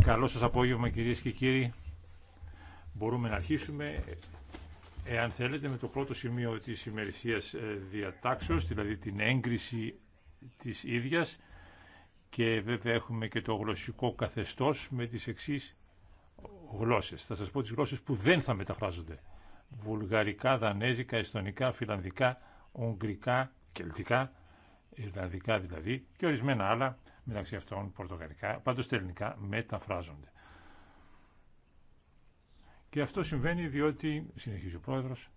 Καλό σας απόγευμα κυρίες και κύριοι. Μπορούμε να αρχίσουμε, εάν θέλετε, με το πρώτο σημείο της ημερησίας ε, διατάξεως, δηλαδή την έγκριση της ίδιας και βέβαια έχουμε και το γλωσσικό καθεστώς με τις εξής γλώσσες. Θα σας πω τις γλώσσες που δεν θα μεταφράζονται βουλγαρικά, δανέζικα, εστονικά, φιλανδικά, ουγγρικά, κελτικά, ιρλανδικά δηλαδή και ορισμένα άλλα μεταξύ αυτών πορτογαλικά, πάντως τα ελληνικά μεταφράζονται. Και αυτό συμβαίνει διότι, συνεχίζει ο πρόεδρος,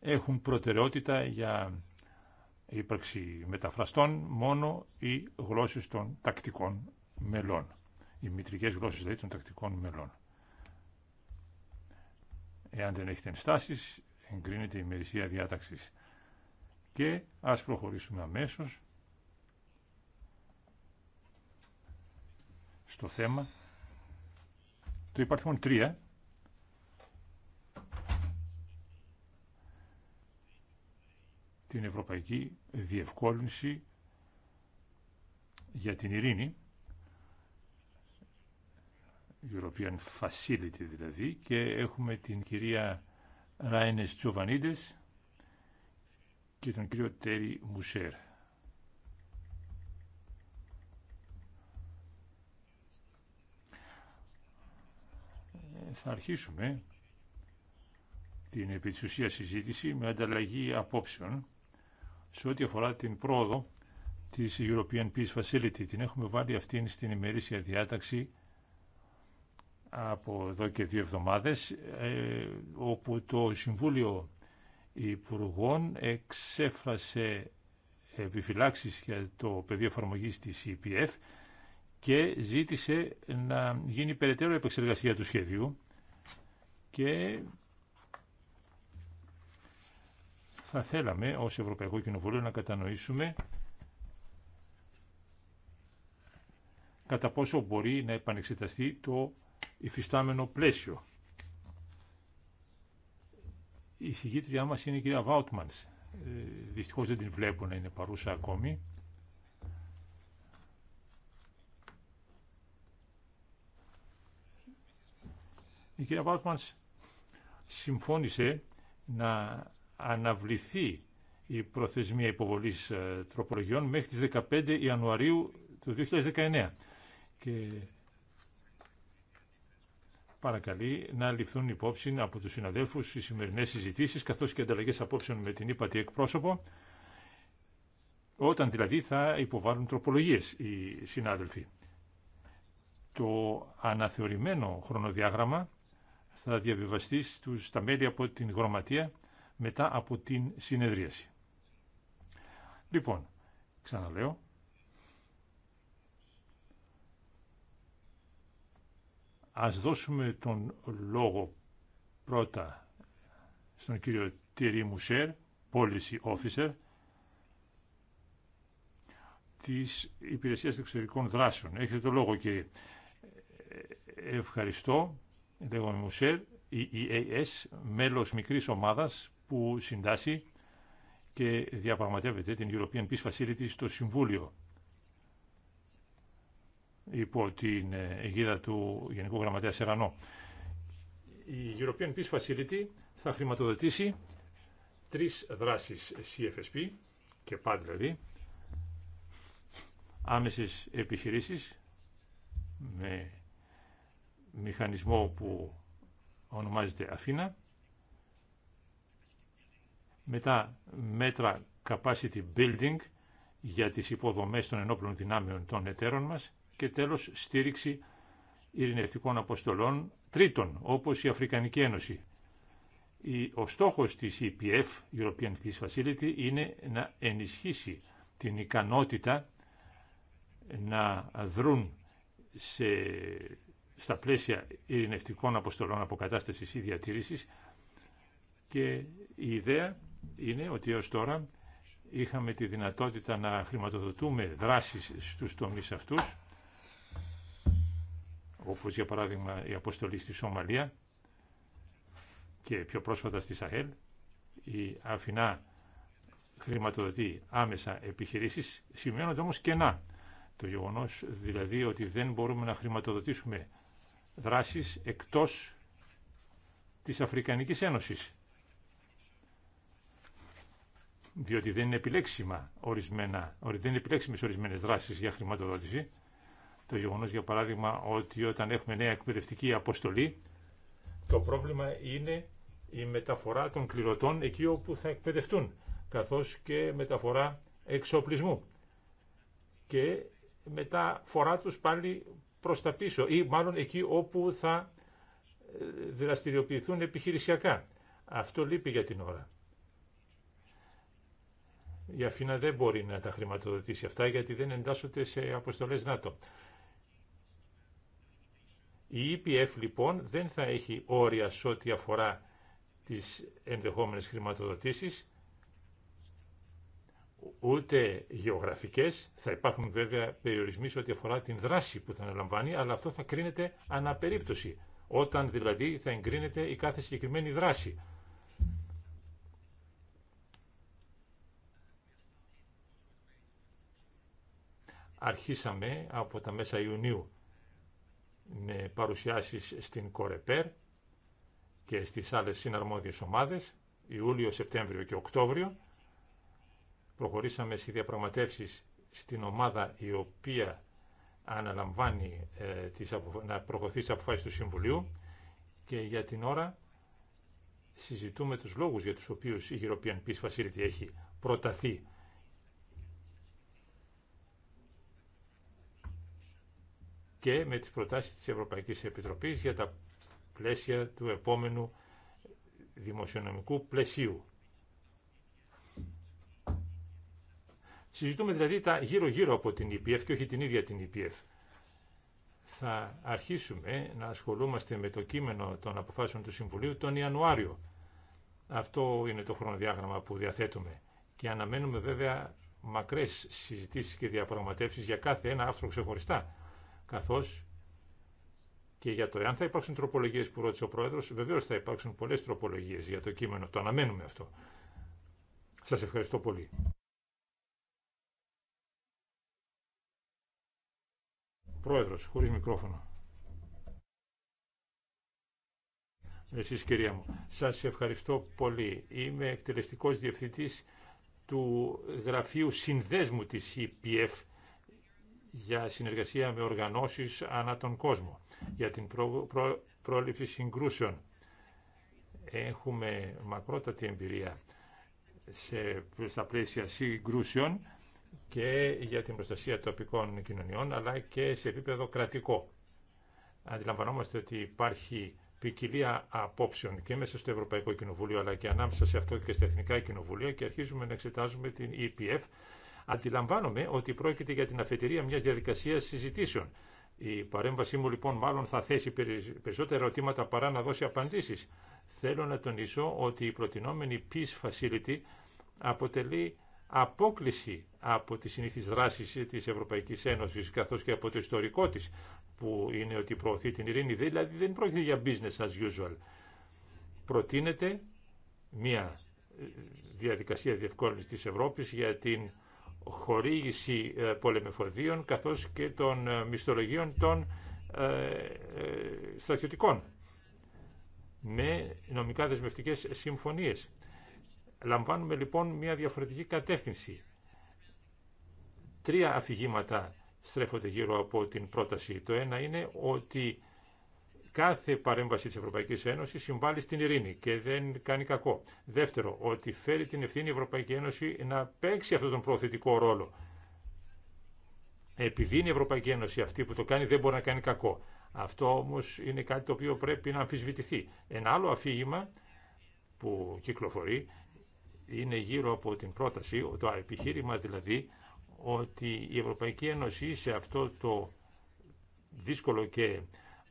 έχουν προτεραιότητα για ύπαρξη μεταφραστών μόνο οι γλώσσες των τακτικών μελών. Οι μητρικές γλώσσες δηλαδή των τακτικών μελών. Εάν δεν έχετε ενστάσεις, εγκρίνεται η ημερησία διάταξης. Και ας προχωρήσουμε αμέσως στο θέμα του υπαρθμόν 3 ε. την Ευρωπαϊκή Διευκόλυνση για την Ειρήνη European Facility δηλαδή και έχουμε την κυρία Ράινες Τσοβανίδες και τον κύριο Τέρι Μουσέρ. Ε, θα αρχίσουμε την επί συζήτηση με ανταλλαγή απόψεων σε ό,τι αφορά την πρόοδο της European Peace Facility. Την έχουμε βάλει αυτήν στην ημερήσια διάταξη από εδώ και δύο εβδομάδες ε, όπου το Συμβούλιο Υπουργών εξέφρασε επιφυλάξεις για το πεδίο εφαρμογή της EPF και ζήτησε να γίνει περαιτέρω επεξεργασία του σχεδίου και θα θέλαμε ως Ευρωπαϊκό Κοινοβούλιο να κατανοήσουμε κατά πόσο μπορεί να επανεξεταστεί το υφιστάμενο πλαίσιο. Η συγγήτριά μας είναι η κυρία Βάουτμανς. Ε, δυστυχώς δεν την βλέπω να είναι παρούσα ακόμη. Η κυρία Βάουτμανς συμφώνησε να αναβληθεί η προθεσμία υποβολής ε, τροπολογιών μέχρι τις 15 Ιανουαρίου του 2019. Και παρακαλεί να ληφθούν υπόψη από τους συναδέλφους οι σημερινές συζητήσεις καθώς και ανταλλαγές απόψεων με την ύπατη εκπρόσωπο όταν δηλαδή θα υποβάλουν τροπολογίες οι συνάδελφοι. Το αναθεωρημένο χρονοδιάγραμμα θα διαβιβαστεί στους, στα μέλη από την γραμματεία μετά από την συνεδρίαση. Λοιπόν, ξαναλέω, Ας δώσουμε τον λόγο πρώτα στον κύριο Τιρί Μουσέρ, Policy Officer, της Υπηρεσίας Εξωτερικών Δράσεων. Έχετε το λόγο κύριε. Ευχαριστώ. Λέγομαι Μουσέρ, EAS, μέλος μικρής ομάδας που συντάσσει και διαπραγματεύεται την European Peace Facility στο Συμβούλιο υπό την αιγίδα του Γενικού Γραμματέα Σερανό. Η European Peace Facility θα χρηματοδοτήσει τρεις δράσεις CFSP και πάντα δηλαδή, άμεσες επιχειρήσεις με μηχανισμό που ονομάζεται Αθήνα, μετά μέτρα capacity building για τις υποδομές των ενόπλων δυνάμεων των εταίρων μας και τέλος στήριξη ειρηνευτικών αποστολών τρίτων όπως η Αφρικανική Ένωση. Ο στόχος της EPF, European Peace Facility, είναι να ενισχύσει την ικανότητα να δρουν σε, στα πλαίσια ειρηνευτικών αποστολών αποκατάστασης ή διατήρησης και η ιδέα είναι ότι έως τώρα είχαμε τη δυνατότητα να χρηματοδοτούμε δράσεις στους τομείς αυτούς όπως για παράδειγμα η αποστολή στη Σομαλία και πιο πρόσφατα στη Σαχέλ, η Αφινά χρηματοδοτεί άμεσα επιχειρήσεις, σημειώνονται όμως κενά. Το γεγονός δηλαδή ότι δεν μπορούμε να χρηματοδοτήσουμε δράσεις εκτός της Αφρικανικής Ένωσης. Διότι δεν είναι επιλέξιμα ορισμένα, δεν είναι επιλέξιμες ορισμένες δράσεις για χρηματοδότηση το γεγονός, για παράδειγμα, ότι όταν έχουμε νέα εκπαιδευτική αποστολή, το πρόβλημα είναι η μεταφορά των κληρωτών εκεί όπου θα εκπαιδευτούν, καθώς και μεταφορά εξοπλισμού. Και μεταφορά τους πάλι προς τα πίσω ή μάλλον εκεί όπου θα ε, δραστηριοποιηθούν επιχειρησιακά. Αυτό λείπει για την ώρα. Η Αφίνα δεν μπορεί να τα χρηματοδοτήσει αυτά γιατί δεν εντάσσονται σε αποστολές ΝΑΤΟ. Η EPF λοιπόν δεν θα έχει όρια σε ό,τι αφορά τις ενδεχόμενες χρηματοδοτήσεις, ούτε γεωγραφικές. Θα υπάρχουν βέβαια περιορισμοί σε ό,τι αφορά την δράση που θα αναλαμβάνει, αλλά αυτό θα κρίνεται αναπερίπτωση, όταν δηλαδή θα εγκρίνεται η κάθε συγκεκριμένη δράση. Αρχίσαμε από τα μέσα Ιουνίου με παρουσιάσεις στην Κορεπέρ και στις άλλες συναρμόδιες ομάδες, Ιούλιο, Σεπτέμβριο και Οκτώβριο. Προχωρήσαμε στις διαπραγματεύσεις στην ομάδα η οποία αναλαμβάνει ε, τις να προχωθεί τις αποφάσεις του Συμβουλίου και για την ώρα συζητούμε τους λόγους για τους οποίους η European Peace Facility έχει προταθεί και με τις προτάσεις της Ευρωπαϊκής Επιτροπής για τα πλαίσια του επόμενου δημοσιονομικού πλαισίου. Συζητούμε δηλαδή τα γύρω-γύρω από την EPF και όχι την ίδια την EPF. Θα αρχίσουμε να ασχολούμαστε με το κείμενο των αποφάσεων του Συμβουλίου τον Ιανουάριο. Αυτό είναι το χρονοδιάγραμμα που διαθέτουμε και αναμένουμε βέβαια μακρές συζητήσεις και διαπραγματεύσεις για κάθε ένα άρθρο ξεχωριστά καθώς και για το εάν θα υπάρξουν τροπολογίε που ρώτησε ο Πρόεδρος, βεβαίω θα υπάρξουν πολλές τροπολογίες για το κείμενο. Το αναμένουμε αυτό. Σας ευχαριστώ πολύ. Πρόεδρος, χωρίς μικρόφωνο. Εσείς κυρία μου, σας ευχαριστώ πολύ. Είμαι εκτελεστικός διευθυντής του Γραφείου Συνδέσμου της EPF για συνεργασία με οργανώσεις ανά τον κόσμο, για την πρόληψη συγκρούσεων. Έχουμε μακρότατη εμπειρία σε, στα πλαίσια συγκρούσεων και για την προστασία τοπικών κοινωνιών, αλλά και σε επίπεδο κρατικό. Αντιλαμβανόμαστε ότι υπάρχει ποικιλία απόψεων και μέσα στο Ευρωπαϊκό Κοινοβούλιο, αλλά και ανάμεσα σε αυτό και στα Εθνικά Κοινοβούλια και αρχίζουμε να εξετάζουμε την EPF Αντιλαμβάνομαι ότι πρόκειται για την αφετηρία μια διαδικασία συζητήσεων. Η παρέμβασή μου λοιπόν μάλλον θα θέσει περισσότερα ερωτήματα παρά να δώσει απαντήσεις. Θέλω να τονίσω ότι η προτινόμενη Peace Facility αποτελεί απόκληση από τις συνήθει δράσεις της Ευρωπαϊκής Ένωσης καθώς και από το ιστορικό της που είναι ότι προωθεί την ειρήνη, δηλαδή δεν πρόκειται για business as usual. Προτείνεται μια ε, διαδικασία διευκόλυνσης της Ευρώπης για την χορήγηση ε, πολεμεφοδίων καθώς και των ε, μισθολογίων των ε, στρατιωτικών με νομικά δεσμευτικές συμφωνίες. Λαμβάνουμε λοιπόν μια διαφορετική κατεύθυνση. Τρία αφηγήματα στρέφονται γύρω από την πρόταση. Το ένα είναι ότι κάθε παρέμβαση της Ευρωπαϊκής Ένωσης συμβάλλει στην ειρήνη και δεν κάνει κακό. Δεύτερο, ότι φέρει την ευθύνη η Ευρωπαϊκή Ένωση να παίξει αυτόν τον προωθητικό ρόλο. Επειδή είναι η Ευρωπαϊκή Ένωση αυτή που το κάνει δεν μπορεί να κάνει κακό. Αυτό όμως είναι κάτι το οποίο πρέπει να αμφισβητηθεί. Ένα άλλο αφήγημα που κυκλοφορεί είναι γύρω από την πρόταση, το επιχείρημα δηλαδή, ότι η Ευρωπαϊκή Ένωση σε αυτό το δύσκολο και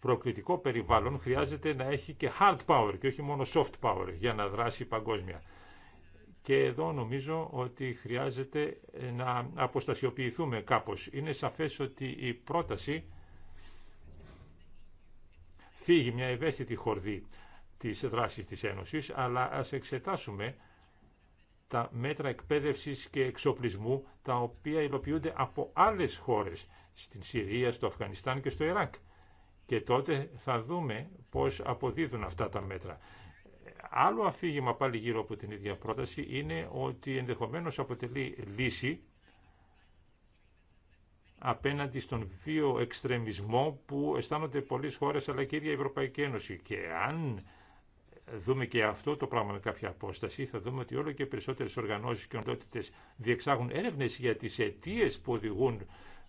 προκλητικό περιβάλλον χρειάζεται να έχει και hard power και όχι μόνο soft power για να δράσει παγκόσμια. Και εδώ νομίζω ότι χρειάζεται ε, να αποστασιοποιηθούμε κάπως. Είναι σαφές ότι η πρόταση φύγει μια ευαίσθητη χορδή της δράσης της Ένωσης, αλλά ας εξετάσουμε τα μέτρα εκπαίδευσης και εξοπλισμού τα οποία υλοποιούνται από άλλες χώρες στην Συρία, στο Αφγανιστάν και στο Ιράκ. Και τότε θα δούμε πώς αποδίδουν αυτά τα μέτρα. Άλλο αφήγημα πάλι γύρω από την ίδια πρόταση είναι ότι ενδεχομένως αποτελεί λύση απέναντι στον εξτρεμισμό που αισθάνονται πολλές χώρες αλλά και η ίδια η Ευρωπαϊκή Ένωση. Και αν δούμε και αυτό το πράγμα με κάποια απόσταση, θα δούμε ότι όλο και περισσότερε οργανώσει και οντότητε διεξάγουν έρευνε για τι αιτίε που οδηγούν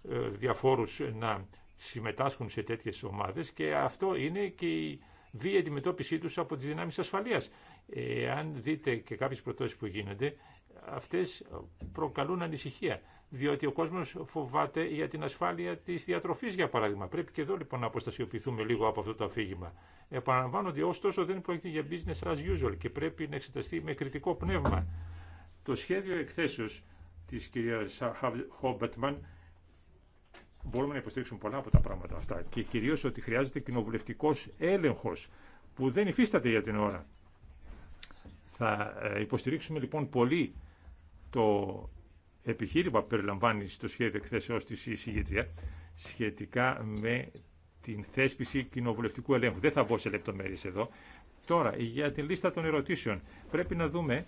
ε, διαφόρου να συμμετάσχουν σε τέτοιε ομάδε και αυτό είναι και η βία αντιμετώπιση του από τις δυνάμεις Ε, Αν δείτε και κάποιε προτώσεις που γίνονται, αυτέ προκαλούν ανησυχία, διότι ο κόσμο φοβάται για την ασφάλεια τη διατροφή, για παράδειγμα. Πρέπει και εδώ λοιπόν να αποστασιοποιηθούμε λίγο από αυτό το αφήγημα. Επαναλαμβάνω ότι ωστόσο δεν πρόκειται για business as usual και πρέπει να εξεταστεί με κριτικό πνεύμα. Το σχέδιο εκθέσεως της κυρίας Χόμπατμαν μπορούμε να υποστηρίξουμε πολλά από τα πράγματα αυτά και κυρίως ότι χρειάζεται κοινοβουλευτικός έλεγχος που δεν υφίσταται για την ώρα. Θα ε, υποστηρίξουμε λοιπόν πολύ το επιχείρημα που περιλαμβάνει στο σχέδιο εκθέσεώς της εισηγήτρια σχετικά με την θέσπιση κοινοβουλευτικού ελέγχου. Δεν θα μπω σε λεπτομέρειες εδώ. Τώρα, για την λίστα των ερωτήσεων, πρέπει να δούμε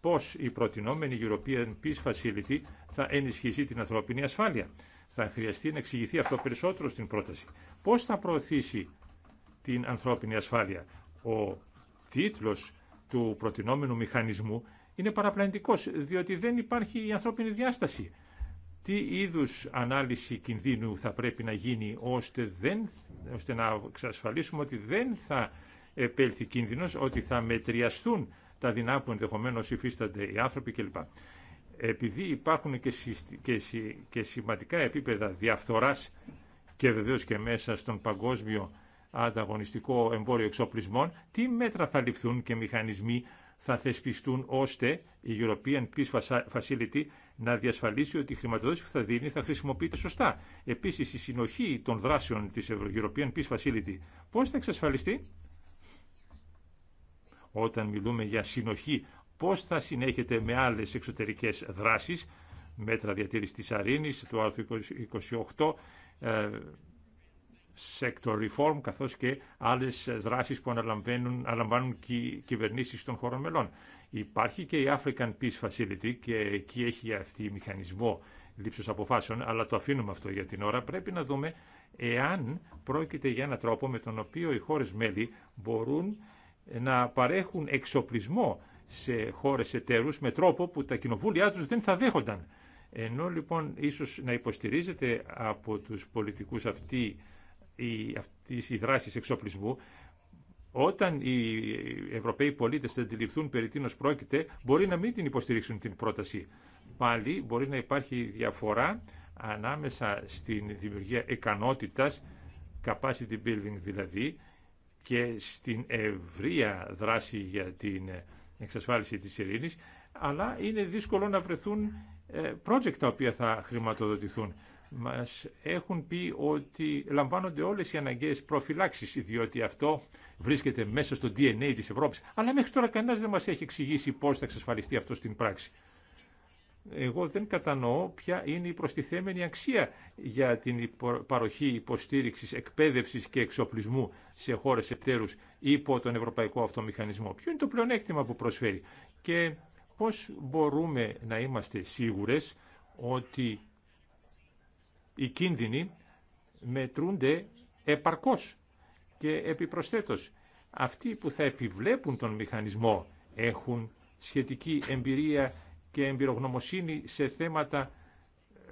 πώς η προτινόμενη European Peace Facility θα ενισχύσει την ανθρώπινη ασφάλεια. Θα χρειαστεί να εξηγηθεί αυτό περισσότερο στην πρόταση. Πώς θα προωθήσει την ανθρώπινη ασφάλεια. Ο τίτλος του προτινόμενου μηχανισμού είναι παραπλανητικός, διότι δεν υπάρχει η ανθρώπινη διάσταση. Τι είδους ανάλυση κινδύνου θα πρέπει να γίνει ώστε, να εξασφαλίσουμε ότι δεν θα επέλθει κίνδυνος, ότι θα μετριαστούν τα δεινά που ενδεχομένω υφίστανται οι άνθρωποι κλπ επειδή υπάρχουν και σημαντικά επίπεδα διαφθοράς και βεβαίως και μέσα στον παγκόσμιο ανταγωνιστικό εμπόριο εξοπλισμών, τι μέτρα θα ληφθούν και μηχανισμοί θα θεσπιστούν ώστε η European Peace Facility να διασφαλίσει ότι η χρηματοδότηση που θα δίνει θα χρησιμοποιείται σωστά. Επίσης, η συνοχή των δράσεων της European Peace Facility πώς θα εξασφαλιστεί όταν μιλούμε για συνοχή πώς θα συνέχεται με άλλες εξωτερικές δράσεις, μέτρα διατήρησης της αρήνης, του άρθρου 28, ε, sector reform, καθώς και άλλες δράσεις που αναλαμβάνουν, αναλαμβάνουν οι κυβερνήσεις των χωρών μελών. Υπάρχει και η African Peace Facility και εκεί έχει αυτή η μηχανισμό λήψης αποφάσεων, αλλά το αφήνουμε αυτό για την ώρα. Πρέπει να δούμε εάν πρόκειται για έναν τρόπο με τον οποίο οι χώρες μέλη μπορούν να παρέχουν εξοπλισμό σε χώρες εταίρους με τρόπο που τα κοινοβούλια τους δεν θα δέχονταν. Ενώ λοιπόν ίσως να υποστηρίζεται από τους πολιτικούς αυτή η, αυτής η δράση εξοπλισμού, όταν οι Ευρωπαίοι πολίτες θα αντιληφθούν περί τίνος πρόκειται, μπορεί να μην την υποστηρίξουν την πρόταση. Πάλι μπορεί να υπάρχει διαφορά ανάμεσα στην δημιουργία ικανότητας, capacity building δηλαδή, και στην ευρεία δράση για την εξασφάλιση της ειρήνης, αλλά είναι δύσκολο να βρεθούν ε, project τα οποία θα χρηματοδοτηθούν. Μας έχουν πει ότι λαμβάνονται όλες οι αναγκαίες προφυλάξεις, διότι αυτό βρίσκεται μέσα στο DNA της Ευρώπης. Αλλά μέχρι τώρα κανένας δεν μας έχει εξηγήσει πώς θα εξασφαλιστεί αυτό στην πράξη εγώ δεν κατανοώ ποια είναι η προστιθέμενη αξία για την παροχή υποστήριξης, εκπαίδευσης και εξοπλισμού σε χώρες εταίρους υπό τον Ευρωπαϊκό Αυτομηχανισμό. Ποιο είναι το πλεονέκτημα που προσφέρει και πώς μπορούμε να είμαστε σίγουρες ότι οι κίνδυνοι μετρούνται επαρκώς και επιπροσθέτως. Αυτοί που θα επιβλέπουν τον μηχανισμό έχουν σχετική εμπειρία και εμπειρογνωμοσύνη σε θέματα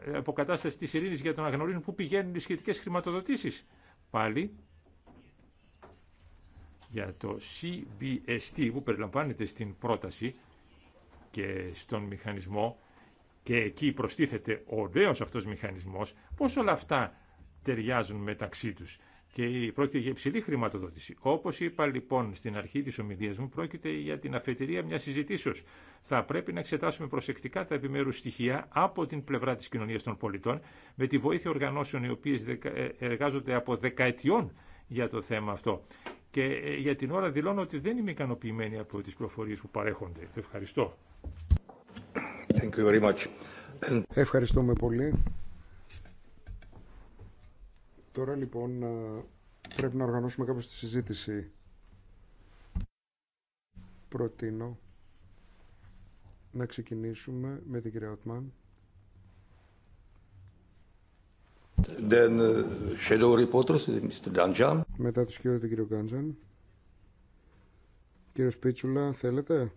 ε, αποκατάσταση της ειρήνης για τον να γνωρίζουν πού πηγαίνουν οι σχετικές χρηματοδοτήσεις. Πάλι για το CBST που περιλαμβάνεται στην πρόταση και στον μηχανισμό και εκεί προστίθεται ο νέος αυτός μηχανισμός, πώς όλα αυτά ταιριάζουν μεταξύ τους και πρόκειται για υψηλή χρηματοδότηση. Όπω είπα λοιπόν στην αρχή τη ομιλία μου, πρόκειται για την αφετηρία μια συζητήσεω. Θα πρέπει να εξετάσουμε προσεκτικά τα επιμέρου στοιχεία από την πλευρά τη κοινωνία των πολιτών, με τη βοήθεια οργανώσεων οι οποίε ε, εργάζονται από δεκαετιών για το θέμα αυτό. Και ε, για την ώρα δηλώνω ότι δεν είμαι ικανοποιημένη από τι προφορίε που παρέχονται. Ευχαριστώ. Thank Ευχαριστούμε πολύ. Τώρα λοιπόν ε, πρέπει να οργανώσουμε κάπως τη συζήτηση. Προτείνω να ξεκινήσουμε με την κυρία Οτμάν. Then, ε, shadow reporters, Mr. Μετά τους κύριο του κύριο Γκάντζαν. Κύριε Σπίτσουλα, θέλετε.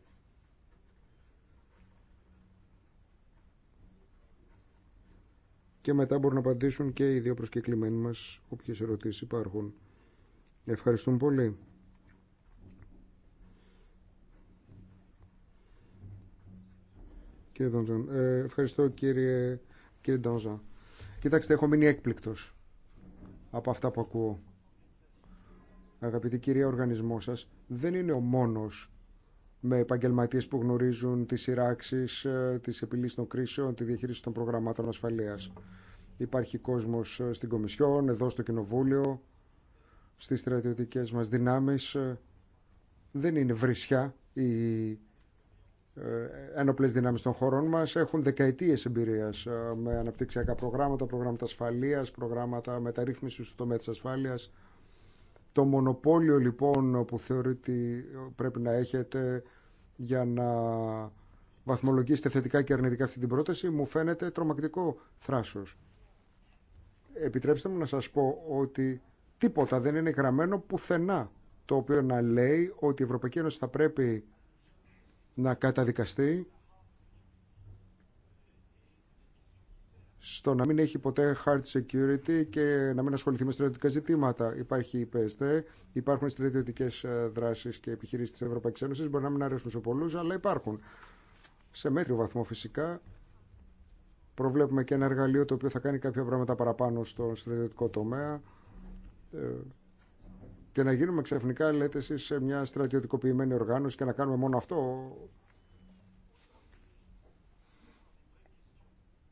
και μετά μπορούν να απαντήσουν και οι δύο προσκεκλημένοι μας όποιες ερωτήσεις υπάρχουν. Ευχαριστούμε πολύ. Κύριε ε, ευχαριστώ κύριε, κύριε Κοιτάξτε, έχω μείνει έκπληκτος από αυτά που ακούω. Αγαπητή κυρία, ο οργανισμός σας δεν είναι ο μόνος με επαγγελματίε που γνωρίζουν τι σειράξει, ε, τι επιλύσει των κρίσεων, τη διαχείριση των προγραμμάτων ασφαλεία. Υπάρχει κόσμο ε, στην Κομισιόν, εδώ στο Κοινοβούλιο, στι στρατιωτικέ μα δυνάμει. Ε, δεν είναι βρισιά οι ένοπλες δυνάμεις των χωρών μας έχουν δεκαετίες εμπειρίας με αναπτυξιακά προγράμματα, προγράμματα ασφαλεία, προγράμματα μεταρρύθμισης του τομέα της ασφάλειας το μονοπόλιο λοιπόν που θεωρείτε πρέπει να έχετε για να βαθμολογήσετε θετικά και αρνητικά αυτή την πρόταση μου φαίνεται τρομακτικό θράσος. Επιτρέψτε μου να σας πω ότι τίποτα δεν είναι γραμμένο πουθενά το οποίο να λέει ότι η Ευρωπαϊκή Ένωση θα πρέπει να καταδικαστεί στο να μην έχει ποτέ hard security και να μην ασχοληθεί με στρατιωτικά ζητήματα. Υπάρχει η ΠΕΣΤΕ, υπάρχουν στρατιωτικέ ε, δράσει και επιχειρήσει τη Ευρωπαϊκή Ένωση. Μπορεί να μην αρέσουν σε πολλού, αλλά υπάρχουν. Σε μέτριο βαθμό φυσικά. Προβλέπουμε και ένα εργαλείο το οποίο θα κάνει κάποια πράγματα παραπάνω στο στρατιωτικό τομέα. Ε, και να γίνουμε ξαφνικά, λέτε εσεί, σε μια στρατιωτικοποιημένη οργάνωση και να κάνουμε μόνο αυτό.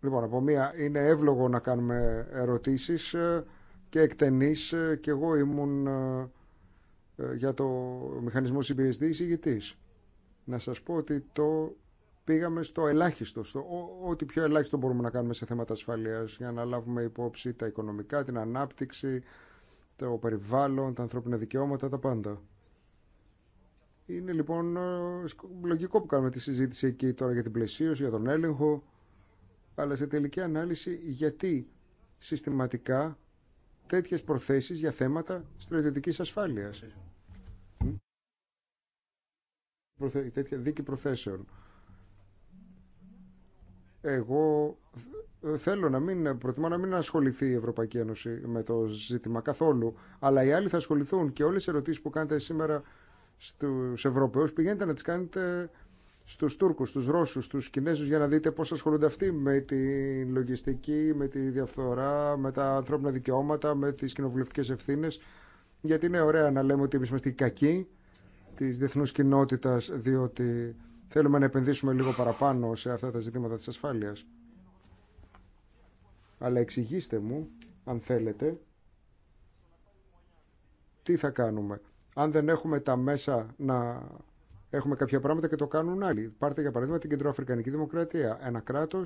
Λοιπόν, από μία είναι εύλογο να κάνουμε ερωτήσεις ε, και εκτενείς ε, και εγώ ήμουν ε, για το μηχανισμό CBSD εισηγητής. Να σας πω ότι το πήγαμε στο ελάχιστο, στο ό,τι πιο ελάχιστο μπορούμε να κάνουμε σε θέματα ασφαλείας για να λάβουμε υπόψη τα οικονομικά, την ανάπτυξη, το περιβάλλον, τα ανθρώπινα δικαιώματα, τα πάντα. Είναι λοιπόν λογικό που κάνουμε τη συζήτηση εκεί τώρα για την πλαισίωση, για τον έλεγχο αλλά σε τελική ανάλυση γιατί συστηματικά τέτοιες προθέσεις για θέματα στρατιωτικής ασφάλειας. Τέτοια δίκη προθέσεων. Εγώ θέλω να μην, προτιμώ να μην ασχοληθεί η Ευρωπαϊκή Ένωση με το ζήτημα καθόλου, αλλά οι άλλοι θα ασχοληθούν και όλες οι ερωτήσεις που κάνετε σήμερα στους Ευρωπαίους πηγαίνετε να τις κάνετε Στου Τούρκου, στους ρώσου, στους Κινέζους για να δείτε πώς ασχολούνται αυτοί με τη λογιστική, με τη διαφθορά, με τα ανθρώπινα δικαιώματα, με τις κοινοβουλευτικέ ευθύνε. Γιατί είναι ωραία να λέμε ότι εμείς είμαστε οι κακοί της διεθνού κοινότητας διότι θέλουμε να επενδύσουμε λίγο παραπάνω σε αυτά τα ζητήματα τη ασφάλεια. Αλλά εξηγήστε μου, αν θέλετε, τι θα κάνουμε. Αν δεν έχουμε τα μέσα να Έχουμε κάποια πράγματα και το κάνουν άλλοι. Πάρτε για παράδειγμα την Κεντροαφρικανική Δημοκρατία. Ένα κράτο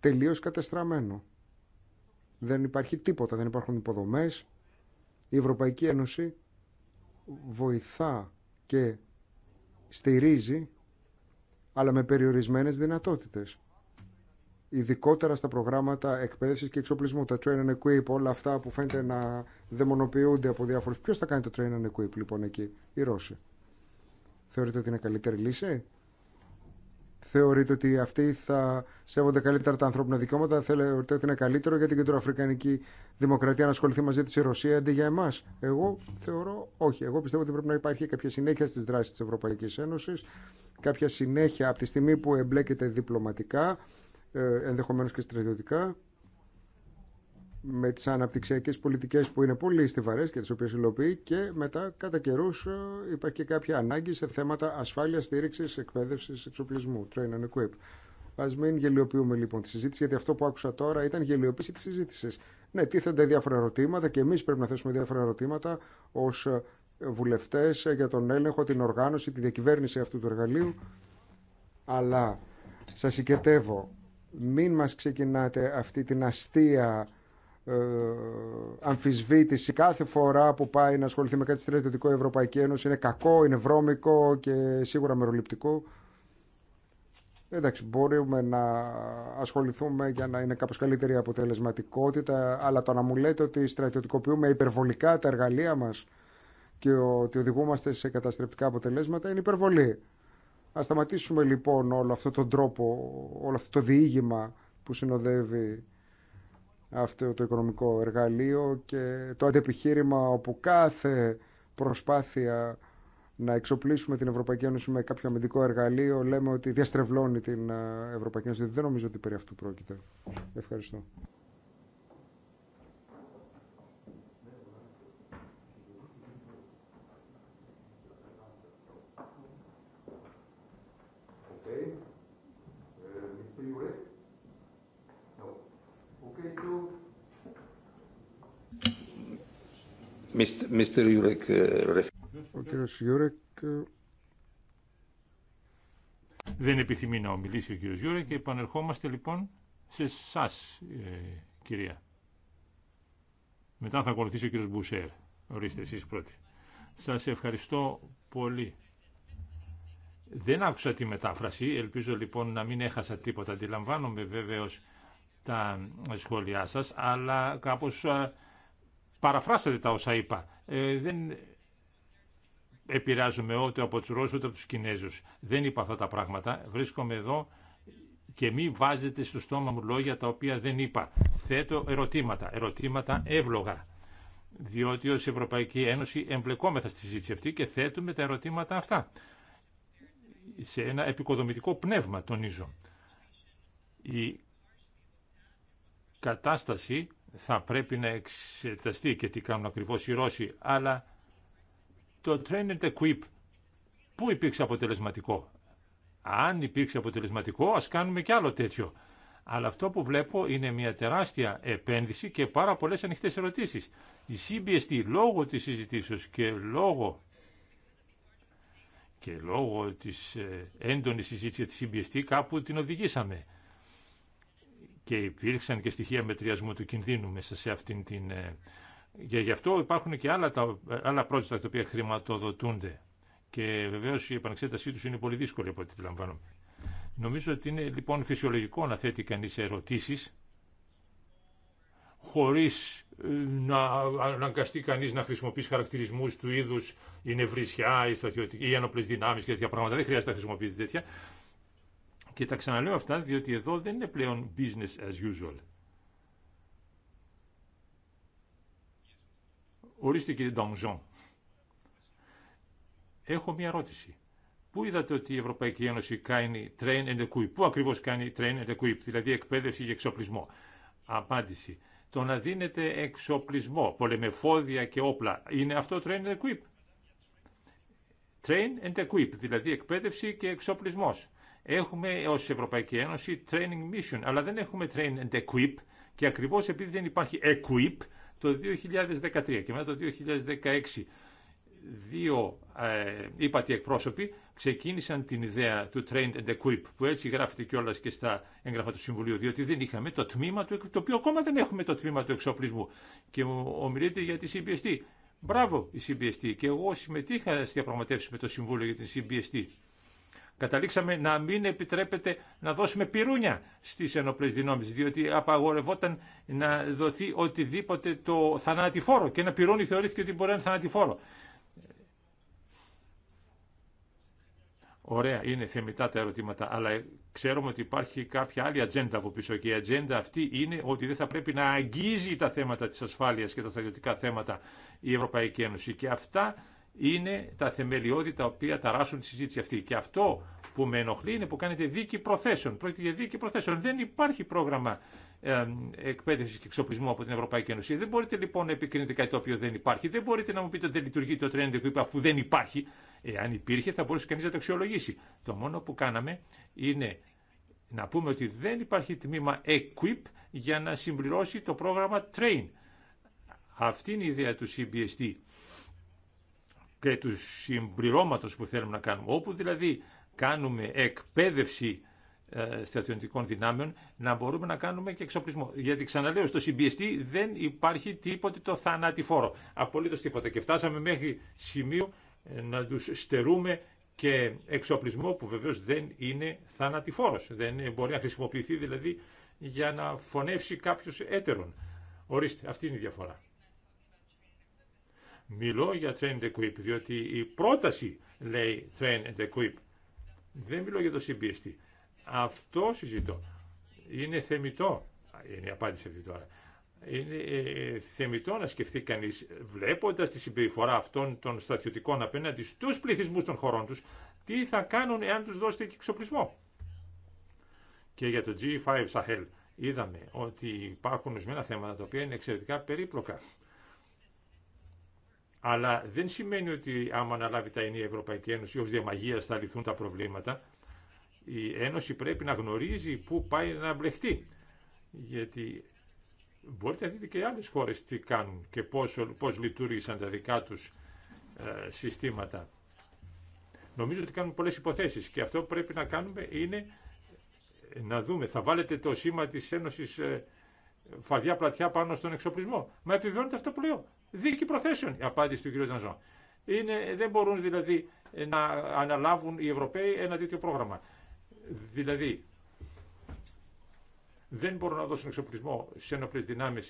τελείω κατεστραμμένο. Δεν υπάρχει τίποτα, δεν υπάρχουν υποδομέ. Η Ευρωπαϊκή Ένωση βοηθά και στηρίζει, αλλά με περιορισμένες δυνατότητες. Ειδικότερα στα προγράμματα εκπαίδευση και εξοπλισμού, τα train and equip, όλα αυτά που φαίνεται να δαιμονοποιούνται από διάφορους. Ποιο θα κάνει το train and equip λοιπόν εκεί, οι Ρώσοι. Θεωρείτε ότι είναι καλύτερη λύση. Θεωρείτε ότι αυτοί θα σέβονται καλύτερα τα ανθρώπινα δικαιώματα. Θεωρείτε ότι είναι καλύτερο για την κεντροαφρικανική δημοκρατία να ασχοληθεί μαζί τη η Ρωσία αντί για εμά. Εγώ θεωρώ όχι. Εγώ πιστεύω ότι πρέπει να υπάρχει κάποια συνέχεια στι δράσει τη Ευρωπαϊκή Ένωση, κάποια συνέχεια από τη στιγμή που εμπλέκεται διπλωματικά, ε, ενδεχομένω και στρατιωτικά με τις αναπτυξιακές πολιτικές που είναι πολύ στιβαρές και τις οποίες υλοποιεί και μετά κατά καιρού ε, υπάρχει και κάποια ανάγκη σε θέματα ασφάλειας, στήριξης, εκπαίδευσης, εξοπλισμού, train and equip. Α μην γελιοποιούμε λοιπόν τη συζήτηση, γιατί αυτό που άκουσα τώρα ήταν γελιοποίηση τη συζήτηση. Ναι, τίθενται διάφορα ερωτήματα και εμεί πρέπει να θέσουμε διάφορα ερωτήματα ω ε, βουλευτέ ε, για τον έλεγχο, την οργάνωση, τη διακυβέρνηση αυτού του εργαλείου. Αλλά σα συγκετεύω, μην μα ξεκινάτε αυτή την αστεία ε, αμφισβήτηση κάθε φορά που πάει να ασχοληθεί με κάτι στρατιωτικό η Ευρωπαϊκή Ένωση είναι κακό, είναι βρώμικο και σίγουρα μεροληπτικό. Εντάξει, μπορούμε να ασχοληθούμε για να είναι κάπως καλύτερη αποτελεσματικότητα, αλλά το να μου λέτε ότι στρατιωτικοποιούμε υπερβολικά τα εργαλεία μας και ότι οδηγούμαστε σε καταστρεπτικά αποτελέσματα είναι υπερβολή. Ας σταματήσουμε λοιπόν όλο αυτό τον τρόπο, όλο αυτό το διήγημα που συνοδεύει αυτό το οικονομικό εργαλείο και το αντεπιχείρημα όπου κάθε προσπάθεια να εξοπλίσουμε την Ευρωπαϊκή Ένωση με κάποιο αμυντικό εργαλείο λέμε ότι διαστρεβλώνει την ε, Ευρωπαϊκή Ένωση. Δεν νομίζω ότι περί αυτού πρόκειται. Ευχαριστώ. Ε, ο κύριο Γιούρεκ ε, δεν επιθυμεί να ομιλήσει ο κύριος Γιούρεκ και επανερχόμαστε λοιπόν σε εσά, ε, κυρία. Μετά θα ακολουθήσει ο κύριος Μπουσέρ. Ορίστε εσείς πρώτοι. Σας ευχαριστώ πολύ. Δεν άκουσα τη μετάφραση, ελπίζω λοιπόν να μην έχασα τίποτα. Αντιλαμβάνομαι βεβαίω τα σχόλιά σα, αλλά κάπως Παραφράσατε τα όσα είπα. Ε, δεν επηρεάζομαι ούτε από τους Ρώσους ούτε από τους Κινέζους. Δεν είπα αυτά τα πράγματα. Βρίσκομαι εδώ και μη βάζετε στο στόμα μου λόγια τα οποία δεν είπα. Θέτω ερωτήματα, ερωτήματα εύλογα. Διότι ως Ευρωπαϊκή Ένωση εμπλεκόμεθα στη συζήτηση αυτή και θέτουμε τα ερωτήματα αυτά. Σε ένα επικοδομητικό πνεύμα τονίζω. Η κατάσταση θα πρέπει να εξεταστεί και τι κάνουν ακριβώς οι Ρώσοι, αλλά το train and equip πού υπήρξε αποτελεσματικό. Αν υπήρξε αποτελεσματικό, ας κάνουμε κι άλλο τέτοιο. Αλλά αυτό που βλέπω είναι μια τεράστια επένδυση και πάρα πολλές ανοιχτές ερωτήσεις. Η CBST λόγω της συζητήσεως και λόγω και λόγω της ε, έντονης συζήτησης της κάπου την οδηγήσαμε και υπήρξαν και στοιχεία μετριασμού του κινδύνου μέσα σε αυτήν την... Ε, και γι' αυτό υπάρχουν και άλλα, τα, άλλα project τα οποία χρηματοδοτούνται. Και βεβαίω η επανεξέτασή του είναι πολύ δύσκολη από ό,τι αντιλαμβάνομαι. Νομίζω ότι είναι λοιπόν φυσιολογικό να θέτει κανεί ερωτήσει χωρί ε, να αναγκαστεί κανεί να χρησιμοποιήσει χαρακτηρισμού του είδου η νευρισιά, η στρατιωτική, οι ένοπλε δυνάμει και τέτοια πράγματα. Δεν χρειάζεται να χρησιμοποιείτε τέτοια. Και τα ξαναλέω αυτά διότι εδώ δεν είναι πλέον business as usual. Ορίστε κύριε Νταμζόν. Έχω μία ερώτηση. Πού είδατε ότι η Ευρωπαϊκή Ένωση κάνει train and equip, πού ακριβώς κάνει train and equip, δηλαδή εκπαίδευση και εξοπλισμό. Απάντηση. Το να δίνετε εξοπλισμό, πολεμεφόδια και όπλα, είναι αυτό train and equip. Train and equip, δηλαδή εκπαίδευση και εξοπλισμός έχουμε ως Ευρωπαϊκή Ένωση training mission, αλλά δεν έχουμε train and equip και ακριβώς επειδή δεν υπάρχει equip το 2013 και μετά το 2016 δύο ε, εκπρόσωποι ξεκίνησαν την ιδέα του Train and Equip, που έτσι γράφεται κιόλα και στα έγγραφα του Συμβουλίου, διότι δεν είχαμε το τμήμα του, το οποίο ακόμα δεν έχουμε το τμήμα του εξοπλισμού. Και μου ομιλείται για τη CBST. Μπράβο η CBST. Και εγώ συμμετείχα στη διαπραγματεύση με το Συμβούλιο για την CBST. Καταλήξαμε να μην επιτρέπεται να δώσουμε πυρούνια στις ενόπλε δυνάμει, διότι απαγορευόταν να δοθεί οτιδήποτε το θανατηφόρο και ένα πυρούνι θεωρήθηκε ότι μπορεί να είναι θανατηφόρο. Ωραία, είναι θεμητά τα ερωτήματα, αλλά ξέρουμε ότι υπάρχει κάποια άλλη ατζέντα από πίσω και η ατζέντα αυτή είναι ότι δεν θα πρέπει να αγγίζει τα θέματα της ασφάλειας και τα στρατιωτικά θέματα η Ευρωπαϊκή Ένωση και αυτά είναι τα θεμελιώδη τα οποία ταράσσουν τη συζήτηση αυτή. Και αυτό που με ενοχλεί είναι που κάνετε δίκη προθέσεων. Πρόκειται για δίκη προθέσεων. Δεν υπάρχει πρόγραμμα ε, εκπαίδευση και εξοπλισμού από την Ευρωπαϊκή Ένωση. Δεν μπορείτε λοιπόν να επικρίνετε κάτι το οποίο δεν υπάρχει. Δεν μπορείτε να μου πείτε ότι δεν λειτουργεί το τρένο που είπα αφού δεν υπάρχει. Εάν υπήρχε θα μπορούσε κανεί να το αξιολογήσει. Το μόνο που κάναμε είναι να πούμε ότι δεν υπάρχει τμήμα equip για να συμπληρώσει το πρόγραμμα train. Αυτή είναι η ιδέα του CBSD και του συμπληρώματο που θέλουμε να κάνουμε. Όπου δηλαδή κάνουμε εκπαίδευση ε, στρατιωτικών δυνάμεων να μπορούμε να κάνουμε και εξοπλισμό. Γιατί ξαναλέω, στο συμπιεστή δεν υπάρχει τίποτε το θανατηφόρο. Απολύτω τίποτα. Και φτάσαμε μέχρι σημείο ε, να του στερούμε και εξοπλισμό που βεβαίω δεν είναι θανατηφόρο. Δεν μπορεί να χρησιμοποιηθεί δηλαδή για να φωνεύσει κάποιο έτερον. Ορίστε, αυτή είναι η διαφορά. Μιλώ για train and equip, διότι η πρόταση λέει train and equip. Δεν μιλώ για το CBST. Αυτό συζητώ. Είναι θεμητό, είναι η απάντηση αυτή τώρα, είναι ε, ε, θεμητό να σκεφτεί κανείς, βλέποντας τη συμπεριφορά αυτών των στρατιωτικών απέναντι στους πληθυσμούς των χωρών τους, τι θα κάνουν εάν τους δώσετε και εξοπλισμό. Και για το G5 Sahel είδαμε ότι υπάρχουν ορισμένα θέματα τα οποία είναι εξαιρετικά περίπλοκα. Αλλά δεν σημαίνει ότι άμα αναλάβει τα ενία Ευρωπαϊκή Ένωση ω διαμαγεία, θα λυθούν τα προβλήματα. Η Ένωση πρέπει να γνωρίζει πού πάει να μπλεχτεί. Γιατί μπορείτε να δείτε και άλλε χώρε τι κάνουν και πώ λειτουργήσαν τα δικά τους ε, συστήματα. Νομίζω ότι κάνουν πολλές υποθέσεις και αυτό που πρέπει να κάνουμε είναι να δούμε. Θα βάλετε το σήμα τη Ένωσης ε, Φαδιά πλατιά πάνω στον εξοπλισμό. Μα επιβεβαιώνεται αυτό που λέω. Δίκη προθέσεων η απάντηση του κ. Ντανζόν. Είναι, δεν μπορούν δηλαδή να αναλάβουν οι Ευρωπαίοι ένα τέτοιο πρόγραμμα. Δηλαδή, δεν μπορούν να δώσουν εξοπλισμό σε ενόπλε δυνάμει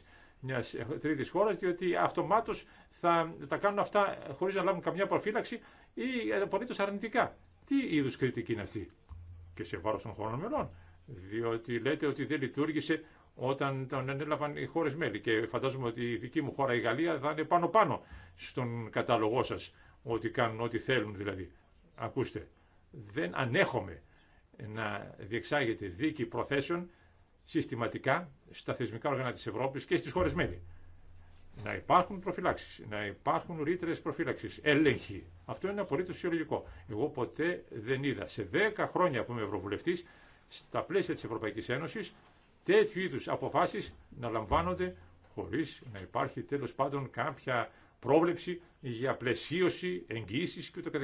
μια τρίτη χώρα, διότι αυτομάτω θα τα κάνουν αυτά χωρί να λάβουν καμιά προφύλαξη ή απολύτω αρνητικά. Τι είδου κριτική είναι αυτή, και σε βάρο των χωρών μελών. Διότι λέτε ότι δεν λειτουργήσε όταν τον ανέλαβαν οι χώρε μέλη. Και φαντάζομαι ότι η δική μου χώρα, η Γαλλία, θα είναι πάνω-πάνω στον κατάλογό σα ότι κάνουν ό,τι θέλουν δηλαδή. Ακούστε, δεν ανέχομαι να διεξάγεται δίκη προθέσεων συστηματικά στα θεσμικά όργανα της Ευρώπης και στις χώρες μέλη. Να υπάρχουν προφυλάξεις, να υπάρχουν ρήτρε προφύλαξης, έλεγχοι. Αυτό είναι απολύτως φυσιολογικό. Εγώ ποτέ δεν είδα σε 10 χρόνια που είμαι Ευρωβουλευτής στα πλαίσια της Ευρωπαϊκής Ένωσης τέτοιου είδους αποφάσεις να λαμβάνονται χωρίς να υπάρχει τέλος πάντων κάποια πρόβλεψη για πλαισίωση, εγγύηση και ούτω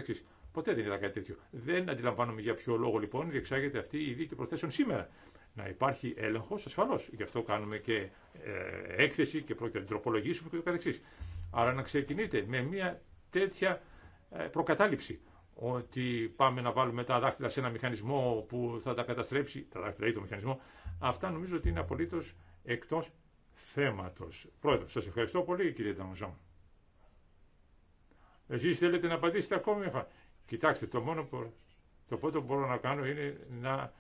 Ποτέ δεν είδα κάτι τέτοιο. Δεν αντιλαμβάνομαι για ποιο λόγο λοιπόν διεξάγεται αυτή η δίκη προθέσεων σήμερα. Να υπάρχει έλεγχος ασφαλώ. Γι' αυτό κάνουμε και ε, έκθεση και πρόκειται να τροπολογήσουμε και Άρα να ξεκινείτε με μια τέτοια ε, προκατάληψη ότι πάμε να βάλουμε τα δάχτυλα σε ένα μηχανισμό που θα τα καταστρέψει, τα δάχτυλα ή το μηχανισμό, αυτά νομίζω ότι είναι απολύτω εκτό θέματο. Πρόεδρο, σα ευχαριστώ πολύ, κύριε Ταμουζόν. Εσεί θέλετε να απαντήσετε ακόμη μια φορά. Κοιτάξτε, το μόνο που, το πρώτο που μπορώ να κάνω είναι να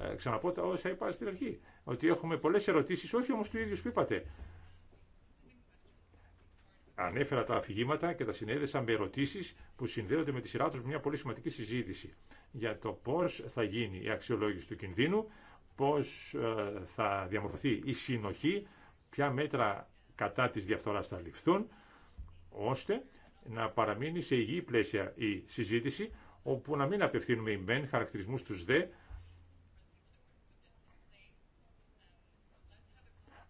ε, ξαναπώ τα όσα είπα στην αρχή. Ότι έχουμε πολλέ ερωτήσει, όχι όμω του ίδιου που είπατε ανέφερα τα αφηγήματα και τα συνέδεσα με ερωτήσει που συνδέονται με τη σειρά του με μια πολύ σημαντική συζήτηση για το πώ θα γίνει η αξιολόγηση του κινδύνου, πώ ε, θα διαμορφωθεί η συνοχή, ποια μέτρα κατά τη διαφθορά θα ληφθούν, ώστε να παραμείνει σε υγιή πλαίσια η συζήτηση, όπου να μην απευθύνουμε οι μεν χαρακτηρισμού του δε.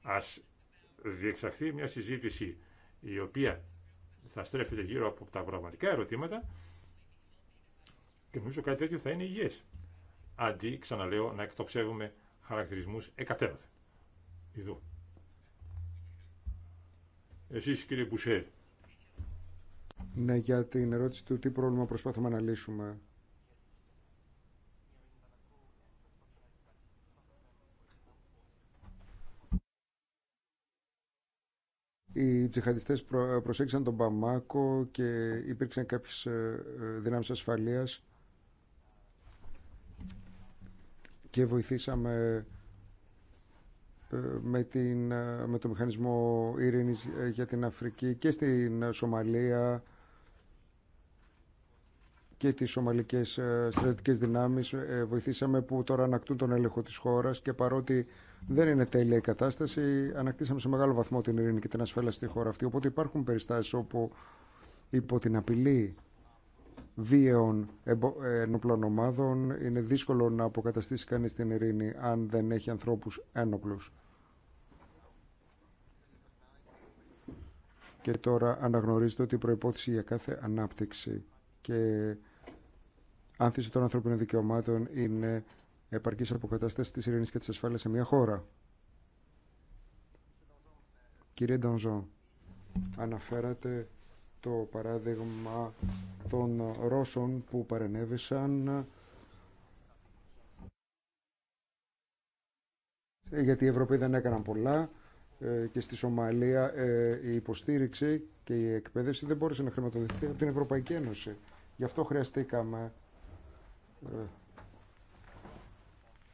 Ας διεξαχθεί μια συζήτηση η οποία θα στρέφεται γύρω από τα πραγματικά ερωτήματα και νομίζω κάτι τέτοιο θα είναι υγιές. Αντί, ξαναλέω, να εκτοξεύουμε χαρακτηρισμούς εκατέρωθεν. Ιδού. Εσείς κύριε Μπουσέρ. Ναι, για την ερώτηση του τι πρόβλημα προσπάθουμε να λύσουμε. Οι τζιχαντιστές ε, προσέξαν τον Παμάκο και υπήρξαν κάποιες ε, ε, δυνάμεις ασφαλείας και βοηθήσαμε με, την, με το μηχανισμό ειρήνης για την Αφρική και στην Σομαλία και τις ομαλικές ε, στρατιωτικές δυνάμεις ε, βοηθήσαμε που τώρα ανακτούν τον έλεγχο της χώρας και παρότι δεν είναι τέλεια η κατάσταση ανακτήσαμε σε μεγάλο βαθμό την ειρήνη και την ασφάλεια στη χώρα αυτή οπότε υπάρχουν περιστάσεις όπου υπό την απειλή βίαιων ε, ενοπλών ομάδων είναι δύσκολο να αποκαταστήσει κανείς την ειρήνη αν δεν έχει ανθρώπους ένοπλους. Και τώρα αναγνωρίζετε ότι η προϋπόθεση για κάθε ανάπτυξη και άνθηση των ανθρωπίνων δικαιωμάτων είναι επαρκής αποκατάσταση της ειρήνης και της ασφάλειας σε μια χώρα. Κύριε Ντονζό, αναφέρατε το παράδειγμα των Ρώσων που παρενέβησαν ε, γιατί η Ευρωπαίοι δεν έκαναν πολλά ε, και στη Σομαλία ε, η υποστήριξη και η εκπαίδευση δεν μπόρεσε να χρηματοδοτηθεί από την Ευρωπαϊκή Ένωση. Γι' αυτό χρειαστήκαμε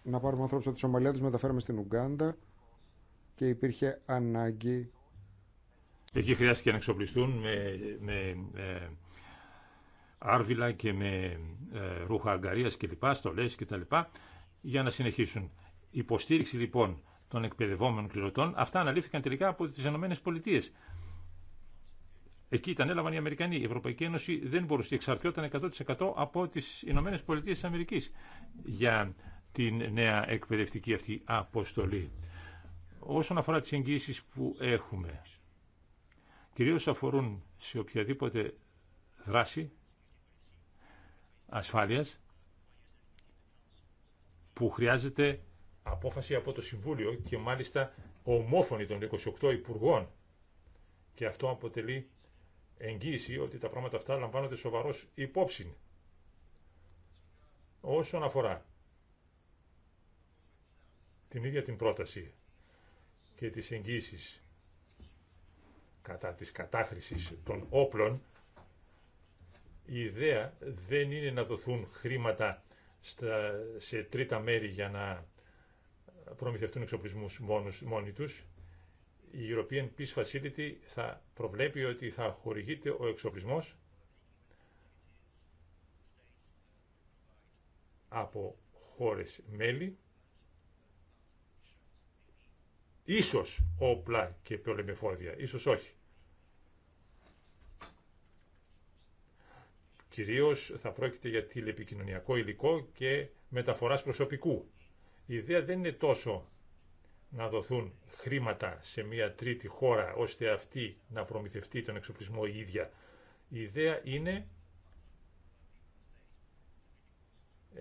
να πάρουμε ανθρώπους από τη Σομαλία, τους μεταφέρουμε στην Ουγγάντα και υπήρχε ανάγκη. Εκεί χρειάστηκε να εξοπλιστούν με, με ε, άρβιλα και με ε, ρούχα αγκαρίας και λοιπά, στολές και τα λοιπά, για να συνεχίσουν. Υποστήριξη λοιπόν των εκπαιδευόμενων κληρωτών, αυτά αναλύθηκαν τελικά από τις ΗΠΑ. Εκεί ήταν, έλαβαν οι Αμερικανοί. Η Ευρωπαϊκή Ένωση δεν μπορούσε. Εξαρτιόταν 100% από τι Ηνωμένε Πολιτείε τη Αμερική για την νέα εκπαιδευτική αυτή αποστολή. Όσον αφορά τι εγγύσει που έχουμε, κυρίω αφορούν σε οποιαδήποτε δράση ασφάλεια που χρειάζεται απόφαση από το Συμβούλιο και μάλιστα ομόφωνη των 28 Υπουργών. Και αυτό αποτελεί εγγύηση ότι τα πράγματα αυτά λαμβάνονται σοβαρός υπόψη. Όσον αφορά την ίδια την πρόταση και τις εγγύησεις κατά της κατάχρησης των όπλων, η ιδέα δεν είναι να δοθούν χρήματα στα, σε τρίτα μέρη για να προμηθευτούν εξοπλισμούς μόνους, μόνοι τους η European Peace Facility θα προβλέπει ότι θα χορηγείται ο εξοπλισμός από χώρες μέλη, ίσως όπλα και πολεμεφόδια, ίσως όχι. Κυρίως θα πρόκειται για τηλεπικοινωνιακό υλικό και μεταφοράς προσωπικού. Η ιδέα δεν είναι τόσο να δοθούν χρήματα σε μια τρίτη χώρα ώστε αυτή να προμηθευτεί τον εξοπλισμό η ίδια. Η ιδέα είναι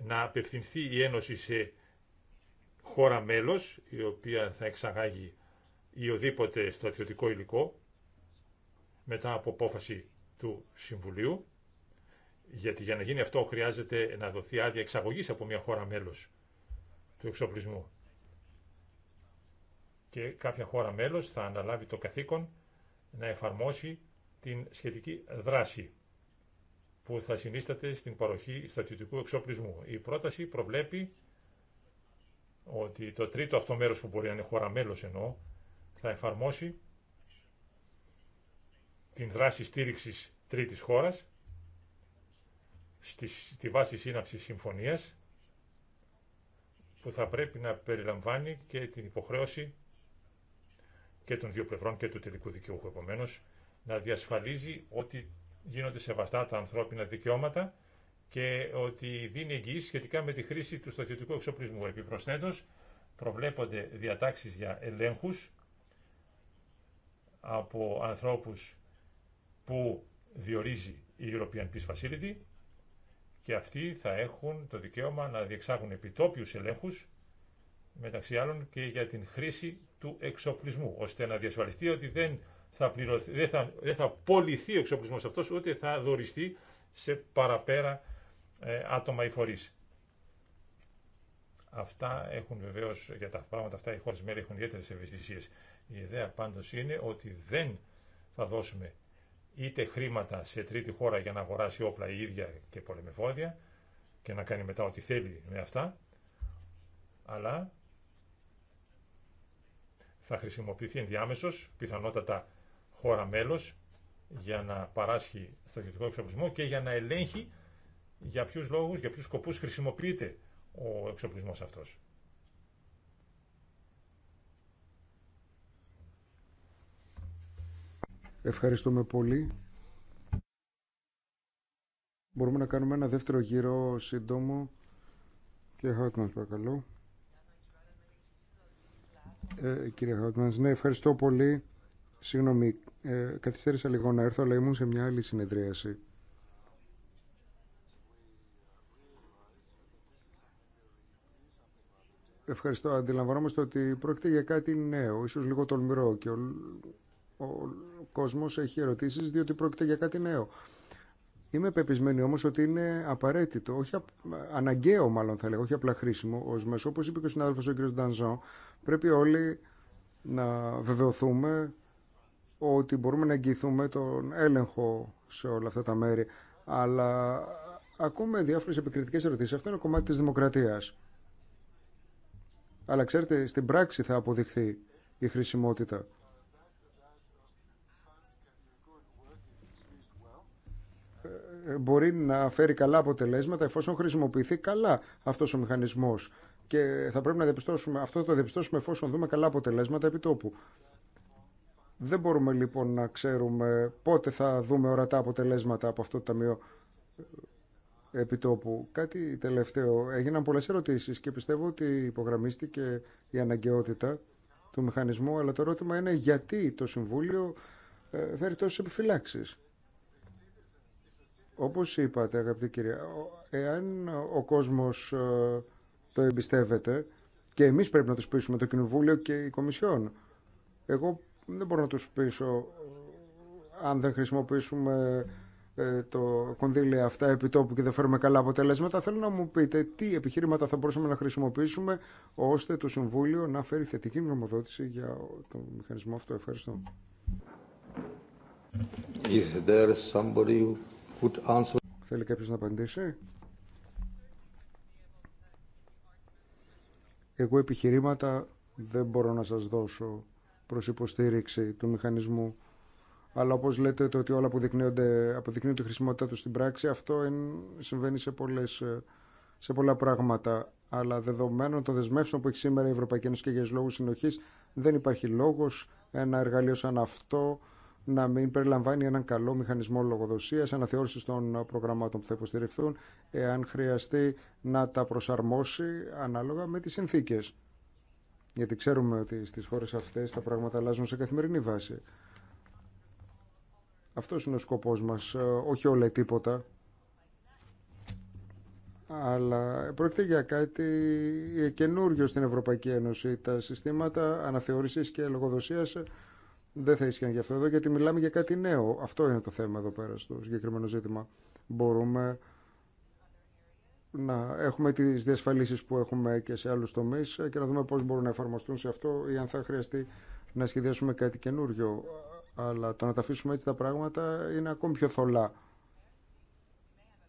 να απευθυνθεί η Ένωση σε χώρα μέλος η οποία θα εξαγάγει ή οδήποτε στρατιωτικό υλικό μετά από απόφαση του Συμβουλίου γιατί για να γίνει αυτό χρειάζεται να δοθεί άδεια εξαγωγής από μια χώρα μέλος του εξοπλισμού και κάποια χώρα μέλος θα αναλάβει το καθήκον να εφαρμόσει την σχετική δράση που θα συνίσταται στην παροχή στρατιωτικού εξοπλισμού. Η πρόταση προβλέπει ότι το τρίτο αυτό μέρος που μπορεί να είναι χώρα μέλος εννοώ θα εφαρμόσει την δράση στήριξης τρίτης χώρας στη, βάση σύναψης συμφωνίας που θα πρέπει να περιλαμβάνει και την υποχρέωση και των δύο πλευρών και του τελικού δικαιούχου. Επομένω, να διασφαλίζει ότι γίνονται σεβαστά τα ανθρώπινα δικαιώματα και ότι δίνει εγγυήσει σχετικά με τη χρήση του στρατιωτικού εξοπλισμού. Επιπροσθέτω, προβλέπονται διατάξει για ελέγχου από ανθρώπου που διορίζει η European Peace Facility και αυτοί θα έχουν το δικαίωμα να διεξάγουν επιτόπιους ελέγχους μεταξύ άλλων και για την χρήση του εξοπλισμού, ώστε να διασφαλιστεί ότι δεν θα, πληρωθεί, δεν θα, δεν ο εξοπλισμός αυτός, ούτε θα δοριστεί σε παραπέρα ε, άτομα ή φορείς. Αυτά έχουν βεβαίω, για τα πράγματα αυτά οι χώρες μέλη έχουν ιδιαίτερε ευαισθησίε. Η ιδέα πάντως είναι ότι δεν θα δώσουμε είτε χρήματα σε τρίτη χώρα για να αγοράσει όπλα η ίδια και πολεμεφόδια και να κάνει μετά ό,τι θέλει με αυτά, αλλά θα χρησιμοποιηθεί ενδιάμεσο πιθανότατα χώρα μέλο για να παράσχει στρατιωτικό εξοπλισμό και για να ελέγχει για ποιου λόγους, για ποιου σκοπούς χρησιμοποιείται ο εξοπλισμό αυτός. Ευχαριστούμε πολύ. Μπορούμε να κάνουμε ένα δεύτερο γύρο σύντομο. Και Χάκμαν, παρακαλώ. Ε, κύριε Χάουτμανς, ναι, ευχαριστώ πολύ. Συγγνώμη, ε, καθυστέρησα λίγο να έρθω, αλλά ήμουν σε μια άλλη συνεδρίαση. Ευχαριστώ. Αντιλαμβανόμαστε ότι πρόκειται για κάτι νέο, ίσως λίγο τολμηρό και ο, ο, ο κόσμος έχει ερωτήσεις διότι πρόκειται για κάτι νέο. Είμαι πεπισμένη όμως ότι είναι απαραίτητο, όχι αναγκαίο μάλλον θα λέγω, όχι απλά χρήσιμο ως μέσο. Όπως είπε και ο συνάδελφος ο κ. Ντανζό, πρέπει όλοι να βεβαιωθούμε ότι μπορούμε να εγγυηθούμε τον έλεγχο σε όλα αυτά τα μέρη. Αλλά ακούμε διάφορε επικριτικές ερωτήσει, Αυτό είναι κομμάτι τη δημοκρατία. Αλλά ξέρετε, στην πράξη θα αποδειχθεί η χρησιμότητα. μπορεί να φέρει καλά αποτελέσματα εφόσον χρησιμοποιηθεί καλά αυτό ο μηχανισμό. Και θα πρέπει να διαπιστώσουμε, αυτό το διαπιστώσουμε εφόσον δούμε καλά αποτελέσματα επί τόπου. Δεν μπορούμε λοιπόν να ξέρουμε πότε θα δούμε ορατά αποτελέσματα από αυτό το Ταμείο ε, Επιτόπου. Κάτι τελευταίο. Έγιναν πολλές ερωτήσεις και πιστεύω ότι υπογραμμίστηκε η αναγκαιότητα του μηχανισμού, αλλά το ερώτημα είναι γιατί το Συμβούλιο ε, φέρει τόσες επιφυλάξεις. Όπως είπατε αγαπητή κυρία, εάν ο κόσμος ε, το εμπιστεύεται και εμείς πρέπει να τους πείσουμε το Κοινοβούλιο και η Κομισιόν. Εγώ δεν μπορώ να τους πείσω ε, αν δεν χρησιμοποιήσουμε ε, το κονδύλι αυτά επί τόπου και δεν φέρουμε καλά αποτελέσματα. Θέλω να μου πείτε τι επιχείρηματα θα μπορούσαμε να χρησιμοποιήσουμε ώστε το Συμβούλιο να φέρει θετική γνωμοδότηση για τον μηχανισμό αυτό. Ευχαριστώ. Is somebody Θέλει κάποιος να απαντήσει. Εγώ επιχειρήματα δεν μπορώ να σας δώσω προς υποστήριξη του μηχανισμού. Αλλά όπως λέτε το ότι όλα αποδεικνύονται, αποδεικνύουν τη χρησιμότητά του στην πράξη, αυτό συμβαίνει σε, πολλές, σε πολλά πράγματα. Αλλά δεδομένων των δεσμεύσεων που έχει σήμερα η Ευρωπαϊκή Ένωση και για λόγου συνοχή, δεν υπάρχει λόγος ένα εργαλείο σαν αυτό να μην περιλαμβάνει έναν καλό μηχανισμό λογοδοσία, αναθεώρηση των προγραμμάτων που θα υποστηριχθούν, εάν χρειαστεί να τα προσαρμόσει ανάλογα με τι συνθήκε. Γιατί ξέρουμε ότι στι χώρε αυτέ τα πράγματα αλλάζουν σε καθημερινή βάση. Αυτό είναι ο σκοπό μα, όχι όλα τίποτα. Αλλά πρόκειται για κάτι καινούριο στην Ευρωπαϊκή Ένωση. Τα συστήματα αναθεώρησης και λογοδοσίας δεν θα ισχύει για αυτό εδώ γιατί μιλάμε για κάτι νέο. Αυτό είναι το θέμα εδώ πέρα στο συγκεκριμένο ζήτημα. Μπορούμε να έχουμε τι διασφαλίσει που έχουμε και σε άλλου τομεί και να δούμε πώ μπορούν να εφαρμοστούν σε αυτό ή αν θα χρειαστεί να σχεδιάσουμε κάτι καινούριο. Αλλά το να τα αφήσουμε έτσι τα πράγματα είναι ακόμη πιο θολά.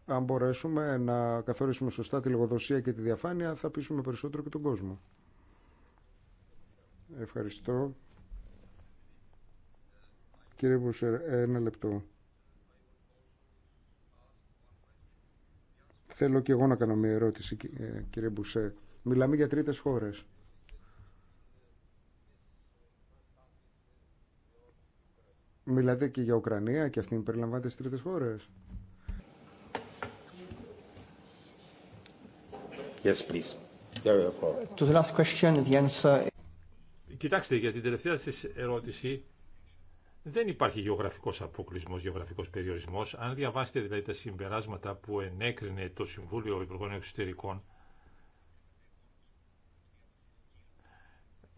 Αν μπορέσουμε να καθορίσουμε σωστά τη λογοδοσία και τη διαφάνεια θα πείσουμε περισσότερο και τον κόσμο. Ευχαριστώ. Κύριε Μπουσέ, ένα λεπτό. Θέλω και εγώ να κάνω μια ερώτηση, ε, κύριε Μπουσέ. Μιλάμε για τρίτες χώρες. Μιλάτε και για Ουκρανία και αυτήν περιλαμβάνεται στις τρίτες χώρες. Yes, please. To the last question, Κοιτάξτε, για την τελευταία σας ερώτηση δεν υπάρχει γεωγραφικός αποκλεισμός, γεωγραφικός περιορισμός. Αν διαβάσετε δηλαδή τα συμπεράσματα που ενέκρινε το Συμβούλιο Υπουργών Εξωτερικών,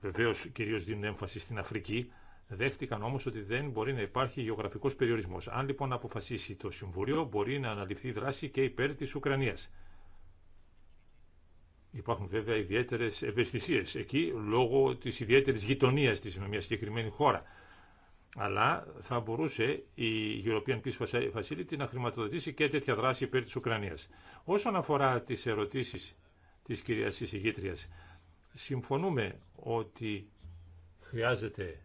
βεβαίως κυρίως δίνουν έμφαση στην Αφρική, δέχτηκαν όμως ότι δεν μπορεί να υπάρχει γεωγραφικός περιορισμός. Αν λοιπόν αποφασίσει το Συμβούλιο, μπορεί να αναλυφθεί δράση και υπέρ της Ουκρανίας. Υπάρχουν βέβαια ιδιαίτερες ευαισθησίες εκεί λόγω τη ιδιαίτερη γειτονία τη με μια συγκεκριμένη χώρα αλλά θα μπορούσε η European Peace Facility να χρηματοδοτήσει και τέτοια δράση υπέρ της Ουκρανίας. Όσον αφορά τις ερωτήσεις της κυρίας εισηγήτριας, συμφωνούμε ότι χρειάζεται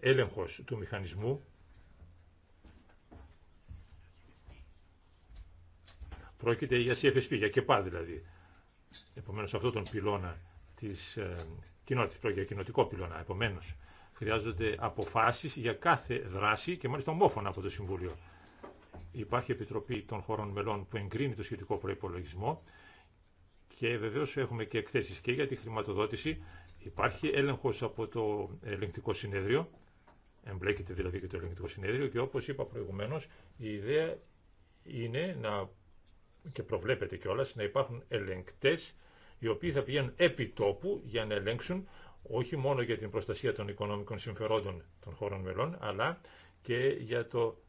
έλεγχος του μηχανισμού Πρόκειται για CFSP, για ΚΕΠΑ δηλαδή. Επομένως αυτό τον πυλώνα της ε, πρόκειται για κοινοτικό πυλώνα. Επομένως, Χρειάζονται αποφάσει για κάθε δράση και μάλιστα ομόφωνα από το Συμβούλιο. Υπάρχει Επιτροπή των Χωρών Μελών που εγκρίνει το σχετικό προπολογισμό και βεβαίω έχουμε και εκθέσει και για τη χρηματοδότηση. Υπάρχει έλεγχο από το ελεγκτικό συνέδριο. Εμπλέκεται δηλαδή και το ελεγκτικό συνέδριο και όπω είπα προηγουμένω, η ιδέα είναι να και προβλέπεται κιόλα να υπάρχουν ελεγκτέ οι οποίοι θα πηγαίνουν επί τόπου για να ελέγξουν όχι μόνο για την προστασία των οικονομικών συμφερόντων των χωρών μελών, αλλά και για το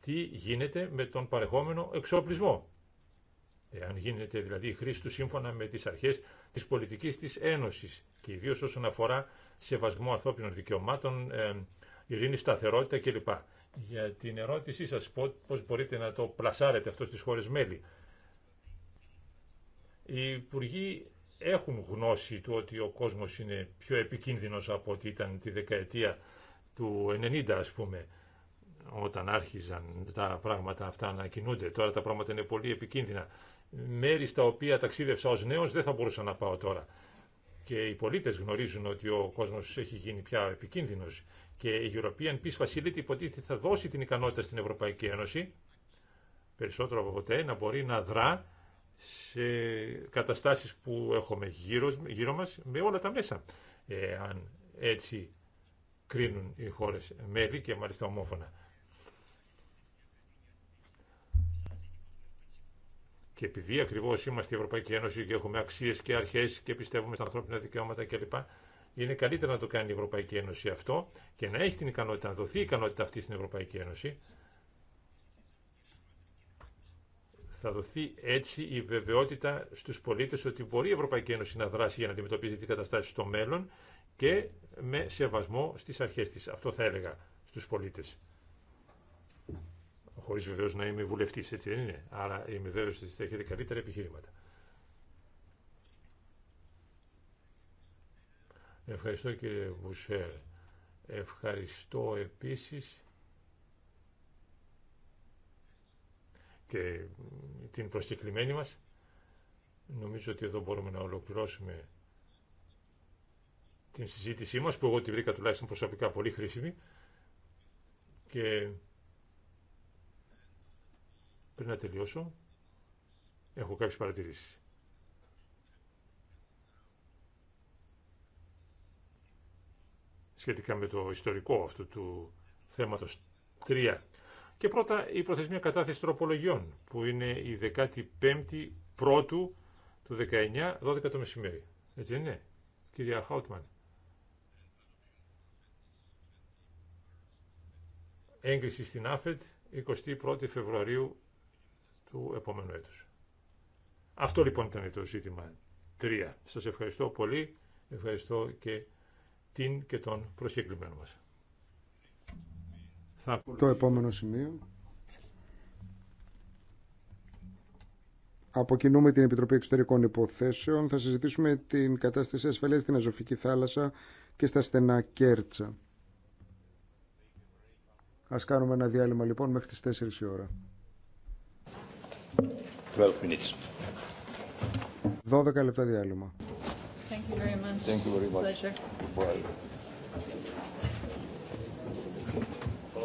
τι γίνεται με τον παρεχόμενο εξοπλισμό. Εάν γίνεται δηλαδή η χρήση του σύμφωνα με τις αρχές της πολιτικής της Ένωσης και ιδίως όσον αφορά σεβασμό ανθρώπινων δικαιωμάτων, ε, ειρήνη, σταθερότητα κλπ. Για την ερώτησή σας πώς μπορείτε να το πλασάρετε αυτό στις χώρες μέλη. Οι υπουργοί έχουν γνώση του ότι ο κόσμος είναι πιο επικίνδυνος από ό,τι ήταν τη δεκαετία του 90 ας πούμε όταν άρχιζαν τα πράγματα αυτά να κινούνται. Τώρα τα πράγματα είναι πολύ επικίνδυνα. Μέρη στα οποία ταξίδευσα ως νέος δεν θα μπορούσα να πάω τώρα. Και οι πολίτες γνωρίζουν ότι ο κόσμος έχει γίνει πια επικίνδυνος και η European Peace Facility υποτίθεται θα δώσει την ικανότητα στην Ευρωπαϊκή Ένωση περισσότερο από ποτέ να μπορεί να δρά σε καταστάσεις που έχουμε γύρω, γύρω μας με όλα τα μέσα. Ε, αν έτσι κρίνουν οι χώρες μέλη και μάλιστα ομόφωνα. Και επειδή ακριβώ είμαστε η Ευρωπαϊκή Ένωση και έχουμε αξίε και αρχέ και πιστεύουμε στα ανθρώπινα δικαιώματα κλπ., είναι καλύτερα να το κάνει η Ευρωπαϊκή Ένωση αυτό και να έχει την ικανότητα, να δοθεί η ικανότητα αυτή στην Ευρωπαϊκή Ένωση Θα δοθεί έτσι η βεβαιότητα στους πολίτες ότι μπορεί η Ευρωπαϊκή Ένωση να δράσει για να αντιμετωπίζει την καταστάση στο μέλλον και με σεβασμό στις αρχές της. Αυτό θα έλεγα στους πολίτες. Χωρίς βεβαίως να είμαι βουλευτής, έτσι δεν είναι. Άρα είμαι βέβαιος ότι θα έχετε καλύτερα επιχείρηματα. Ευχαριστώ κύριε Μπουσέρ. Ευχαριστώ επίσης και την προσκεκλημένη μας. Νομίζω ότι εδώ μπορούμε να ολοκληρώσουμε την συζήτησή μας, που εγώ τη βρήκα τουλάχιστον προσωπικά πολύ χρήσιμη. Και πριν να τελειώσω, έχω κάποιες παρατηρήσεις. Σχετικά με το ιστορικό αυτού του θέματος ΤΡΙΑ και πρώτα η προθεσμία κατάθεση τροπολογιών, που είναι η 15η πρώτου του 19, 12 το μεσημέρι. Έτσι δεν είναι, κυρία Χάουτμαν. Έγκριση στην ΑΦΕΤ 21η Φεβρουαρίου του επόμενου έτους. Αυτό λοιπόν ήταν το ζήτημα 3. Σας ευχαριστώ πολύ. Ευχαριστώ και την και τον προσκεκλημένο μας. Το επόμενο σημείο. Αποκινούμε την Επιτροπή Εξωτερικών Υποθέσεων. Θα συζητήσουμε την κατάσταση ασφαλείας στην Αζωφική θάλασσα και στα στενά Κέρτσα. Ας κάνουμε ένα διάλειμμα λοιπόν μέχρι τις 4 η ώρα. 12 λεπτά διάλειμμα. Thank you very much. Thank you very much.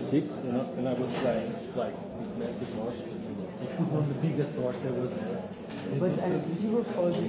six, you know, and I was flying like this massive horse. It one the biggest horse there was there. But you were following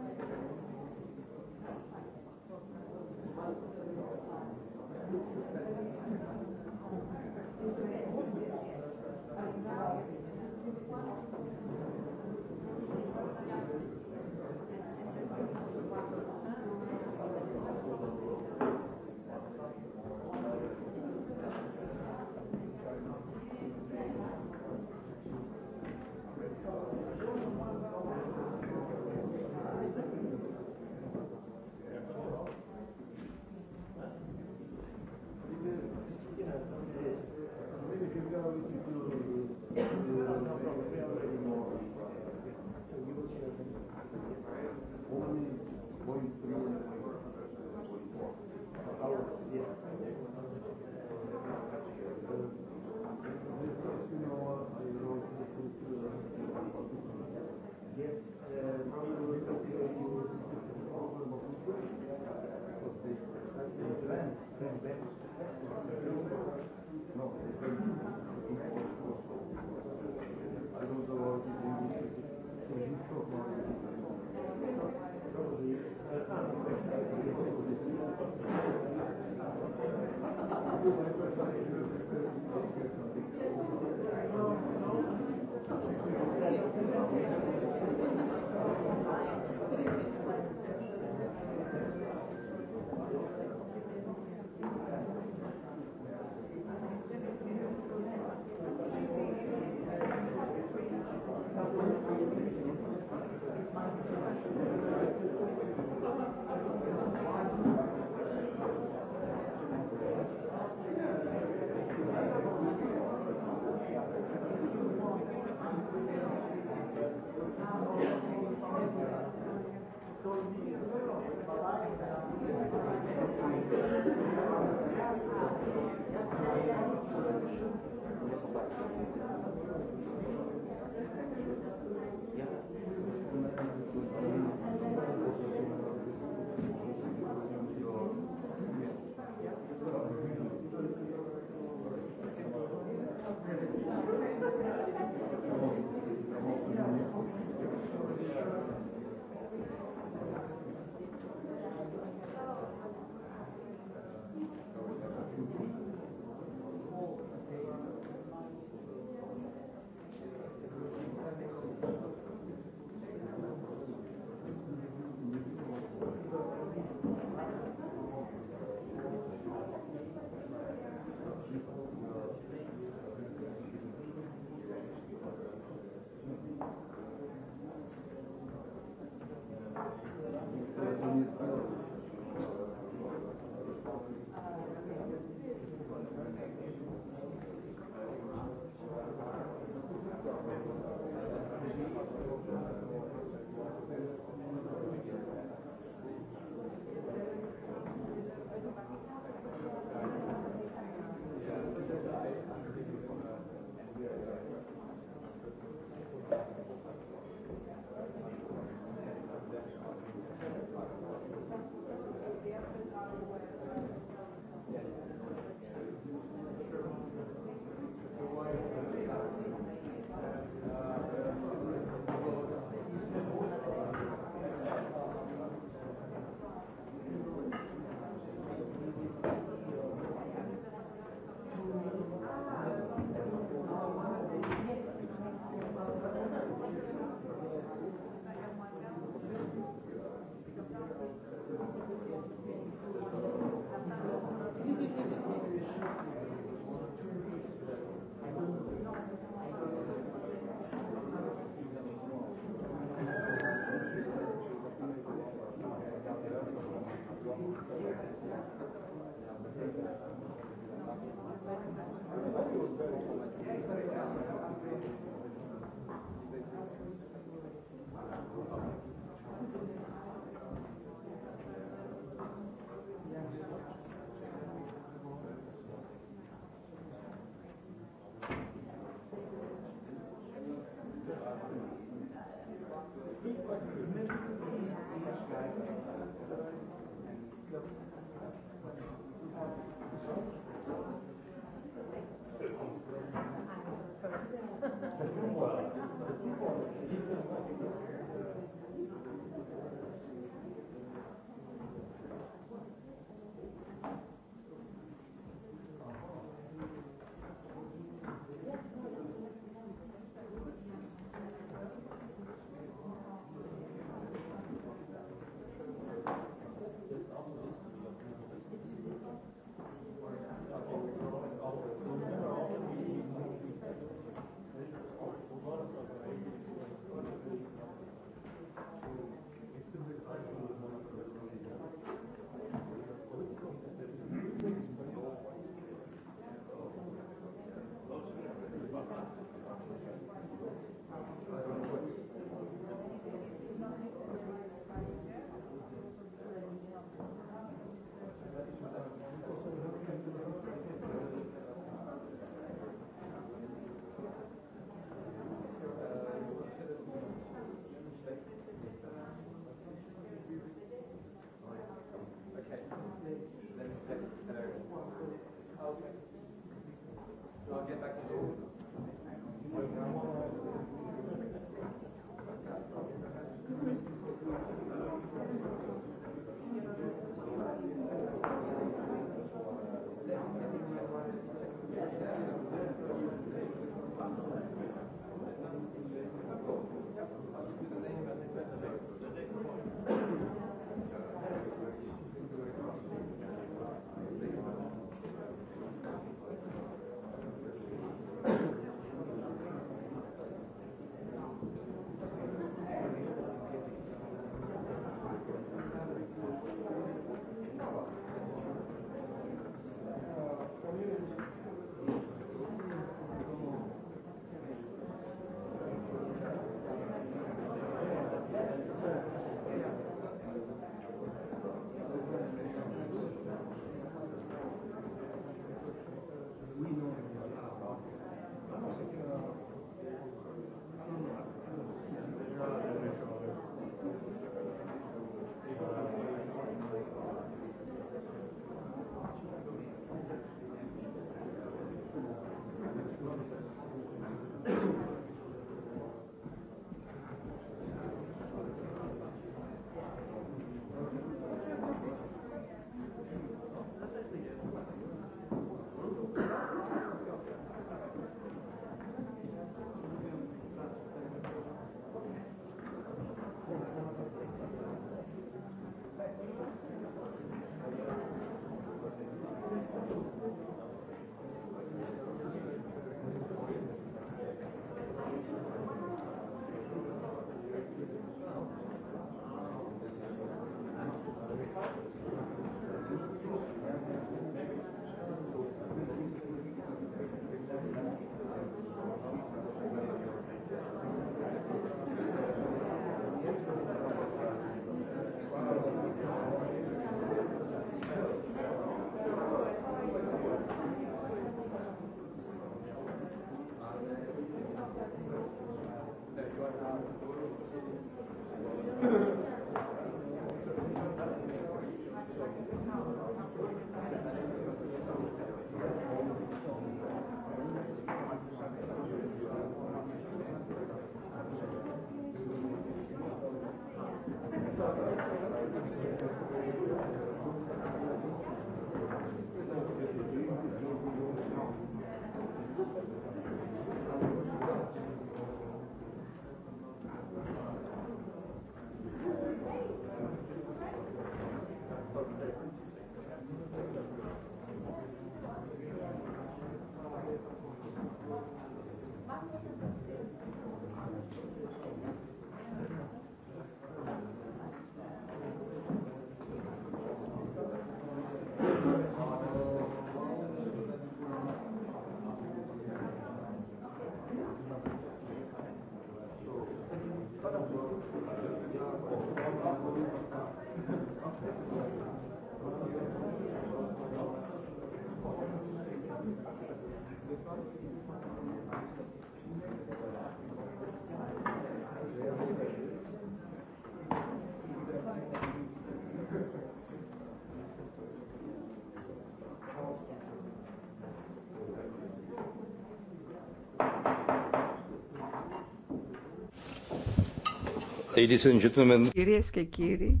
Κυρίες και κύριοι,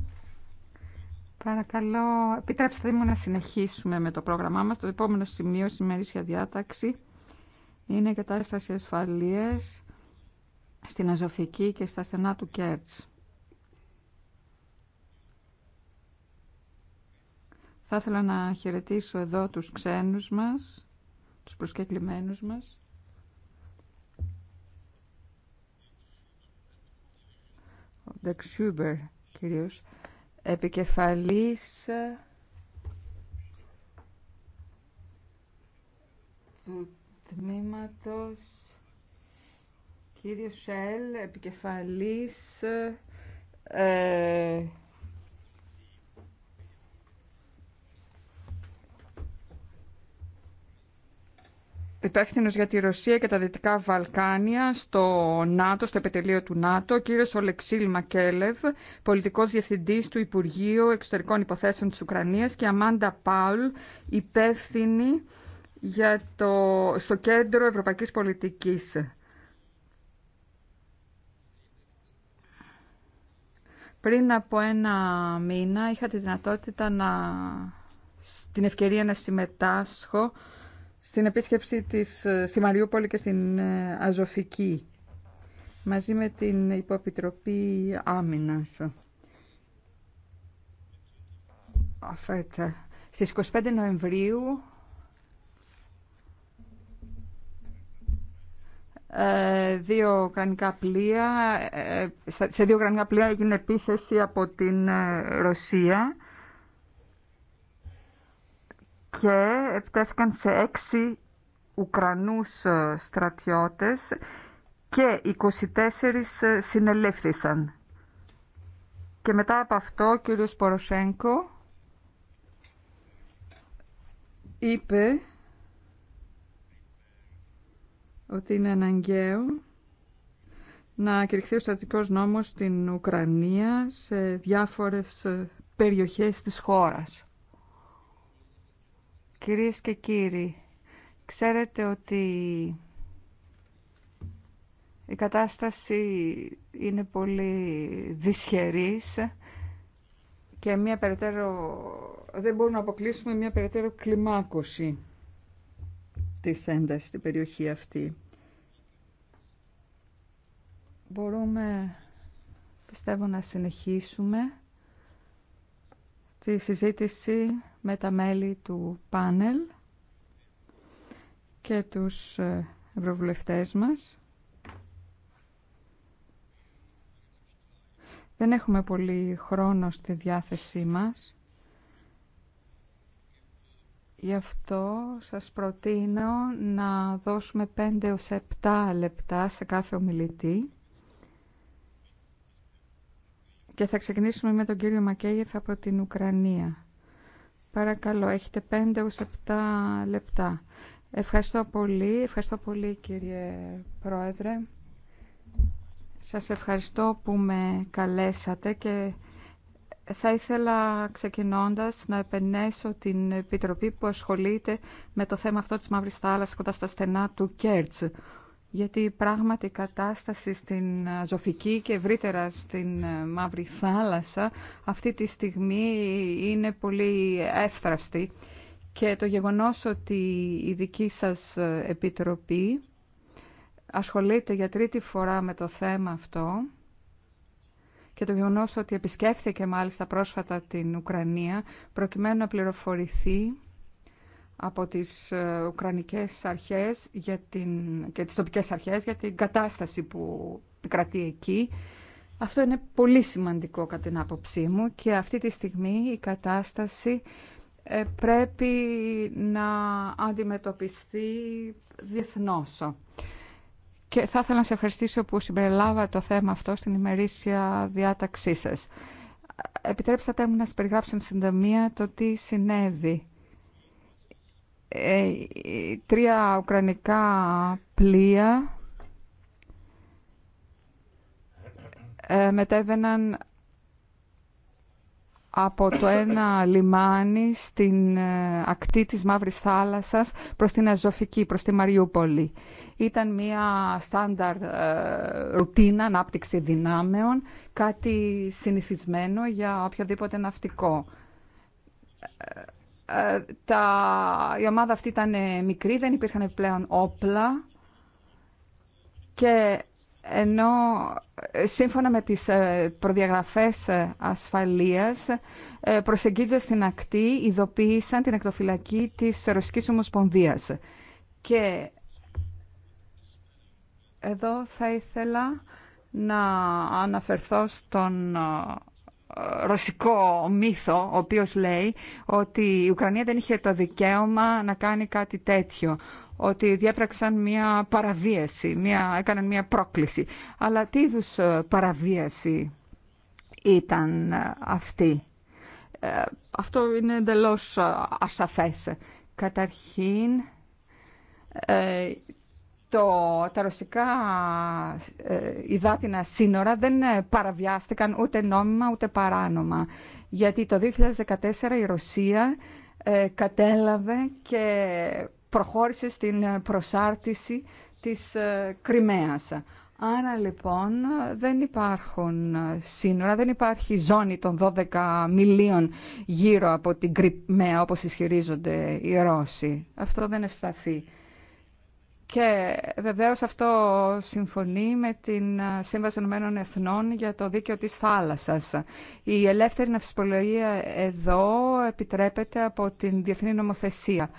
παρακαλώ, επιτρέψτε μου να συνεχίσουμε με το πρόγραμμά μας. Το επόμενο σημείο σημερίσια διάταξη είναι η κατάσταση ασφαλείας στην Αζωφική και στα στενά του Κέρτς. Θα ήθελα να χαιρετήσω εδώ τους ξένους μας, τους προσκεκλημένους μας. Σούμπερ κυρίως, επικεφαλής ε, του τμήματος κύριος Σέλ, επικεφαλής ε, ε υπεύθυνο για τη Ρωσία και τα Δυτικά Βαλκάνια στο ΝΑΤΟ, στο επιτελείο του ΝΑΤΟ, ο κύριος Ολεξίλ Μακέλεβ, πολιτικός διευθυντής του Υπουργείου Εξωτερικών Υποθέσεων της Ουκρανίας και Αμάντα Πάουλ, υπεύθυνη για το, στο Κέντρο Ευρωπαϊκής Πολιτικής. Πριν από ένα μήνα είχα τη δυνατότητα να, την ευκαιρία να συμμετάσχω στην επίσκεψη της, ε, στη Μαριούπολη και στην ε, Αζοφική, μαζί με την Υποπιτροπή Άμυνας. Αφέτα. Στις 25 Νοεμβρίου ε, δύο κρανικά πλοία, σε δύο κρανικά πλοία έγινε επίθεση από την Ρωσία και επιτέθηκαν σε έξι Ουκρανούς ε, στρατιώτες και 24 ε, συνελήφθησαν. Και μετά από αυτό ο κύριος Ποροσέγκο είπε ότι είναι αναγκαίο να κηρυχθεί ο στρατικό νόμος στην Ουκρανία σε διάφορες ε, περιοχές της χώρας. Κυρίες και κύριοι, ξέρετε ότι η κατάσταση είναι πολύ δυσχερής και μια περαιτέρω, δεν μπορούμε να αποκλείσουμε μια περαιτέρω κλιμάκωση της έντασης στην περιοχή αυτή. Μπορούμε, πιστεύω, να συνεχίσουμε στη συζήτηση με τα μέλη του πάνελ και τους ε, ευρωβουλευτές μας. Δεν έχουμε πολύ χρόνο στη διάθεσή μας. Γι' αυτό σας προτείνω να δώσουμε 5 7 λεπτά σε κάθε ομιλητή και θα ξεκινήσουμε με τον κύριο Μακέγεφ από την Ουκρανία. Παρακαλώ, έχετε 5 7 λεπτά. Ευχαριστώ πολύ, ευχαριστώ πολύ κύριε Πρόεδρε. Σας ευχαριστώ που με καλέσατε και θα ήθελα ξεκινώντας να επενέσω την Επιτροπή που ασχολείται με το θέμα αυτό της Μαύρης Θάλασσας κοντά στα στενά του Κέρτς γιατί πράγματι η κατάσταση στην Αζωφική ε, και ευρύτερα στην ε, Μαύρη Θάλασσα αυτή τη στιγμή είναι πολύ εύθραυστη και το γεγονός ότι η δική σας ε, επιτροπή ασχολείται για τρίτη φορά με το θέμα αυτό και το γεγονός ότι επισκέφθηκε μάλιστα πρόσφατα την Ουκρανία προκειμένου να πληροφορηθεί από τις ε, Ουκρανικές αρχές για την, και τις τοπικές αρχές για την κατάσταση που κρατεί εκεί. Αυτό είναι πολύ σημαντικό κατά την άποψή μου και αυτή τη στιγμή η κατάσταση ε, πρέπει να αντιμετωπιστεί διεθνώς. Και θα ήθελα να σε ευχαριστήσω που συμπεριλάβα το θέμα αυτό στην ημερήσια διάταξή σας. Ε, επιτρέψατε μου να σας περιγράψω συντομία το τι συνέβη. Ε, τρία ουκρανικά πλοία ε, μετέβαιναν από το ένα λιμάνι στην ε, ακτή της Μαύρης Θάλασσας προς την Αζωφική, προς τη Μαριούπολη. Ήταν μια στάνταρ ρουτίνα ανάπτυξη δυνάμεων, κάτι συνηθισμένο για οποιοδήποτε ναυτικό. Ε, τα, η ομάδα αυτή ήταν ε, μικρή, δεν υπήρχαν πλέον όπλα και ενώ ε, σύμφωνα με τις προδιαγραφές ασφαλείας προσεγγίζοντας την ακτή ειδοποίησαν την εκτοφυλακή της Ρωσικής Ομοσπονδίας. Και εδώ θα ήθελα να αναφερθώ στον ρωσικό μύθο, ο οποίος λέει ότι η Ουκρανία δεν είχε το δικαίωμα να κάνει κάτι τέτοιο ότι διέπραξαν μια παραβίαση, μια, έκαναν μια πρόκληση. Αλλά τι είδου ε, παραβίαση ήταν ε, αυτή. Ε, αυτό είναι εντελώ ασαφές. Καταρχήν, το, τα ρωσικά ε, υδάτινα σύνορα δεν ε, παραβιάστηκαν ούτε νόμιμα ούτε παράνομα. Γιατί το 2014 η Ρωσία ε, κατέλαβε και προχώρησε στην προσάρτηση της ε, Κρυμαίας. Άρα λοιπόν δεν υπάρχουν ε, σύνορα, δεν υπάρχει ζώνη των 12 μιλίων γύρω από την Κρυμαία όπως ισχυρίζονται οι Ρώσοι. Αυτό δεν ευσταθεί. Και βεβαίως αυτό συμφωνεί με την ε, Σύμβαση των Εθνών για το δίκαιο της θάλασσας. Η ελεύθερη ναυσιπολογία εδώ επιτρέπεται από την διεθνή νομοθεσία.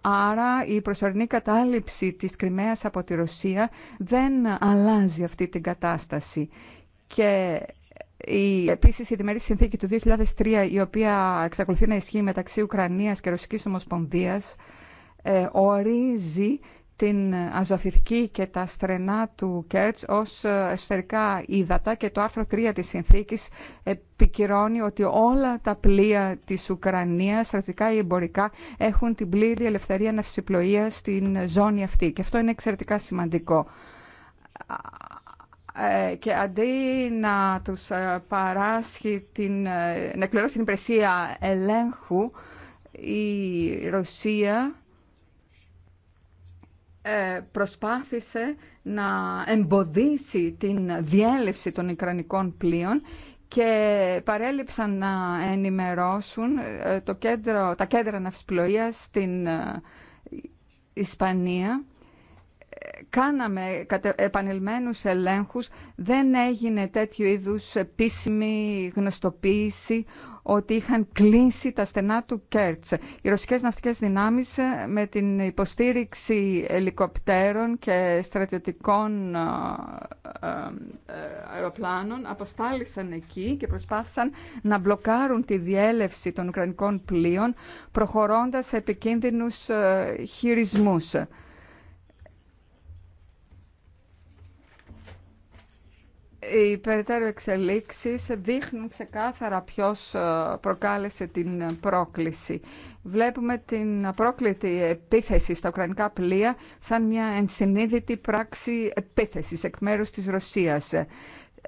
Άρα η προσωρινή κατάληψη της Κρυμαίας από τη Ρωσία δεν αλλάζει αυτή την κατάσταση. Και η, επίσης η διμερή συνθήκη του 2003 η οποία εξακολουθεί να ισχύει μεταξύ Ουκρανίας και Ρωσικής Ομοσπονδίας ε, ορίζει την αζωφυθική και τα στρενά του Κέρτς ως ε, εσωτερικά ύδατα και το άρθρο 3 της συνθήκης επικυρώνει ότι όλα τα πλοία της Ουκρανίας, στρατιωτικά ή εμπορικά, έχουν την πλήρη ελευθερία ναυσιπλοεία στην ζώνη αυτή και αυτό είναι εξαιρετικά σημαντικό. Ε, και αντί να τους ε, παράσχει την, να εκπληρώσει την υπηρεσία ελέγχου, η Ρωσία ε, προσπάθησε να εμποδίσει την διέλευση των Ικρανικών πλοίων και παρέλειψαν να ενημερώσουν ε, το κέντρο, τα κέντρα ναυσπλοείας στην ε, Ισπανία κάναμε επανελμένους ελέγχους, δεν έγινε τέτοιου είδους επίσημη γνωστοποίηση ότι είχαν κλείσει τα στενά του Κέρτς. Οι ρωσικές ναυτικές δυνάμεις ε, με την υποστήριξη ελικοπτέρων και στρατιωτικών ε, ε, αεροπλάνων αποστάλησαν εκεί και προσπάθησαν να μπλοκάρουν τη διέλευση των Ουκρανικών πλοίων προχωρώντας σε επικίνδυνους χειρισμούς. οι περαιτέρω εξελίξεις δείχνουν ξεκάθαρα ποιος ε, προκάλεσε την πρόκληση. Βλέπουμε την απρόκλητη επίθεση στα ουκρανικά πλοία σαν μια ενσυνείδητη πράξη επίθεσης εκ μέρους της Ρωσίας.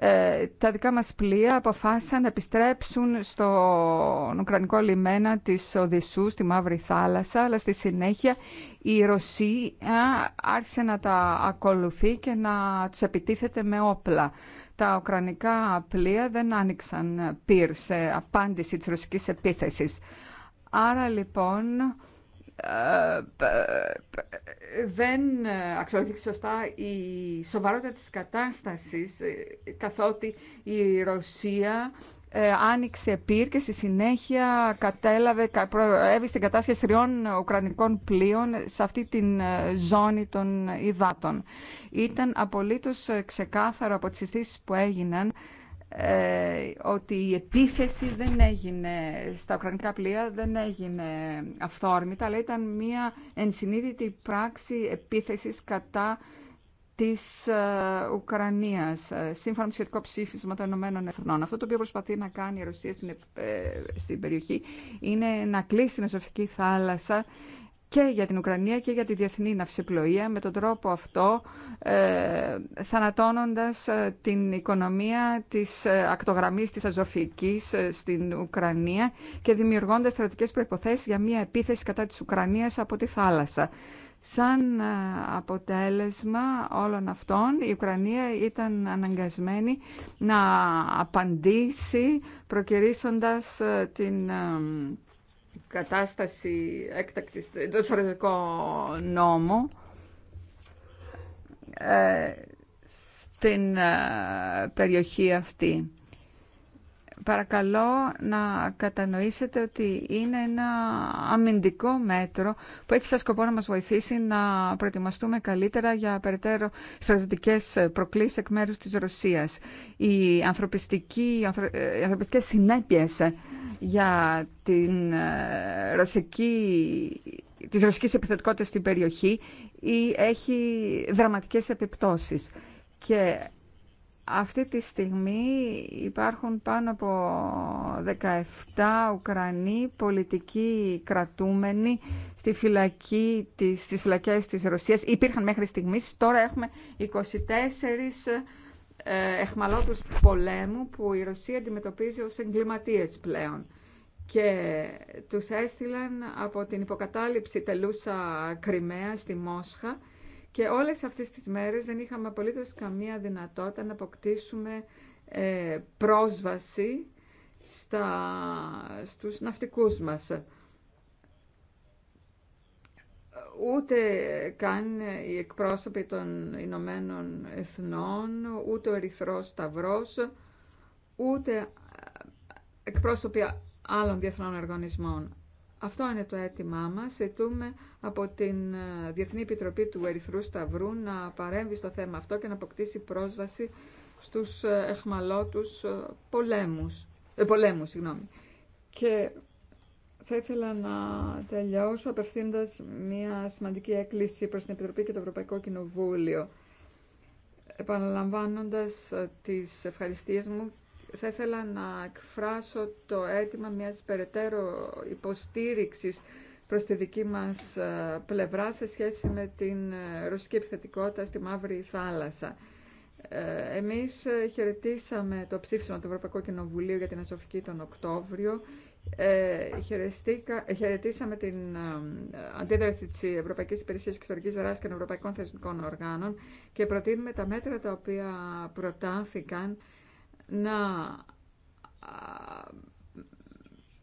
Ε, τα δικά μας πλοία αποφάσισαν να επιστρέψουν στο ουκρανικό λιμένα της Οδυσσού, στη Μαύρη Θάλασσα, αλλά στη συνέχεια η Ρωσία άρχισε να τα ακολουθεί και να τους επιτίθεται με όπλα τα ουκρανικά πλοία δεν άνοιξαν πυρ σε απάντηση της ρωσικής επίθεσης. Άρα λοιπόν ε, δεν αξιολογήθηκε σωστά η σοβαρότητα της κατάστασης καθότι η Ρωσία ε, άνοιξε πυρ και στη συνέχεια κατέλαβε, προέβη στην κατάσχεση τριών ουκρανικών πλοίων σε αυτή την ε, ζώνη των υδάτων. Ήταν απολύτως ε, ξεκάθαρο από τις συστήσεις που έγιναν ότι η επίθεση δεν έγινε στα ουκρανικά πλοία, δεν έγινε αυθόρμητα, αλλά ήταν μια ενσυνείδητη πράξη επίθεσης κατά της ε, Ουκρανίας, ε, σύμφωνα με το σχετικό ψήφισμα των Ηνωμένων Εθνών. Αυτό το οποίο προσπαθεί να κάνει η Ρωσία ε, στην, περιοχή είναι να κλείσει την Αζωφική θάλασσα και για την Ουκρανία και για τη διεθνή ναυσιπλοεία με τον τρόπο αυτό ε, θανατώνοντας την οικονομία της ακτογραμμής της Αζωφικής στην Ουκρανία και δημιουργώντας στρατιωτικές προϋποθέσεις για μια επίθεση κατά της Ουκρανίας από τη θάλασσα. Σαν ε, αποτέλεσμα όλων αυτών η Ουκρανία ήταν αναγκασμένη να απαντήσει προκυρήσοντας ε, την ε, κατάσταση έκτακτης, το νόμο στην περιοχή αυτή παρακαλώ να κατανοήσετε ότι είναι ένα αμυντικό μέτρο που έχει σαν σκοπό να μας βοηθήσει να προετοιμαστούμε καλύτερα για περαιτέρω στρατιωτικές προκλήσεις εκ μέρους της Ρωσίας. Οι, ανθρωπιστικοί, ε, οι ανθρωπιστικές συνέπειες για την ε, ρωσική της στην περιοχή ή έχει δραματικές επιπτώσεις. Και αυτή τη στιγμή υπάρχουν πάνω από 17 Ουκρανοί πολιτικοί κρατούμενοι στη φυλακή της, στις φυλακές της Ρωσίας. Υπήρχαν μέχρι στιγμής, τώρα έχουμε 24 ε, εχμαλώτους πολέμου που η Ρωσία αντιμετωπίζει ως εγκληματίες πλέον και τους έστειλαν από την υποκατάληψη τελούσα Κρυμαία στη Μόσχα και όλες αυτές τις μέρες δεν είχαμε απολύτως καμία δυνατότητα να αποκτήσουμε ε, πρόσβαση στα, στους ναυτικούς μας. Ούτε καν οι εκπρόσωποι των Ηνωμένων Εθνών, ούτε ο Ερυθρός Σταυρός, ούτε ε, εκπρόσωποι άλλων διεθνών οργανισμών. Αυτό είναι το αίτημά μα. Ζητούμε από την ε, Διεθνή Επιτροπή του Ερυθρού Σταυρού να παρέμβει στο θέμα αυτό και να αποκτήσει πρόσβαση στους ε, εχμαλώτους ε, πολέμους. Ε, συγγνώμη. Και θα ήθελα να τελειώσω απευθύνοντα μια σημαντική έκκληση προς την Επιτροπή και το Ευρωπαϊκό Κοινοβούλιο επαναλαμβάνοντας τις ευχαριστίες μου θα ήθελα να εκφράσω το αίτημα μιας περαιτέρω υποστήριξης προς τη δική μας ε, πλευρά σε σχέση με την ε, ρωσική επιθετικότητα στη Μαύρη Θάλασσα. Ε, εμείς χαιρετήσαμε το ψήφισμα του Ευρωπαϊκού Κοινοβουλίου για την Ασοφική τον Οκτώβριο. χαιρετήσαμε την αντίδραση της Ευρωπαϊκής Υπηρεσίας Εξωτερικής Δράσης και των Ευρωπαϊκών Θεσμικών Οργάνων και προτείνουμε τα μέτρα τα οποία προτάθηκαν να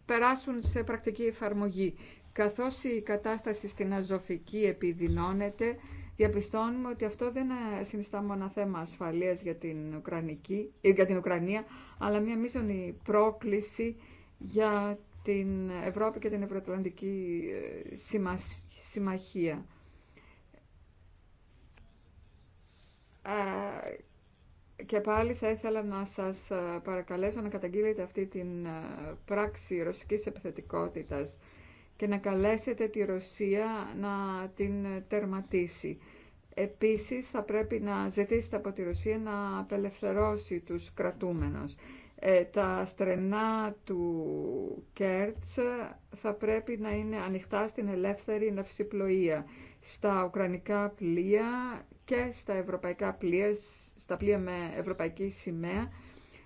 περάσουν σε πρακτική εφαρμογή. Καθώς η κατάσταση στην Αζωφική επιδεινώνεται, διαπιστώνουμε ότι αυτό δεν συνιστά μόνο θέμα ασφαλείας για την, Ουκρανική, ε, για την Ουκρανία, αλλά μια μίζωνη πρόκληση για την Ευρώπη και την Ευρωτολαντική ε, Συμμαχία. Και πάλι θα ήθελα να σας ε, παρακαλέσω να καταγγείλετε αυτή την ε, πράξη ρωσικής επιθετικότητας και να καλέσετε τη Ρωσία να την ε, τερματίσει. Επίσης θα πρέπει να ζητήσετε από τη Ρωσία να απελευθερώσει τους κρατούμενους. τα στρενά του Κέρτς θα πρέπει να είναι ανοιχτά στην ελεύθερη ναυσιπλοεία, στα ουκρανικά πλοία και στα ευρωπαϊκά πλοία, στα πλοία με ευρωπαϊκή σημαία,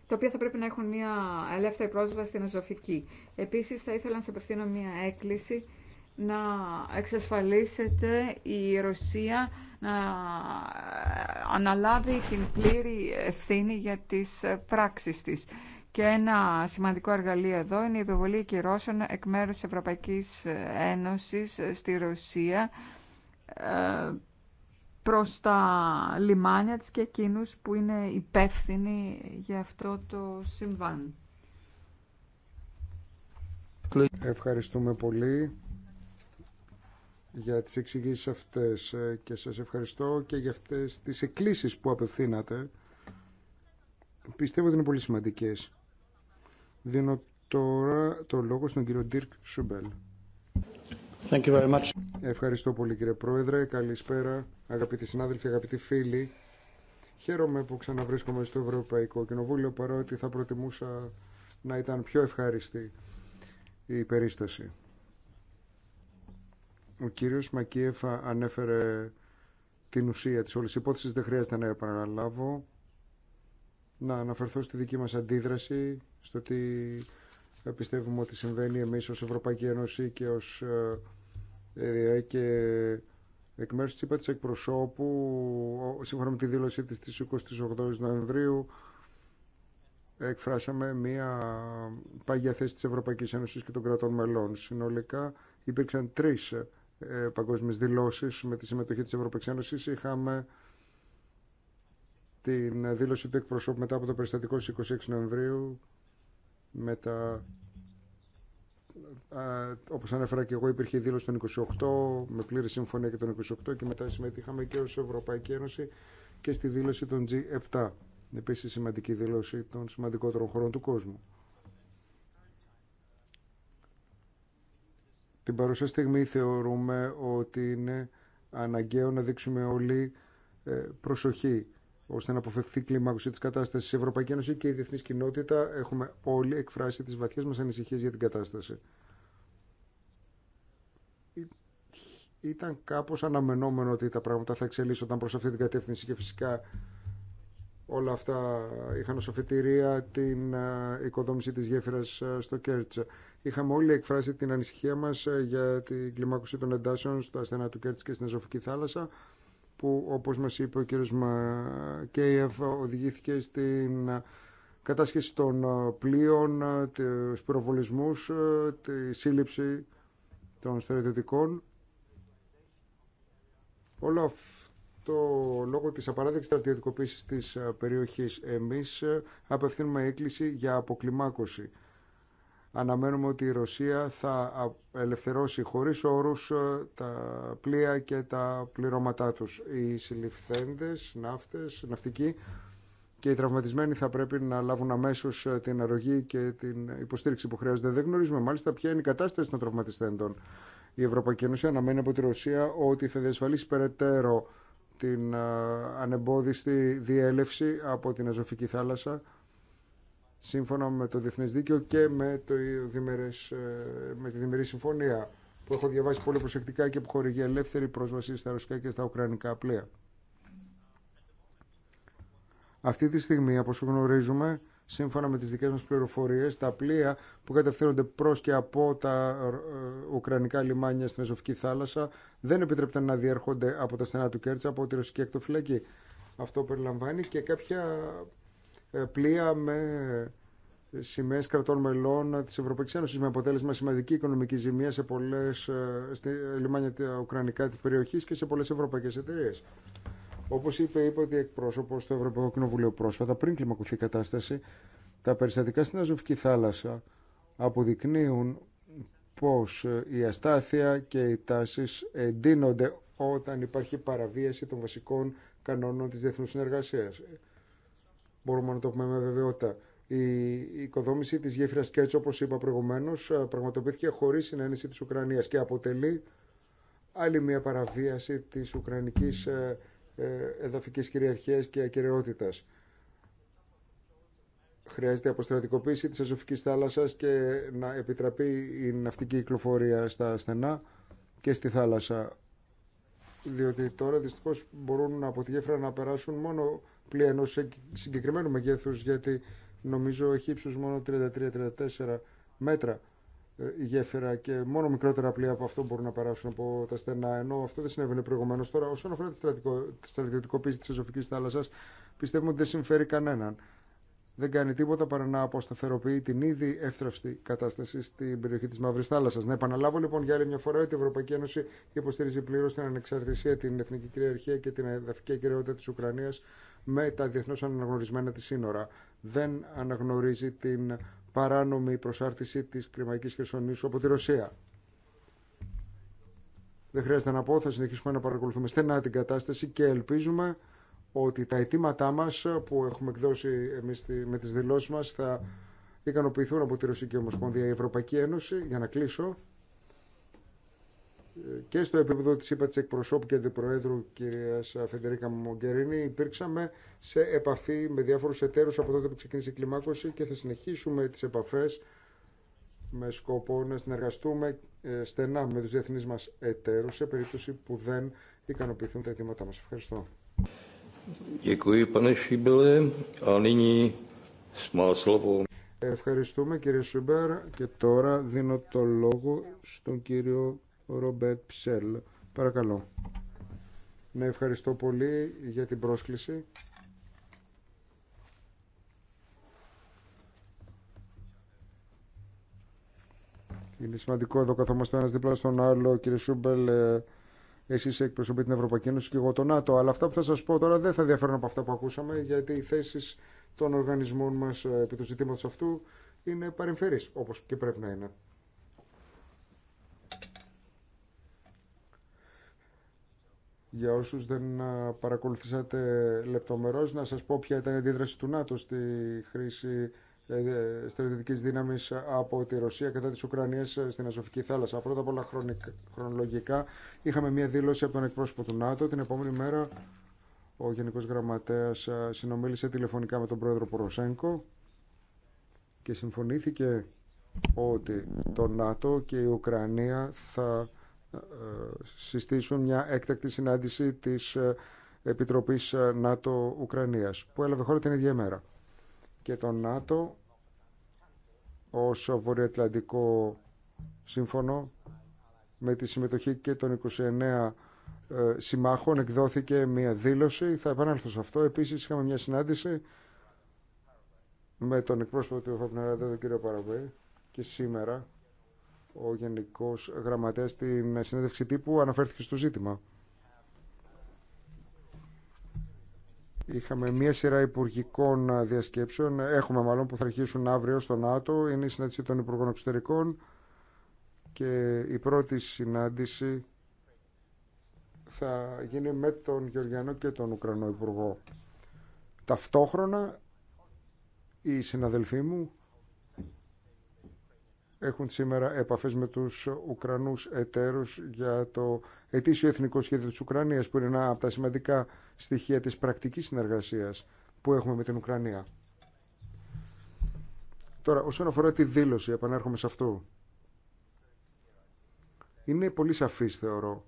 τα οποία θα πρέπει να έχουν μια ελεύθερη πρόσβαση στην αζωφική. Επίση, θα ήθελα να σε απευθύνω μια έκκληση να εξασφαλίσετε η Ρωσία να ε, αναλάβει την πλήρη ευθύνη για τις ε, πράξεις της. Και ένα σημαντικό εργαλείο εδώ είναι η επιβολή κυρώσεων εκ μέρους Ευρωπαϊκής Ένωσης ε, στη Ρωσία προς τα λιμάνια της και εκείνους που είναι υπεύθυνοι για αυτό το συμβάν. Ευχαριστούμε πολύ για τις εξηγήσεις αυτές ε, και σας ευχαριστώ και για αυτές τις εκκλήσεις που απευθύνατε. Πιστεύω ότι είναι πολύ σημαντικές. Δίνω τώρα το λόγο στον κύριο Ντίρκ Σουμπέλ. Thank you very much. Ευχαριστώ πολύ κύριε Πρόεδρε. Καλησπέρα αγαπητοί συνάδελφοι, αγαπητοί φίλοι. Χαίρομαι που ξαναβρίσκομαι στο Ευρωπαϊκό Κοινοβούλιο παρότι θα προτιμούσα να ήταν πιο ευχάριστη η περίσταση. Ο κύριος μακιέφα ανέφερε την ουσία της όλης υπόθεσης, δεν χρειάζεται να επαναλάβω. Να αναφερθώ στη δική μας αντίδραση, στο ότι πιστεύουμε ότι συμβαίνει εμείς ως Ευρωπαϊκή Ένωση και ως ε, ε, και εκ μέρους της είπα εκπροσώπου, σύμφωνα με τη δήλωσή της της 28 Νοεμβρίου, εκφράσαμε μια παγιά θέση της Ευρωπαϊκής Ένωσης και των κρατών μελών. Συνολικά υπήρξαν τρεις ε, παγκόσμιες δηλώσεις με τη συμμετοχή της Ευρωπαϊκής Ένωσης. Είχαμε την δήλωση του εκπροσώπου μετά από το περιστατικό στις 26 Νοεμβρίου με τα όπως ανέφερα και εγώ υπήρχε η δήλωση των 28 με πλήρη συμφωνία και των 28 και μετά συμμετείχαμε και ως Ευρωπαϊκή Ένωση και στη δήλωση των G7 επίσης σημαντική δήλωση των σημαντικότερων χωρών του κόσμου. Την παρουσία στιγμή θεωρούμε ότι είναι αναγκαίο να δείξουμε όλοι ε, προσοχή ώστε να αποφευχθεί κλιμάκωση τη κατάσταση. Η Ευρωπαϊκή Ένωση και η διεθνή κοινότητα έχουμε όλοι εκφράσει τι βαθιέ μα ανησυχίε για την κατάσταση. Ήταν κάπω αναμενόμενο ότι τα πράγματα θα εξελίσσονταν προ αυτή την κατεύθυνση και φυσικά όλα αυτά είχαν ως αφετηρία την ε, οικοδόμηση της γέφυρας ε, στο Κέρτς. Είχαμε όλοι εκφράσει την ανησυχία μας ε, για την κλιμάκωση των εντάσεων στα στενά του Κέρτς και στην Αζωφική θάλασσα που όπως μας είπε ο κύριος Μακέιεφ οδηγήθηκε στην κατάσχεση των ε, πλοίων, ε, τους πυροβολισμούς, ε, τη σύλληψη των στρατιωτικών. Όλο αυτό λόγω της απαράδεκτης στρατιωτικοποίησης της περιοχής εμείς απευθύνουμε έκκληση για αποκλιμάκωση αναμένουμε ότι η Ρωσία θα ελευθερώσει χωρίς όρους ε, τα πλοία και τα πληρώματά τους. Οι συλληφθέντες, ναύτες, ναυτικοί και οι τραυματισμένοι θα πρέπει να λάβουν αμέσως ε, την αρρωγή και την υποστήριξη που χρειάζονται. Δεν γνωρίζουμε μάλιστα ποια είναι η κατάσταση των τραυματιστέντων. Η Ευρωπαϊκή Ένωση αναμένει από τη Ρωσία ότι θα διασφαλίσει περαιτέρω την ε, ανεμπόδιστη διέλευση από την Αζωφική θάλασσα σύμφωνα με το Διεθνέ δίκαιο και με, το διμερές, ε, με τη διμερή συμφωνία που έχω διαβάσει πολύ προσεκτικά και που χορηγεί ελεύθερη πρόσβαση στα ρωσικά και στα ουκρανικά πλοία. Αυτή τη στιγμή, όπω γνωρίζουμε, σύμφωνα με τι δικέ μα πληροφορίε, τα πλοία που κατευθύνονται προ και από τα ε, ουκρανικά λιμάνια στην Αζωφική θάλασσα δεν επιτρέπεται να διέρχονται από τα στενά του Κέρτσα, από τη ρωσική εκτοφυλακή. Αυτό περιλαμβάνει και κάποια ε, πλοία με ε, σημαίες κρατών μελών της Ευρωπαϊκής Ένωσης με αποτέλεσμα σημαντική οικονομική ζημία σε πολλές ε, στη λιμάνια ουκρανικά της περιοχής και σε πολλές ευρωπαϊκές εταιρείες. Όπως είπε, είπε ότι εκπρόσωπο στο Ευρωπαϊκό Κοινοβουλίο πρόσφατα, πριν κλιμακωθεί η κατάσταση, τα περιστατικά στην Αζωφική θάλασσα αποδεικνύουν πως η αστάθεια και οι τάσεις εντείνονται όταν υπάρχει παραβίαση των βασικών κανόνων της διεθνούς συνεργασίας μπορούμε να το πούμε με βεβαιότητα. Η οικοδόμηση της γέφυρας Κέρτ, όπως είπα προηγουμένω, ε, πραγματοποιήθηκε χωρίς συνένεση της Ουκρανίας και αποτελεί άλλη μια παραβίαση της Ουκρανικής ε, ε, εδαφική κυριαρχίας και ακεραιότητας. Χρειάζεται αποστρατικοποίηση της Αζωφική θάλασσας και να επιτραπεί η ναυτική κυκλοφορία στα στενά και στη θάλασσα. Διότι τώρα δυστυχώ μπορούν από τη γέφυρα να περάσουν μόνο πλοία ενό συγκεκριμένου μεγέθου, γιατί νομίζω έχει ύψου μόνο 33-34 μέτρα ε, η γέφυρα και μόνο μικρότερα πλοία από αυτό μπορούν να περάσουν από τα στενά. Ενώ αυτό δεν συνέβαινε προηγουμένω. Τώρα, όσον αφορά τη, στρατιωτικοποίηση τη Αζωφική θάλασσα, πιστεύουμε ότι δεν συμφέρει κανέναν. Δεν κάνει τίποτα παρά να αποσταθεροποιεί την ήδη εύθραυστη κατάσταση στην περιοχή τη Μαύρη Θάλασσα. Να επαναλάβω λοιπόν για άλλη μια φορά ότι η Ευρωπαϊκή Ένωση υποστηρίζει πλήρω την ανεξαρτησία, την εθνική κυριαρχία και την εδαφική κυριότητα τη Ουκρανία με τα διεθνώς αναγνωρισμένα τη σύνορα. Δεν αναγνωρίζει την παράνομη προσάρτηση της Κρημαϊκής Χερσονήσου από τη Ρωσία. Δεν χρειάζεται να πω, θα συνεχίσουμε να παρακολουθούμε στενά την κατάσταση και ελπίζουμε ότι τα αιτήματά μας που έχουμε εκδώσει εμείς με τις δηλώσεις μας θα ικανοποιηθούν από τη Ρωσική Ομοσπονδία η Ευρωπαϊκή Ένωση, για να κλείσω, και στο επίπεδο της ύπαρξη της εκπροσώπου και Προέδρου κυρίας Φεντερίκα Μογκερίνη υπήρξαμε σε επαφή με διάφορους εταίρους από τότε που ξεκίνησε η κλιμάκωση και θα συνεχίσουμε τις επαφές με σκοπό να συνεργαστούμε ε, στενά με τους διεθνείς μας εταίρους σε περίπτωση που δεν ικανοποιηθούν τα αιτήματά μας. Ευχαριστώ. Ευχαριστούμε κύριε Σούμπερ και τώρα δίνω το λόγο στον κύριο Ρομπέρτ Ψέλ. Παρακαλώ. Να ευχαριστώ πολύ για την πρόσκληση. Είναι σημαντικό εδώ καθόμαστε ένα δίπλα στον άλλο. Κύριε Σούμπελ, ε, εσεί εκπροσωπείτε την Ευρωπαϊκή Ένωση και εγώ τον ΝΑΤΟ. Αλλά αυτά που θα σα πω τώρα δεν θα διαφέρουν από αυτά που ακούσαμε, γιατί οι θέσει των οργανισμών μα ε, επί του ζητήματο αυτού είναι παρεμφερεί, όπω και πρέπει να είναι. Για όσους δεν ε, παρακολουθήσατε λεπτομερώς, να σας πω ποια ήταν η αντίδραση του ΝΑΤΟ στη χρήση ε, στρατιωτικής δύναμης από τη Ρωσία κατά της Ουκρανίας ε, στην Αζωφική θάλασσα. Πρώτα απ' όλα χρονολογικά είχαμε μια δήλωση από τον εκπρόσωπο του ΝΑΤΟ. Την επόμενη μέρα ο Γενικός Γραμματέας συνομίλησε τηλεφωνικά με τον πρόεδρο Ποροσέγκο και συμφωνήθηκε ότι το ΝΑΤΟ και η Ουκρανία θα συστήσουν μια έκτακτη συνάντηση της ε, Επιτροπής ε, ΝΑΤΟ-Ουκρανίας που έλαβε χώρα την ίδια μέρα. Και το ΝΑΤΟ ως βορειοατλαντικό σύμφωνο με τη συμμετοχή και των 29 ε, συμμάχων εκδόθηκε μια δήλωση. Θα επανέλθω σε αυτό. Επίσης είχαμε μια συνάντηση με τον εκπρόσωπο του Ευρωπαϊκού τον κύριο Παραβέ και σήμερα ο Γενικός Γραμματέας στην συνέντευξη τύπου αναφέρθηκε στο ζήτημα. Είχαμε μία σειρά υπουργικών διασκέψεων, έχουμε μάλλον που θα αρχίσουν αύριο στο ΝΑΤΟ, είναι η συνάντηση των Υπουργών Εξωτερικών και η πρώτη συνάντηση θα γίνει με τον Γεωργιανό και τον Ουκρανό Υπουργό. Ταυτόχρονα οι συναδελφοί μου έχουν σήμερα επαφές με τους Ουκρανούς εταίρους για το ετήσιο εθνικό σχέδιο της Ουκρανίας που είναι ένα από τα σημαντικά στοιχεία της πρακτικής συνεργασίας που έχουμε με την Ουκρανία. Τώρα, όσον αφορά τη δήλωση, επανέρχομαι σε αυτό. Είναι πολύ σαφής, θεωρώ.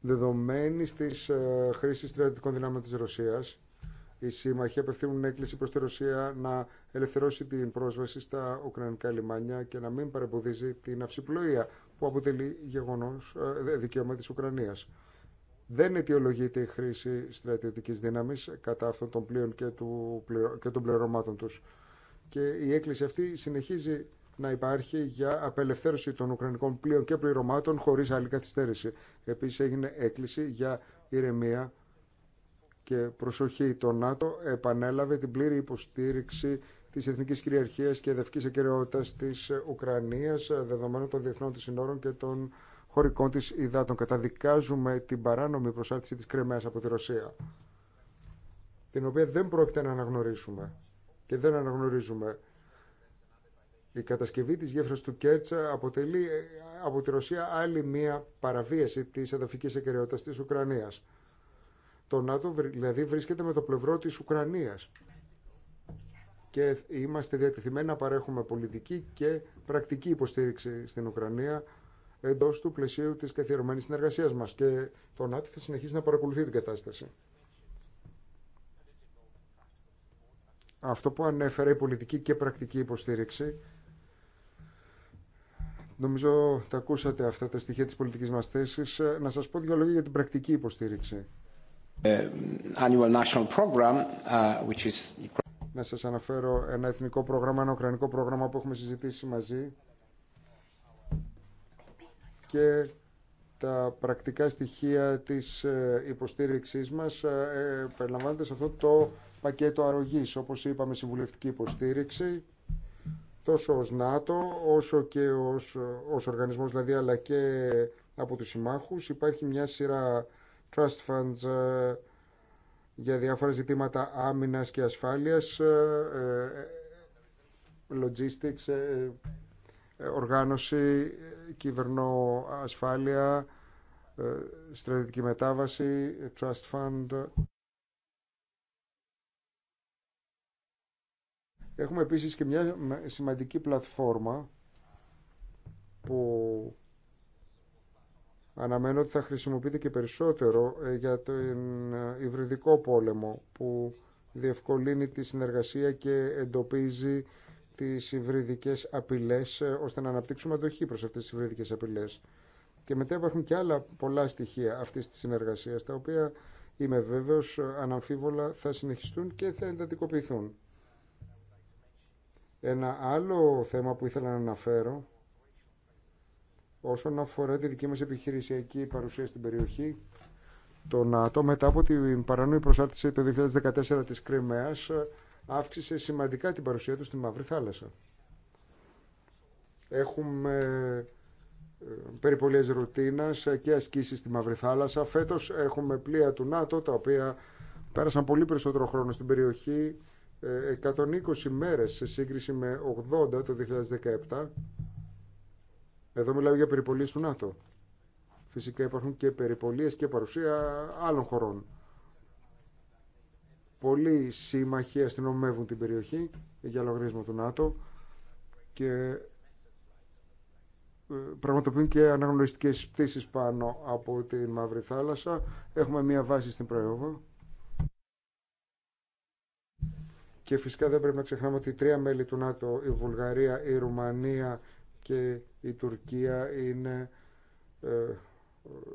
Δεδομένη της ε, χρήσης στρατιωτικών δυνάμεων της Ρωσίας, οι σύμμαχοι απευθύνουν έκκληση προ τη Ρωσία να ελευθερώσει την πρόσβαση στα Ουκρανικά λιμάνια και να μην παρεμποδίζει την αυσιπλοεία που αποτελεί γεγονός, ε, δικαίωμα τη Ουκρανία. Δεν αιτιολογείται η χρήση στρατιωτική δύναμη κατά αυτών των πλοίων και, του, και των πληρωμάτων του. Και η έκκληση αυτή συνεχίζει να υπάρχει για απελευθέρωση των Ουκρανικών πλοίων και πληρωμάτων χωρί άλλη καθυστέρηση. Επίση, έγινε έκκληση για ηρεμία και προσοχή, το ΝΑΤΟ επανέλαβε την πλήρη υποστήριξη της εθνικής κυριαρχίας και εδευκής ακεραιότητας της Ουκρανίας δεδομένων των διεθνών της συνόρων και των χωρικών της υδάτων. Καταδικάζουμε την παράνομη προσάρτηση της Κρεμαίας από τη Ρωσία, την οποία δεν πρόκειται να αναγνωρίσουμε και δεν αναγνωρίζουμε. Η κατασκευή της γέφυρα του Κέρτσα αποτελεί από τη Ρωσία άλλη μία παραβίαση της εδαφικής ακεραιότητας της Ουκρανίας. Το ΝΑΤΟ δηλαδή βρίσκεται με το πλευρό της Ουκρανίας και είμαστε διατεθειμένοι να παρέχουμε πολιτική και πρακτική υποστήριξη στην Ουκρανία εντό του πλαισίου τη καθιερωμένη συνεργασία μα. Και το ΝΑΤΟ θα συνεχίσει να παρακολουθεί την κατάσταση. Αυτό που ανέφερε η πολιτική και πρακτική υποστήριξη. Νομίζω τα ακούσατε αυτά τα στοιχεία της πολιτικής μας θέσης. Να σας πω δύο λόγια για την πρακτική υποστήριξη. Uh, annual national program, uh, which is... Να σας αναφέρω ένα εθνικό πρόγραμμα, ένα ουκρανικό πρόγραμμα που έχουμε συζητήσει μαζί και τα πρακτικά στοιχεία της ε, υποστήριξής μας ε, ε, περιλαμβάνεται σε αυτό το πακέτο αρρωγής, όπως είπαμε συμβουλευτική υποστήριξη, τόσο ως ΝΑΤΟ όσο και ως, ως οργανισμός δηλαδή αλλά και από τους συμμάχους. Υπάρχει μια σειρά trust funds ε, για διάφορα ζητήματα άμυνας και ασφάλειας, ε, ε, logistics, οργάνωση, ασφάλεια, στρατιωτική μετάβαση, trust fund. Έχουμε επίσης και μια σημαντική πλατφόρμα που Αναμένω ότι θα χρησιμοποιείται και περισσότερο ε, για τον ε, υβριδικό πόλεμο που διευκολύνει τη συνεργασία και εντοπίζει τις υβριδικές απειλές ε, ώστε να αναπτύξουμε αντοχή προς αυτές τις υβριδικές απειλές. Και μετά υπάρχουν και άλλα πολλά στοιχεία αυτής της συνεργασίας τα οποία είμαι βέβαιος αναμφίβολα θα συνεχιστούν και θα εντατικοποιηθούν. Ένα άλλο θέμα που ήθελα να αναφέρω Όσον αφορά τη δική μας επιχειρησιακή παρουσία στην περιοχή, το ΝΑΤΟ μετά από την παρανοή προσάρτηση το 2014 της Κρυμαίας αύξησε σημαντικά την παρουσία του στη Μαύρη Θάλασσα. Έχουμε ε, περιπολίες ρουτίνας και ασκήσεις στη Μαύρη Θάλασσα. Φέτος έχουμε πλοία του ΝΑΤΟ τα οποία πέρασαν πολύ περισσότερο χρόνο στην περιοχή 120 ε, μέρες σε σύγκριση με 80 το 2017 εδώ μιλάω για περιπολίες του ΝΑΤΟ. Φυσικά υπάρχουν και περιπολίες και παρουσία άλλων χωρών. Πολλοί σύμμαχοι αστυνομεύουν την περιοχή για λογαριασμό του ΝΑΤΟ και ε, πραγματοποιούν και αναγνωριστικές πτήσεις πάνω από τη Μαύρη Θάλασσα. Έχουμε μία βάση στην Πρέοβα. Και φυσικά δεν πρέπει να ξεχνάμε ότι τρία μέλη του ΝΑΤΟ, η Βουλγαρία, η Ρουμανία και η Τουρκία είναι ε, ε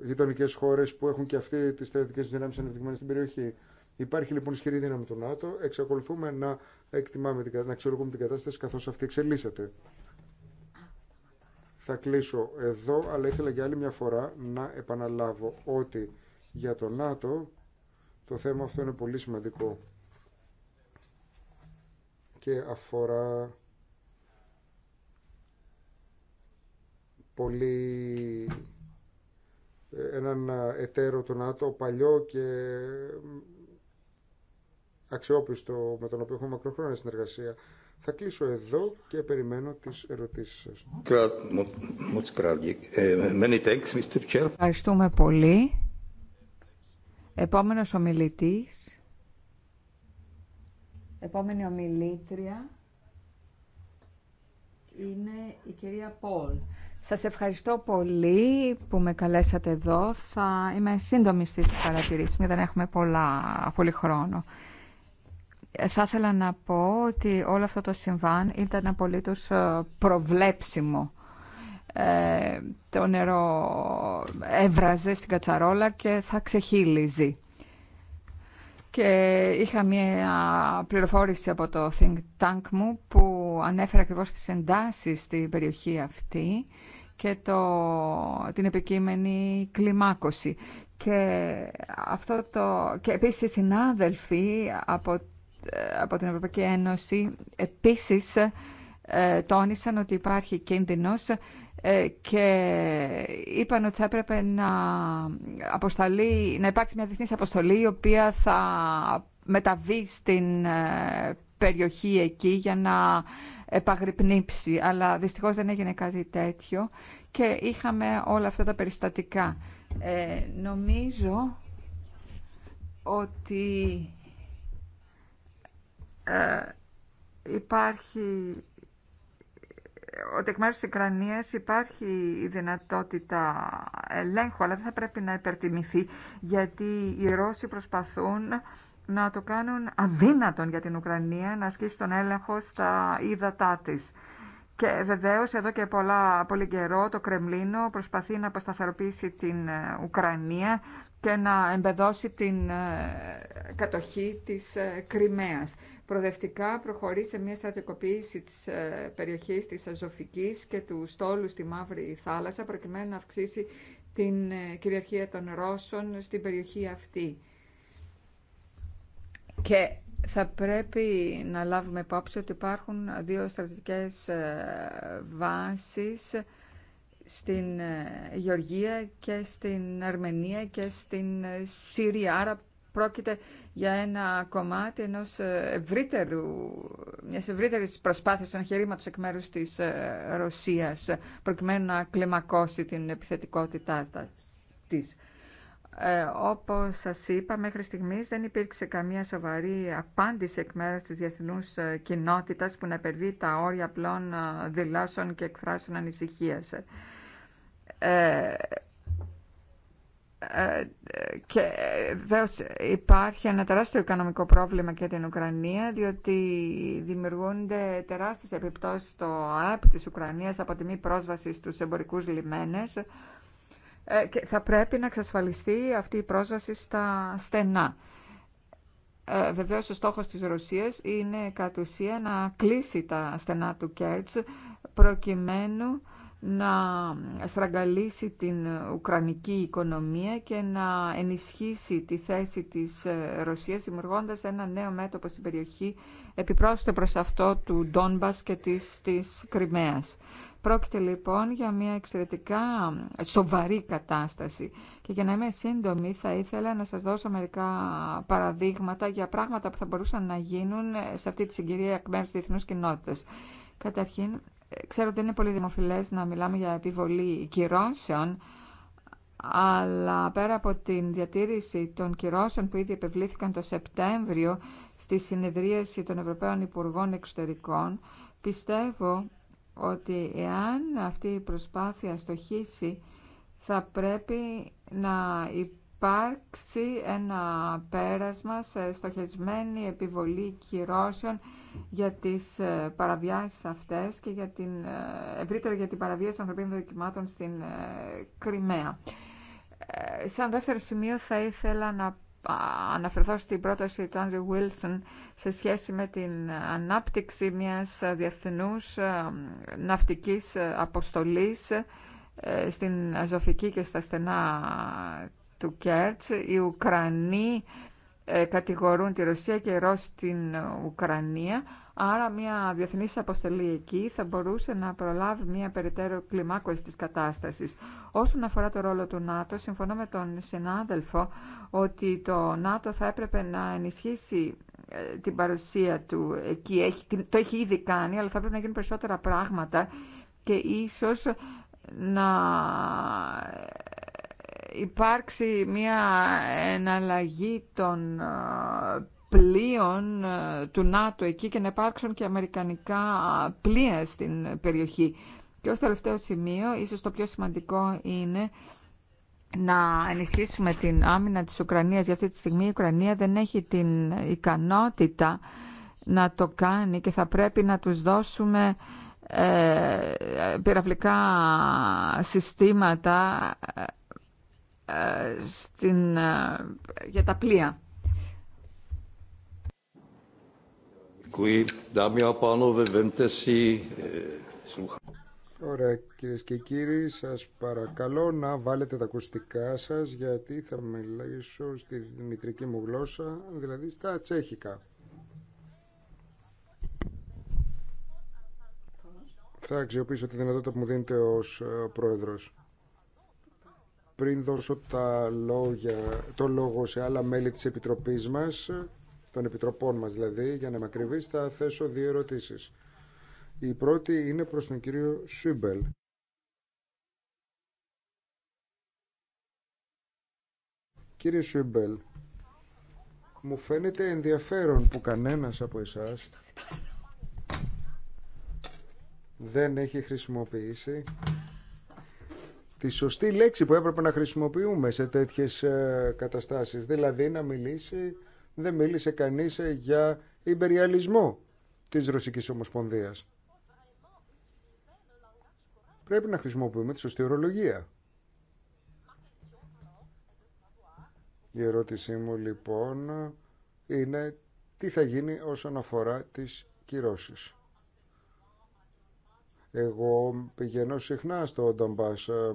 γειτονικέ χώρε που έχουν και αυτοί τι στρατιωτικέ δυνάμει ανεπτυγμένε στην περιοχή. Υπάρχει λοιπόν ισχυρή δύναμη του ΝΑΤΟ. Εξακολουθούμε να εκτιμάμε, την κατάσταση καθώ αυτή εξελίσσεται. Θα κλείσω εδώ, αλλά ήθελα για άλλη μια φορά να επαναλάβω ότι για το ΝΑΤΟ το θέμα αυτό είναι πολύ σημαντικό και αφορά πολύ ε, έναν ε, εταίρο του ΝΑΤΟ παλιό και αξιόπιστο με τον οποίο έχουμε μακροχρόνια συνεργασία. Θα κλείσω εδώ και περιμένω τις ερωτήσεις σας. Ε, Ευχαριστούμε πολύ. Επόμενος ομιλητής. Επόμενη ομιλήτρια είναι η κυρία Πολ. Σας ευχαριστώ πολύ που με καλέσατε εδώ. Θα είμαι σύντομη στις παρατηρήσεις μου, δεν έχουμε πολλά, πολύ χρόνο. Θα ήθελα να πω ότι όλο αυτό το συμβάν ήταν απολύτως ε, προβλέψιμο. Ε, το νερό έβραζε στην κατσαρόλα και θα ξεχύλιζει και είχα μια πληροφόρηση από το Think Tank μου που ανέφερε ακριβώς τις εντάσεις στην περιοχή αυτή και το, την επικείμενη κλιμάκωση. Και, αυτό το, και επίσης οι συνάδελφοι από, από την Ευρωπαϊκή Ένωση επίσης ε, τόνισαν ότι υπάρχει κίνδυνος ε, και είπαν ότι θα έπρεπε να, αποσταλεί, να υπάρξει μια διεθνής αποστολή η οποία θα μεταβεί στην ε, περιοχή εκεί για να επαγρυπνήψει. Αλλά δυστυχώς δεν έγινε κάτι τέτοιο και είχαμε όλα αυτά τα περιστατικά. Ε, νομίζω ότι υπάρχει ότι εκ μέρους της Ουκρανίας υπάρχει η δυνατότητα ελέγχου, αλλά δεν θα πρέπει να υπερτιμηθεί, γιατί οι Ρώσοι προσπαθούν να το κάνουν αδύνατον για την Ουκρανία να ασκήσει τον έλεγχο στα ύδατά της. Και βεβαίως εδώ και πολλά, πολύ καιρό το Κρεμλίνο προσπαθεί να αποσταθεροποιήσει την ε, Ουκρανία και να εμπεδώσει την ε, κατοχή της ε, Κρυμαίας. Προδευτικά προχωρεί σε μια στρατικοποίηση της ε, περιοχής της Αζωφικής και του στόλου στη Μαύρη Θάλασσα προκειμένου να αυξήσει την κυριαρχία των Ρώσων στην περιοχή αυτή. Και θα πρέπει να λάβουμε υπόψη ότι υπάρχουν δύο στρατιωτικές βάσεις στην ε, Γεωργία και στην Αρμενία και στην ε, Συρία. Άρα πρόκειται για ένα κομμάτι ενός ε, ευρύτερου, μιας ευρύτερης προσπάθειας εγχειρήματος εκ μέρους της Ρωσίας προκειμένου να κλιμακώσει την επιθετικότητά της. Ε, όπως σας είπα, μέχρι στιγμής δεν υπήρξε καμία σοβαρή απάντηση εκ μέρους της διεθνούς κοινότητας που να υπερβεί τα όρια απλών δηλώσεων και εκφράσεων ανησυχίας. Ε, ε, και ε, βεβαίω υπάρχει ένα τεράστιο οικονομικό πρόβλημα και την Ουκρανία διότι δημιουργούνται τεράστιες επιπτώσεις στο ΑΕΠ της Ουκρανίας από τη μη πρόσβαση στους εμπορικούς λιμένες και θα πρέπει να εξασφαλιστεί αυτή η πρόσβαση στα στενά. Ε, Βεβαίω ο στόχος της Ρωσίας είναι κατ' ουσία να κλείσει τα στενά του Κέρτς προκειμένου να στραγγαλίσει την ουκρανική οικονομία και να ενισχύσει τη θέση της ε, Ρωσίας δημιουργώντας ένα νέο μέτωπο στην περιοχή επιπρόσθετο προς αυτό του Ντόνμπας και της, της Κρυμαίας. Πρόκειται λοιπόν για μια εξαιρετικά σοβαρή κατάσταση και για να είμαι σύντομη θα ήθελα να σας δώσω μερικά παραδείγματα για πράγματα που θα μπορούσαν να γίνουν σε αυτή τη συγκυρία εκ μέρους της διεθνούς κοινότητας. Καταρχήν, ξέρω ότι δεν είναι πολύ δημοφιλές να μιλάμε για επιβολή κυρώσεων, αλλά πέρα από την διατήρηση των κυρώσεων που ήδη επευλήθηκαν το Σεπτέμβριο στη συνεδρίαση των Ευρωπαίων Υπουργών Εξωτερικών, πιστεύω ότι εάν αυτή η προσπάθεια στοχίσει θα πρέπει να υπάρχει υπάρξει ένα πέρασμα σε στοχεσμένη επιβολή κυρώσεων για τις ε, παραβιάσεις αυτές και για την, ε, ευρύτερα για την παραβίαση των ανθρωπίνων δοκιμάτων στην ε, Κρυμαία. Σαν δεύτερο σημείο θα ήθελα να αναφερθώ στην πρόταση του Άντριου Βίλσον σε σχέση με την ανάπτυξη μιας διεθνούς ναυτικής αποστολής στην Αζωφική και στα στενά του Κέρτς, οι Ουκρανοί ε, κατηγορούν τη Ρωσία και οι Ρώσοι την Ουκρανία. Άρα μια διεθνής αποστολή εκεί θα μπορούσε να προλάβει μια περαιτέρω κλιμάκωση της κατάστασης. Όσον αφορά το ρόλο του ΝΑΤΟ, συμφωνώ με τον συνάδελφο ότι το ΝΑΤΟ θα έπρεπε να ενισχύσει ε, την παρουσία του εκεί. Έχει, το έχει ήδη κάνει, αλλά θα πρέπει να γίνουν περισσότερα πράγματα και ίσως να υπάρξει μια εναλλαγή των πλοίων του ΝΑΤΟ εκεί και να υπάρξουν και αμερικανικά πλοία στην περιοχή. Και ως τελευταίο σημείο, ίσως το πιο σημαντικό είναι να ενισχύσουμε την άμυνα της Ουκρανίας. Για αυτή τη στιγμή η Ουκρανία δεν έχει την ικανότητα να το κάνει και θα πρέπει να τους δώσουμε ε, πυραυλικά συστήματα στην, ε, για τα πλοία. Eh, Ωραία κυρίες και κύριοι, σας παρακαλώ να βάλετε τα ακουστικά σας γιατί θα μιλήσω στη μητρική μου γλώσσα, δηλαδή στα τσέχικα. Θα αξιοποιήσω τη δυνατότητα που μου δίνετε ως ε, πρόεδρος. Πριν δώσω τα λόγια, το λόγο σε άλλα μέλη της Επιτροπής μας, των Επιτροπών μας δηλαδή, για να με ακριβείς, θα θέσω δύο ερωτήσεις. Η πρώτη είναι προς τον κύριο Σούμπελ. Κύριε Σούμπελ, μου φαίνεται ενδιαφέρον που κανένας από εσάς δεν έχει χρησιμοποιήσει τη σωστή λέξη που έπρεπε να χρησιμοποιούμε σε τέτοιες ε, καταστάσεις. Δηλαδή να μιλήσει, δεν μίλησε κανείς ε, για υπεριαλισμό της Ρωσικής Ομοσπονδίας. Πρέπει να χρησιμοποιούμε τη σωστή ορολογία. Η ερώτησή μου λοιπόν είναι τι θα γίνει όσον αφορά τις κυρώσεις. Εγώ πηγαίνω συχνά στο Ντομπάς, ε,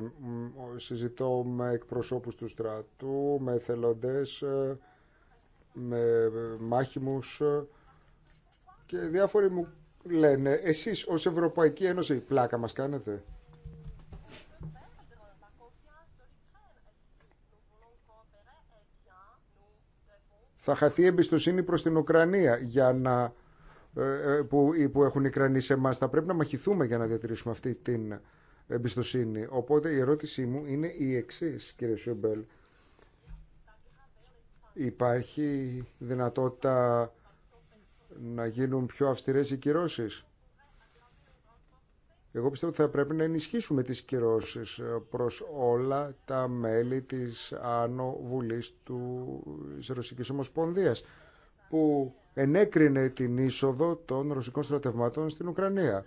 συζητώ με εκπροσώπους του στρατού, με θελοντές, ε, με μάχημους ε, και διάφοροι μου λένε «Εσείς ως Ευρωπαϊκή Ένωση πλάκα μας κάνετε». Θα χαθεί εμπιστοσύνη προς την Ουκρανία για να ε, ε, που, που έχουν εκρανεί σε εμά. Θα πρέπει να μαχηθούμε για να διατηρήσουμε αυτή την εμπιστοσύνη. Οπότε η ερώτησή μου είναι η εξή, κύριε Σιουμπέλ. Υπάρχει δυνατότητα να γίνουν πιο αυστηρές οι κυρώσεις. Εγώ πιστεύω ότι θα πρέπει να ενισχύσουμε τις κυρώσεις προς όλα τα μέλη της Άνω Βουλής του Ρωσικής Ομοσπονδίας που ενέκρινε την είσοδο των ρωσικών στρατευμάτων στην Ουκρανία.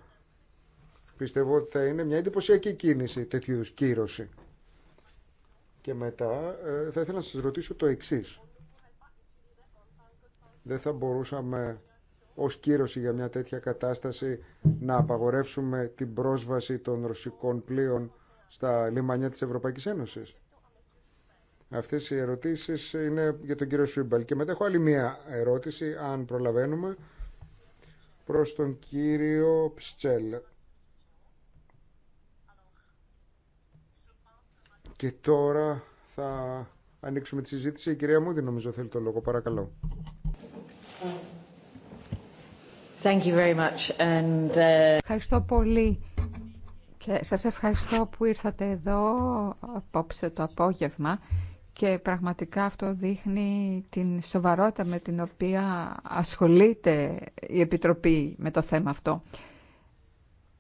Πιστεύω ότι θα είναι μια εντυπωσιακή κίνηση τέτοιου είδους κύρωση. Και μετά ε, θα ήθελα να σας ρωτήσω το εξής. Δεν θα μπορούσαμε ως κύρωση για μια τέτοια κατάσταση να απαγορεύσουμε την πρόσβαση των ρωσικών πλοίων στα λιμανιά της Ευρωπαϊκής Ένωσης. Αυτέ οι ερωτήσεις είναι για τον κύριο Σούμπαλ. Και μετά έχω άλλη μία ερώτηση, αν προλαβαίνουμε, προς τον κύριο Ψτσέλ. Και τώρα θα ανοίξουμε τη συζήτηση. Η κυρία Μούδη νομίζω θέλει το λόγο. Παρακαλώ. Thank you very much. And, uh, Ευχαριστώ πολύ και σας ευχαριστώ που ήρθατε εδώ απόψε το απόγευμα και πραγματικά αυτό δείχνει την σοβαρότητα με την οποία ασχολείται η Επιτροπή με το θέμα αυτό.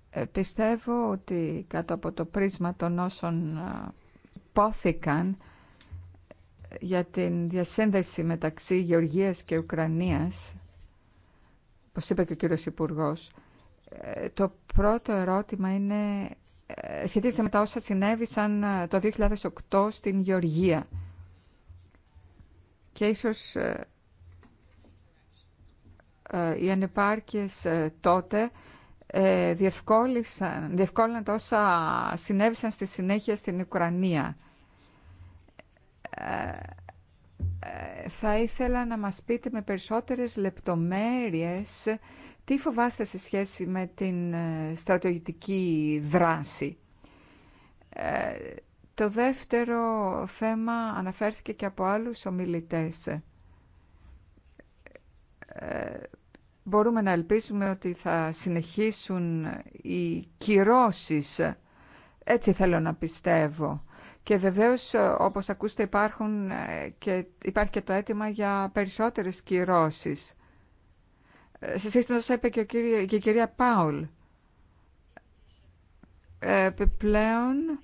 Ε, πιστεύω ότι κάτω από το πρίσμα των όσων πόθηκαν για την διασύνδεση μεταξύ Γεωργίας και Ουκρανίας, όπως είπε και ο κύριος Υπουργός, ε, το πρώτο ερώτημα είναι ε, σχετίζεται με τα όσα συνέβησαν το 2008 στην Γεωργία και ίσως ε, ε, οι ανεπάρκειες ε, τότε διευκόλυναν, διευκόλυναν τόσα συνέβησαν στη συνέχεια στην Ουκρανία. Θα ήθελα να μας πείτε με περισσότερες λεπτομέρειες τι φοβάστε σε σχέση με την στρατηγική δράση. Το δεύτερο θέμα αναφέρθηκε και από άλλους ομιλητές. Ε, μπορούμε να ελπίσουμε ότι θα συνεχίσουν οι κυρώσεις. Έτσι θέλω να πιστεύω. Και βεβαίως, ε, όπως ακούστε, υπάρχουν ε, και, υπάρχει και το αίτημα για περισσότερες κυρώσεις. Σε σύστημα, με είπε και, και η κυρία Πάουλ. Επιπλέον,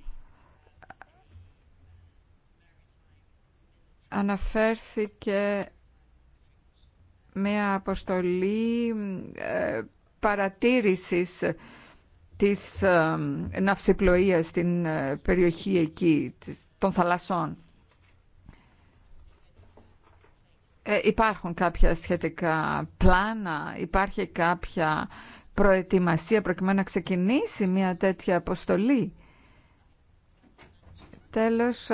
αναφέρθηκε μια αποστολή ε, παρατήρησης της ε, ναυσιπλοείας στην ε, περιοχή εκεί, των θαλασσών. υπάρχουν κάποια σχετικά πλάνα, υπάρχει κάποια προετοιμασία προκειμένου να ξεκινήσει μια τέτοια αποστολή. Τέλος,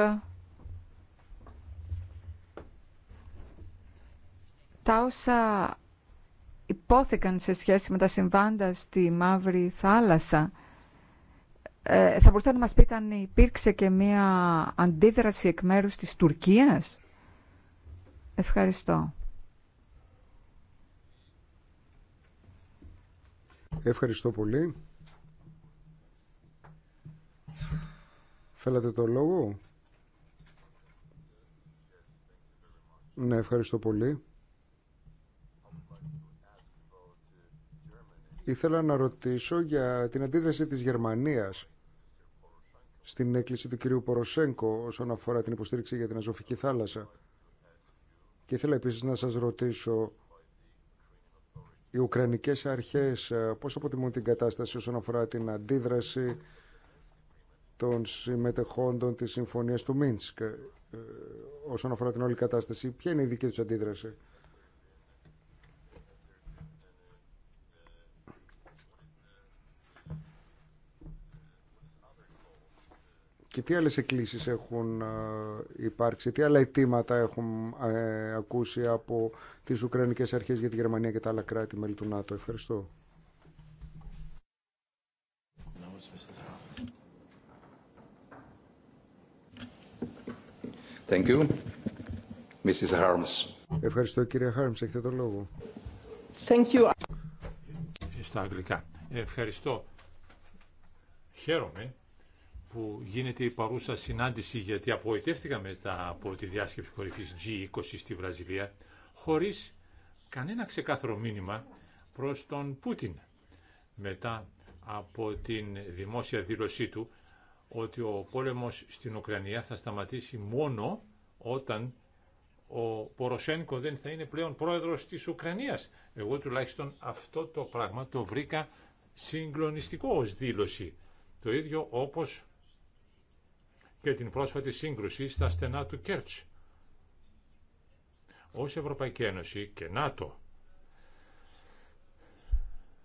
τα όσα υπόθηκαν σε σχέση με τα συμβάντα στη Μαύρη Θάλασσα. Ε, θα μπορούσατε να μας πείτε αν υπήρξε και μία αντίδραση εκ μέρους της Τουρκίας. Ευχαριστώ. Ευχαριστώ πολύ. Θέλατε το λόγο. Ναι, ευχαριστώ πολύ. Ήθελα να ρωτήσω για την αντίδραση της Γερμανίας στην έκκληση του κυρίου Ποροσέγκο όσον αφορά την υποστήριξη για την Αζωφική θάλασσα. Και ήθελα επίσης να σας ρωτήσω οι Ουκρανικές αρχές ε, πώς αποτιμούν την κατάσταση όσον αφορά την αντίδραση των συμμετεχόντων της Συμφωνίας του Μίνσκ ε, όσον αφορά την όλη κατάσταση. Ποια είναι η δική τους αντίδραση. και τι άλλες εκκλήσεις έχουν ε, υπάρξει, τι άλλα αιτήματα έχουν ε, ακούσει από τις Ουκρανικές αρχές για τη Γερμανία και τα άλλα κράτη μέλη του ΝΑΤΟ. Ευχαριστώ. Thank you. Mrs. Harms. Ευχαριστώ κύριε Χάρμς, έχετε το λόγο. Thank you. Στα αγγλικά. Ευχαριστώ. Χαίρομαι που γίνεται η παρούσα συνάντηση γιατί απογοητεύτηκα μετά από τη διάσκεψη κορυφής G20 στη Βραζιλία χωρίς κανένα ξεκάθαρο μήνυμα προς τον Πούτιν μετά από την δημόσια δήλωσή του ότι ο πόλεμος στην Ουκρανία θα σταματήσει μόνο όταν ο Ποροσένικο δεν θα είναι πλέον πρόεδρος της Ουκρανίας. Εγώ τουλάχιστον αυτό το πράγμα το βρήκα συγκλονιστικό ως δήλωση. Το ίδιο όπως και την πρόσφατη σύγκρουση στα στενά του Κέρτς. Ως Ευρωπαϊκή Ένωση και ΝΑΤΟ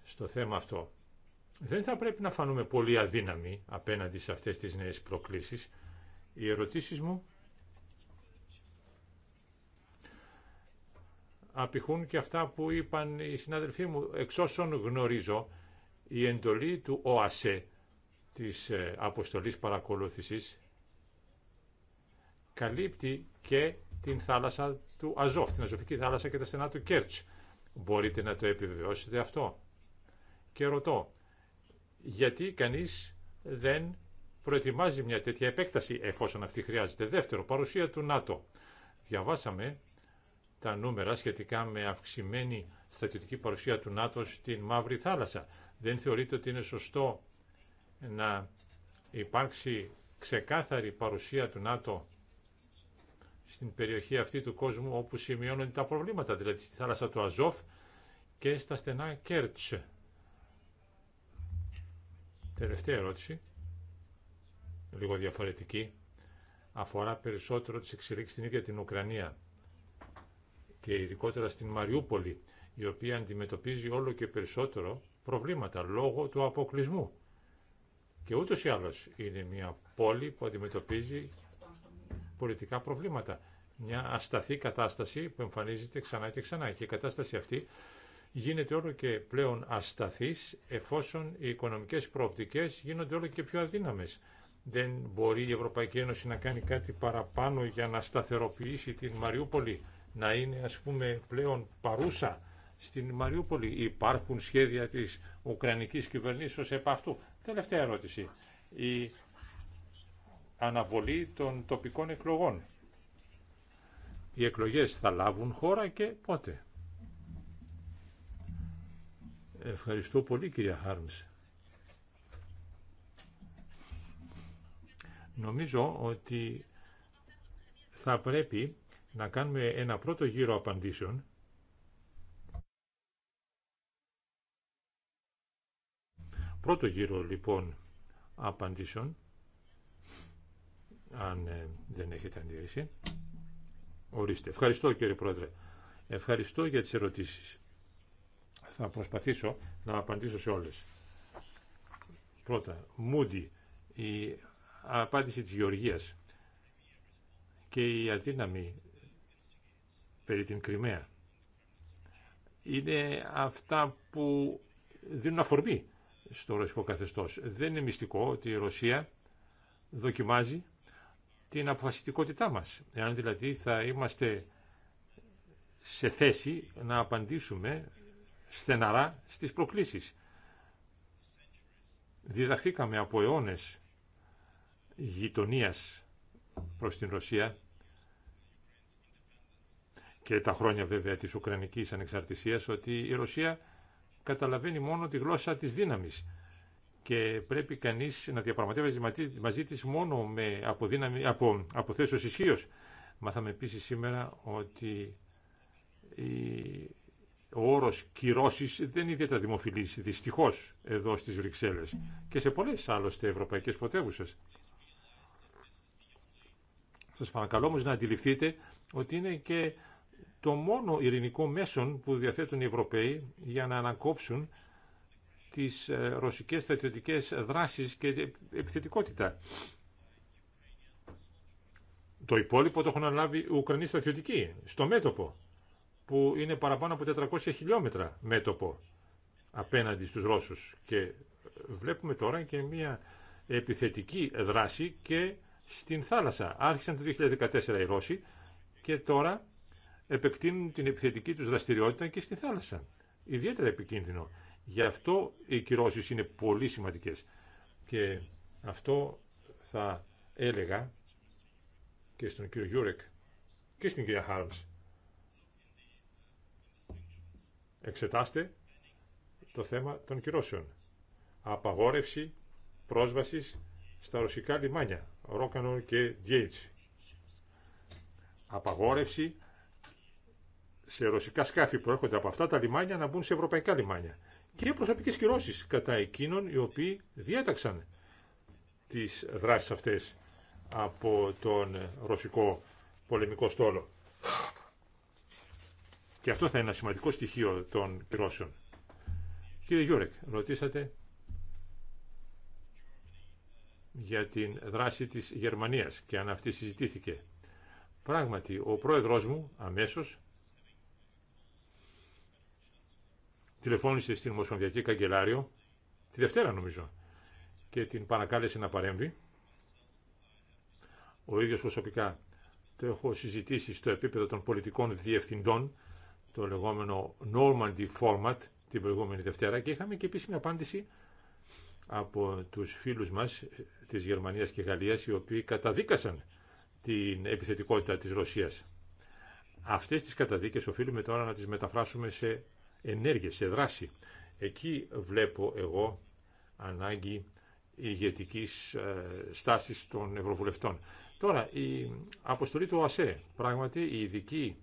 στο θέμα αυτό δεν θα πρέπει να φανούμε πολύ αδύναμοι απέναντι σε αυτές τις νέες προκλήσεις. Οι ερωτήσεις μου απηχούν και αυτά που είπαν οι συνάδελφοί μου. Εξ όσων γνωρίζω, η εντολή του ΟΑΣΕ της ε, αποστολής παρακολούθησης καλύπτει και την θάλασσα του Αζόφ, την Αζοφική θάλασσα και τα στενά του Κέρτς. Μπορείτε να το επιβεβαιώσετε αυτό. Και ρωτώ, γιατί κανείς δεν προετοιμάζει μια τέτοια επέκταση εφόσον αυτή χρειάζεται. Δεύτερο, παρουσία του ΝΑΤΟ. Διαβάσαμε τα νούμερα σχετικά με αυξημένη στατιωτική παρουσία του ΝΑΤΟ στην Μαύρη Θάλασσα. Δεν θεωρείτε ότι είναι σωστό να υπάρξει ξεκάθαρη παρουσία του ΝΑΤΟ στην περιοχή αυτή του κόσμου όπου σημειώνονται τα προβλήματα, δηλαδή στη θάλασσα του Αζόφ και στα στενά Κέρτσε. Τελευταία ερώτηση, λίγο διαφορετική, αφορά περισσότερο τις εξελίξεις στην ίδια την Ουκρανία και ειδικότερα στην Μαριούπολη, η οποία αντιμετωπίζει όλο και περισσότερο προβλήματα λόγω του αποκλεισμού. Και ούτως ή άλλως είναι μια πόλη που αντιμετωπίζει πολιτικά προβλήματα. Μια ασταθή κατάσταση που εμφανίζεται ξανά και ξανά και η κατάσταση αυτή γίνεται όλο και πλέον ασταθής εφόσον οι οικονομικές προοπτικές γίνονται όλο και πιο αδύναμες. Δεν μπορεί η Ευρωπαϊκή Ένωση να κάνει κάτι παραπάνω για να σταθεροποιήσει την Μαριούπολη, να είναι ας πούμε πλέον παρούσα στην Μαριούπολη. Υπάρχουν σχέδια της Ουκρανικής κυβερνήσεως επ' αυτού. Τελευταία ερώτηση. Η αναβολή των τοπικών εκλογών. Οι εκλογές θα λάβουν χώρα και πότε. Ευχαριστώ πολύ κυρία Χάρμς. Νομίζω ότι θα πρέπει να κάνουμε ένα πρώτο γύρο απαντήσεων Πρώτο γύρο λοιπόν απαντήσεων αν ε, δεν έχετε αντίρρηση. Ορίστε. Ευχαριστώ κύριε Πρόεδρε. Ευχαριστώ για τις ερωτήσεις. Θα προσπαθήσω να απαντήσω σε όλες. Πρώτα, Μούντι, η απάντηση της Γεωργίας και η αδύναμη περί την Κρυμαία. Είναι αυτά που δίνουν αφορμή στο ρωσικό καθεστώς. Δεν είναι μυστικό ότι η Ρωσία δοκιμάζει την αποφασιστικότητά μας. Εάν δηλαδή θα είμαστε σε θέση να απαντήσουμε στεναρά στις προκλήσεις. Διδαχθήκαμε από αιώνες γειτονίας προς την Ρωσία και τα χρόνια βέβαια της Ουκρανικής ανεξαρτησίας ότι η Ρωσία καταλαβαίνει μόνο τη γλώσσα της δύναμης και πρέπει κανείς να διαπραγματεύεται μαζί της μόνο με αποδύναμη, από αποθέσεως ισχύω. Μάθαμε επίσης σήμερα ότι ο όρος κυρώσεις δεν είναι ιδιαίτερα δημοφιλής, δυστυχώς, εδώ στις Βρυξέλλες και σε πολλές άλλωστε ευρωπαϊκές πρωτεύουσες. Σας παρακαλώ όμως να αντιληφθείτε ότι είναι και το μόνο ειρηνικό μέσον που διαθέτουν οι Ευρωπαίοι για να ανακόψουν τις ε, ρωσικές στρατιωτικές δράσεις και επιθετικότητα. Το υπόλοιπο το έχουν αναλάβει οι Ουκρανοί στρατιωτικοί, στο μέτωπο, που είναι παραπάνω από 400 χιλιόμετρα μέτωπο απέναντι στους Ρώσους. Και βλέπουμε τώρα και μια επιθετική δράση και στην θάλασσα. Άρχισαν το 2014 οι Ρώσοι και τώρα επεκτείνουν την επιθετική τους δραστηριότητα και στη θάλασσα. Ιδιαίτερα επικίνδυνο. Γι' αυτό οι κυρώσεις είναι πολύ σημαντικές. Και αυτό θα έλεγα και στον κύριο Γιούρεκ και στην κυρία Χάρμς. Εξετάστε το θέμα των κυρώσεων. Απαγόρευση πρόσβασης στα ρωσικά λιμάνια, Ρόκανο και Διέιτς. Απαγόρευση σε ρωσικά σκάφη που έρχονται από αυτά τα λιμάνια να μπουν σε ευρωπαϊκά λιμάνια και προσωπικές κυρώσεις κατά εκείνων οι οποίοι διέταξαν τις δράσεις αυτές από τον ρωσικό πολεμικό στόλο. Και αυτό θα είναι ένα σημαντικό στοιχείο των κυρώσεων. Κύριε Γιούρεκ, ρωτήσατε για την δράση της Γερμανίας και αν αυτή συζητήθηκε. Πράγματι, ο πρόεδρος μου αμέσως τηλεφώνησε στην Ομοσπονδιακή Καγκελάριο τη Δευτέρα νομίζω και την παρακάλεσε να παρέμβει. Ο ίδιος προσωπικά το έχω συζητήσει στο επίπεδο των πολιτικών διευθυντών το λεγόμενο Normandy Format την προηγούμενη Δευτέρα και είχαμε και επίσημη απάντηση από τους φίλους μας ε, της Γερμανίας και Γαλλίας οι οποίοι καταδίκασαν την επιθετικότητα της Ρωσίας. Αυτές τις καταδίκες οφείλουμε τώρα να τις μεταφράσουμε σε ενέργεια, σε δράση. Εκεί βλέπω εγώ ανάγκη ηγετικής ε, στάσης των Ευρωβουλευτών. Τώρα, η αποστολή του ΟΑΣΕ, πράγματι η ειδική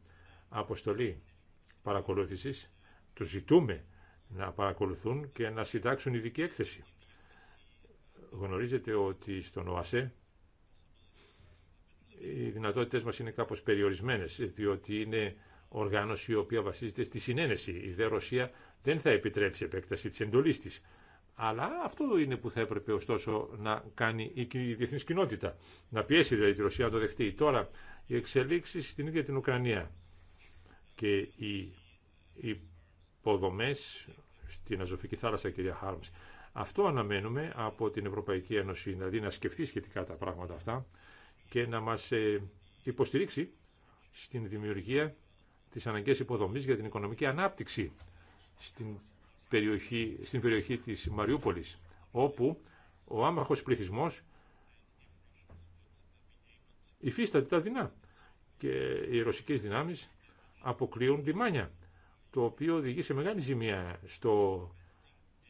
αποστολή παρακολούθησης, του ζητούμε να παρακολουθούν και να συντάξουν ειδική έκθεση. Γνωρίζετε ότι στον ΟΑΣΕ οι δυνατότητες μας είναι κάπως περιορισμένες, διότι είναι οργάνωση η οποία βασίζεται στη συνένεση. Η δε Ρωσία δεν θα επιτρέψει επέκταση της εντολής της. Αλλά αυτό είναι που θα έπρεπε ωστόσο να κάνει η διεθνής κοινότητα. Να πιέσει δηλαδή τη Ρωσία να το δεχτεί. Τώρα οι εξελίξεις στην ίδια την Ουκρανία και οι υποδομές στην Αζωφική θάλασσα, κυρία Χάρμς. Αυτό αναμένουμε από την Ευρωπαϊκή Ένωση, δηλαδή να σκεφτεί σχετικά τα πράγματα αυτά και να μας ε, υποστηρίξει στην δημιουργία τις αναγκαίες υποδομής για την οικονομική ανάπτυξη στην περιοχή, στην περιοχή της Μαριούπολης, όπου ο άμαχος πληθυσμός υφίσταται τα δεινά και οι ρωσικές δυνάμεις αποκλείουν λιμάνια, το οποίο οδηγεί σε μεγάλη ζημία στο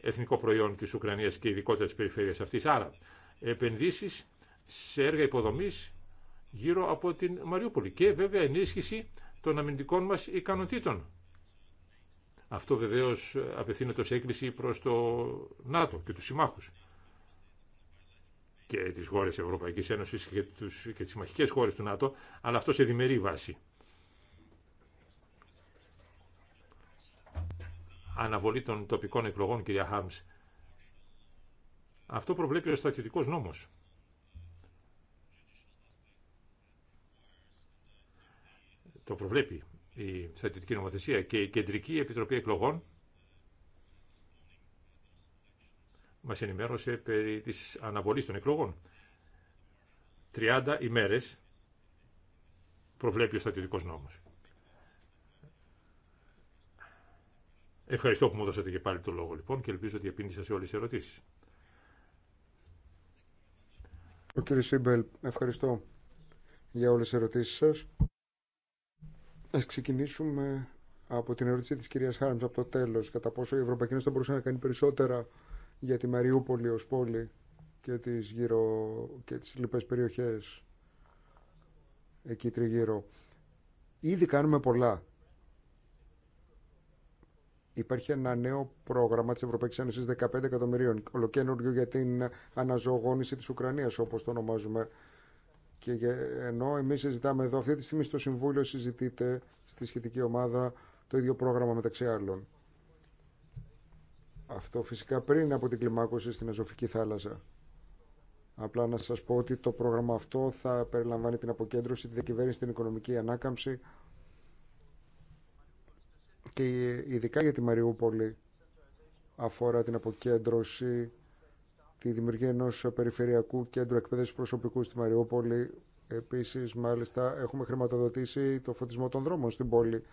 εθνικό προϊόν της Ουκρανίας και ειδικότερα της περιφέρειας αυτής. Άρα, επενδύσεις σε έργα υποδομής γύρω από την Μαριούπολη και βέβαια ενίσχυση των αμυντικών μας ικανοτήτων. Αυτό βεβαίως απευθύνεται ως έκκληση προς το ΝΑΤΟ και τους συμμάχους και τις χώρες Ευρωπαϊκής Ένωσης και, τους, και τις συμμαχικές χώρες του ΝΑΤΟ, αλλά αυτό σε διμερή βάση. Αναβολή των τοπικών εκλογών, κυρία Χάμς. Αυτό προβλέπει ο στρατιωτικός νόμος. το προβλέπει η στρατιωτική νομοθεσία και η Κεντρική Επιτροπή Εκλογών μας ενημέρωσε περί της αναβολής των εκλογών. 30 ημέρες προβλέπει ο στρατιωτικός νόμος. Ευχαριστώ που μου δώσατε και πάλι το λόγο λοιπόν και ελπίζω ότι επίνησα σε όλες τις ερωτήσεις. Ο κύριος Σίμπελ, ευχαριστώ για όλες τις ερωτήσεις σας. Ας ξεκινήσουμε από την ερώτηση της κυρίας Χάρμς από το τέλος. Κατά πόσο η Ευρωπαϊκή Ένωση θα μπορούσε να κάνει περισσότερα για τη Μαριούπολη ως πόλη και τις, γύρω, και τις λοιπές περιοχές εκεί τριγύρω. Ήδη κάνουμε πολλά. Υπάρχει ένα νέο πρόγραμμα της Ευρωπαϊκής Ένωσης 15 εκατομμυρίων, ολοκένουργιο για την αναζωογόνηση της Ουκρανίας, όπως το ονομάζουμε. Και ενώ εμεί συζητάμε εδώ, αυτή τη στιγμή στο Συμβούλιο συζητείται στη σχετική ομάδα το ίδιο πρόγραμμα μεταξύ άλλων. Αυτό φυσικά πριν από την κλιμάκωση στην Αζωφική θάλασσα. Απλά να σας πω ότι το πρόγραμμα αυτό θα περιλαμβάνει την αποκέντρωση, τη διακυβέρνηση, την οικονομική ανάκαμψη και ειδικά για τη Μαριούπολη αφορά την αποκέντρωση τη δημιουργία ενό περιφερειακού κέντρου εκπαίδευση προσωπικού στη Μαριόπολη. Επίση, μάλιστα, έχουμε χρηματοδοτήσει το φωτισμό των δρόμων στην πόλη.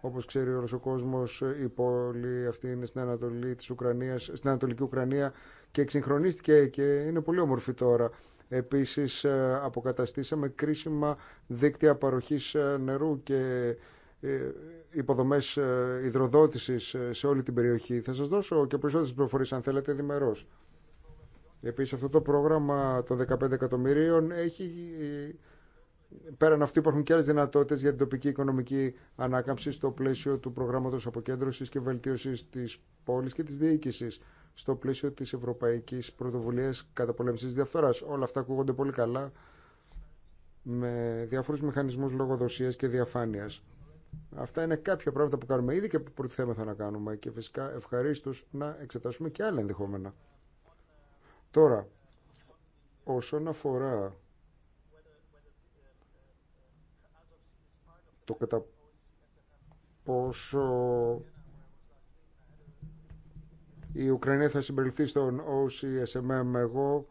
όπω ξέρει όλος ο κόσμο η πόλη αυτή είναι στην, Ανατολή της Ουκρανίας, στην Ανατολική Ουκρανία και εξυγχρονίστηκε και είναι πολύ όμορφη τώρα. Επίσης, ε, αποκαταστήσαμε κρίσιμα δίκτυα παροχή ε, νερού και ε, υποδομέ υδροδότησης σε όλη την περιοχή. Θα σα δώσω και περισσότερε πληροφορίε, αν θέλετε διμερώ. Επίσης αυτό το πρόγραμμα των 15 εκατομμυρίων έχει ε, πέραν αυτού υπάρχουν και άλλες δυνατότητες για την τοπική οικονομική ανάκαμψη στο πλαίσιο του προγράμματος αποκέντρωσης και βελτίωσης της πόλης και της διοίκησης στο πλαίσιο της Ευρωπαϊκής Πρωτοβουλίας Καταπολέμησης Διαφθοράς. Όλα αυτά ακούγονται πολύ καλά με διάφορους μηχανισμούς λογοδοσίας και διαφάνειας. Αυτά είναι κάποια πράγματα που κάνουμε ήδη και που προτιθέμεθα να κάνουμε και φυσικά ευχαρίστως να εξετάσουμε και άλλα ενδεχόμενα. Τώρα, όσον αφορά το κατά πόσο η Ουκρανία θα συμπεριληφθεί στον OCSMM, εγώ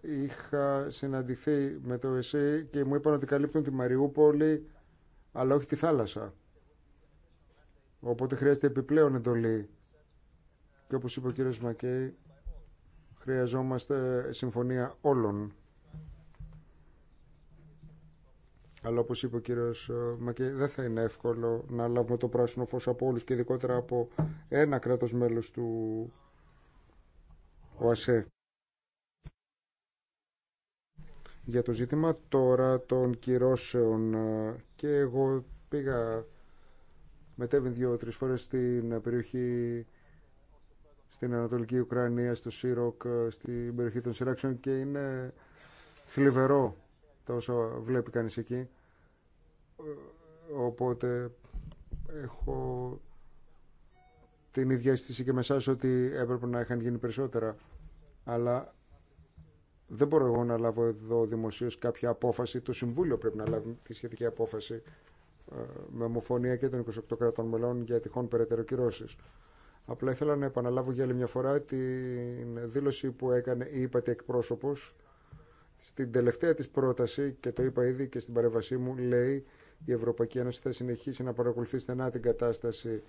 είχα συναντηθεί με το ΕΣΥ και μου είπαν ότι καλύπτουν τη Μαριούπολη αλλά όχι τη θάλασσα. Οπότε χρειάζεται επιπλέον εντολή. Και όπως είπε ο κύριος Μακέη, Χρειαζόμαστε συμφωνία όλων. Αλλά όπως είπε ο κύριος ε, Μακέ, δεν θα είναι εύκολο να λάβουμε το πράσινο φως από όλους και ειδικότερα από ένα κράτος μέλος του ΟΑΣΕ. Για το ζήτημα τώρα των κυρώσεων ε, και εγώ πήγα μετέβη δύο-τρεις φορές στην περιοχή στην Ανατολική Ουκρανία, στο Σύροκ, ε, στην περιοχή των Συράξεων και είναι θλιβερό το όσο βλέπει κανείς εκεί. Ε, οπότε έχω την ίδια αίσθηση και με εσάς ότι έπρεπε να είχαν γίνει περισσότερα. Αλλά δεν μπορώ εγώ να λάβω εδώ δημοσίω κάποια απόφαση. Το Συμβούλιο πρέπει να λάβει τη σχετική απόφαση ε, με ομοφωνία και των 28 κρατών μελών για τυχόν περαιτέρω κυρώσει. Απλά ήθελα να επαναλάβω για άλλη μια φορά την δήλωση που έκανε η ΥΠΑΤΗ εκπρόσωπος στην τελευταία της πρόταση και το είπα ήδη και στην παρέμβασή μου λέει η Ευρωπαϊκή Ένωση θα συνεχίσει να παρακολουθεί στενά την κατάσταση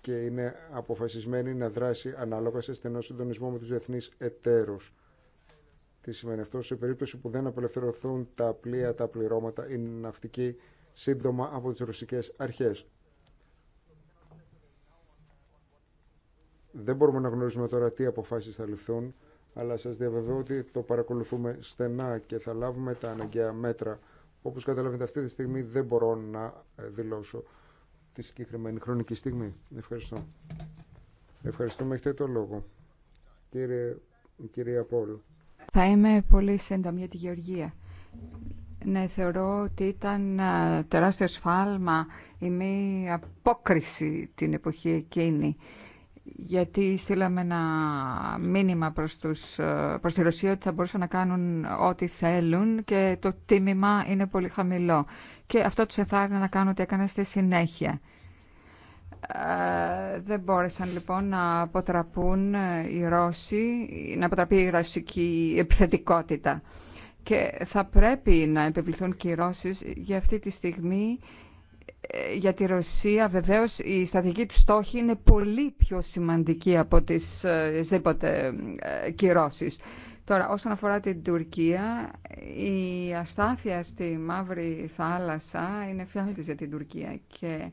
και είναι αποφασισμένη να δράσει ανάλογα σε στενό συντονισμό με τους διεθνείς εταίρους. Τι σημαίνει αυτό σε περίπτωση που δεν απελευθερωθούν τα πλοία, τα πληρώματα, η ναυτική σύντομα από τις ρωσικές αρχές. Δεν μπορούμε να γνωρίζουμε τώρα τι αποφάσεις θα ληφθούν, αλλά σας διαβεβαιώ ότι το παρακολουθούμε στενά και θα λάβουμε τα αναγκαία μέτρα. Όπως καταλαβαίνετε αυτή τη στιγμή δεν μπορώ να ε, δηλώσω τη συγκεκριμένη χρονική στιγμή. Ευχαριστώ. Ευχαριστούμε. Έχετε το λόγο. Κύριε, κυρία Πόλ. Θα είμαι πολύ σύντομη για τη Γεωργία. Ναι, θεωρώ ότι ήταν ε, τεράστιο σφάλμα η μη απόκριση την εποχή εκείνη γιατί στείλαμε ένα μήνυμα προς, τους, ε, προς τη Ρωσία ότι θα μπορούσαν να κάνουν ό,τι θέλουν και το τίμημα είναι πολύ χαμηλό. Και αυτό τους εθάρρυνε να κάνουν ό,τι έκανα στη συνέχεια. Ε, δεν μπόρεσαν λοιπόν να αποτραπούν ε, οι Ρώσοι, να αποτραπεί η ρωσική επιθετικότητα. Και θα πρέπει να επιβληθούν και οι Ρώσεις για αυτή τη στιγμή ε, για τη Ρωσία βεβαίως η στρατηγική του στόχη είναι πολύ πιο σημαντική από τις ε, δίποτε ε, κυρώσεις. Τώρα, όσον αφορά την Τουρκία, η αστάθεια στη Μαύρη Θάλασσα είναι φιάλτης για την Τουρκία και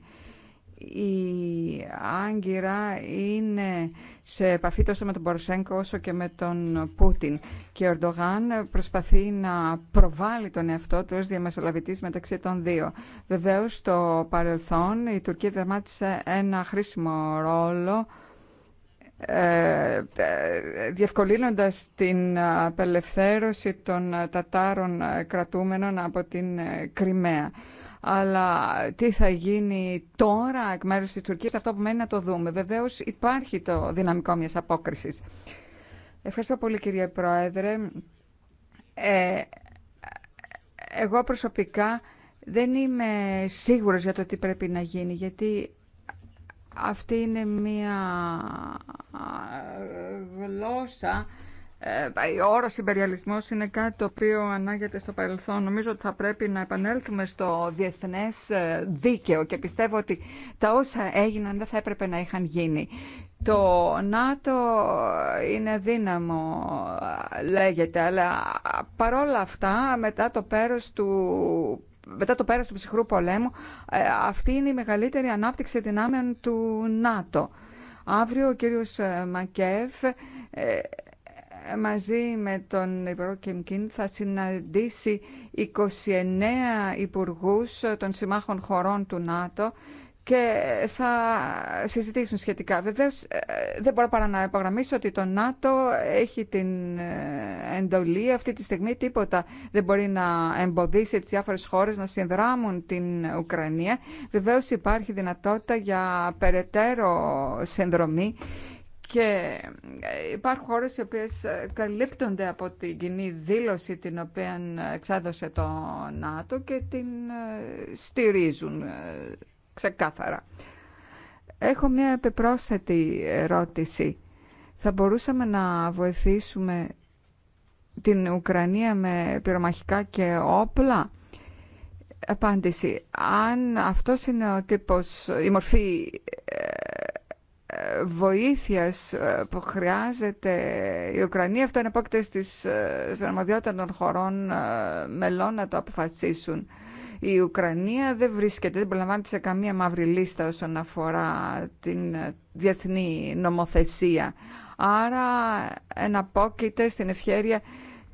η Άγκυρα είναι σε επαφή τόσο με τον Ποροσέγκο όσο και με τον Πούτιν. Και ο Ερντογάν προσπαθεί να προβάλλει τον εαυτό του ως διαμεσολαβητής μεταξύ των δύο. Βεβαίως, στο παρελθόν η Τουρκία δερμάτισε ένα χρήσιμο ρόλο ε, ε, διευκολύνοντας την απελευθέρωση των Τατάρων κρατούμενων από την Κρυμαία αλλά τι θα γίνει τώρα εκ μέρους της Τουρκίας, αυτό που μένει να το δούμε. Βεβαίως υπάρχει το δυναμικό μιας απόκρισης. Ευχαριστώ πολύ κύριε Πρόεδρε. Ε, εγώ προσωπικά δεν είμαι σίγουρος για το τι πρέπει να γίνει, γιατί αυτή είναι μια ε, γλώσσα ο ε, όρος συμπεριαλισμός είναι κάτι το οποίο ανάγεται στο παρελθόν. Νομίζω ότι θα πρέπει να επανέλθουμε στο διεθνές ε, δίκαιο και πιστεύω ότι τα όσα έγιναν δεν θα έπρεπε να είχαν γίνει. Το ΝΑΤΟ είναι δύναμο, λέγεται, αλλά παρόλα αυτά μετά το πέρος του μετά το πέρας του ψυχρού πολέμου, ε, αυτή είναι η μεγαλύτερη ανάπτυξη δυνάμεων του ΝΑΤΟ. Αύριο ο κύριος Μακεύ μαζί με τον Υπουργό Κιμκίν θα συναντήσει 29 υπουργούς των συμμάχων χωρών του ΝΑΤΟ και θα συζητήσουν σχετικά. Βεβαίως ε, δεν μπορώ παρά να υπογραμμίσω ότι το ΝΑΤΟ έχει την ε, εντολή αυτή τη στιγμή τίποτα δεν μπορεί να εμποδίσει τις διάφορες χώρες να συνδράμουν την Ουκρανία. Βεβαίως υπάρχει δυνατότητα για περαιτέρω συνδρομή και ε, υπάρχουν χώρες οι οποίες ε, καλύπτονται από την κοινή δήλωση την οποία ε, εξάδωσε το ΝΑΤΟ και την στηρίζουν ξεκάθαρα. Έχω μια επιπρόσθετη ερώτηση. Θα μπορούσαμε να βοηθήσουμε την Ουκρανία με πυρομαχικά και όπλα. Απάντηση. Αν αυτός είναι ο τύπος, η μορφή βοήθεια ε, που χρειάζεται η Ουκρανία, αυτό είναι απόκειται στις ε, αρμοδιότητα των χωρών ε, μελών να το αποφασίσουν. Η Ουκρανία δεν βρίσκεται, δεν προλαμβάνεται σε καμία μαύρη λίστα όσον αφορά την διεθνή νομοθεσία. Άρα εναπόκειται στην ευχαίρεια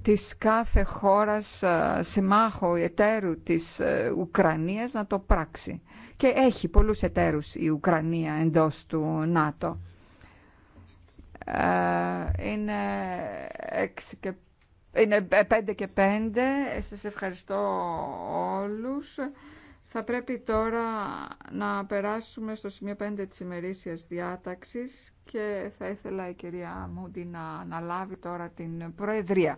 της κάθε χώρας συμμάχου εταίρου της Ουκρανίας να το πράξει και έχει πολλούς εταίρους η Ουκρανία εντός του ΝΑΤΟ. Ε, είναι, και... είναι 5 και 5. Σας ευχαριστώ όλους. Θα πρέπει τώρα να περάσουμε στο σημείο 5 της ημερήσιας διάταξης και θα ήθελα η κυρία Μούντι να αναλάβει τώρα την Προεδρία.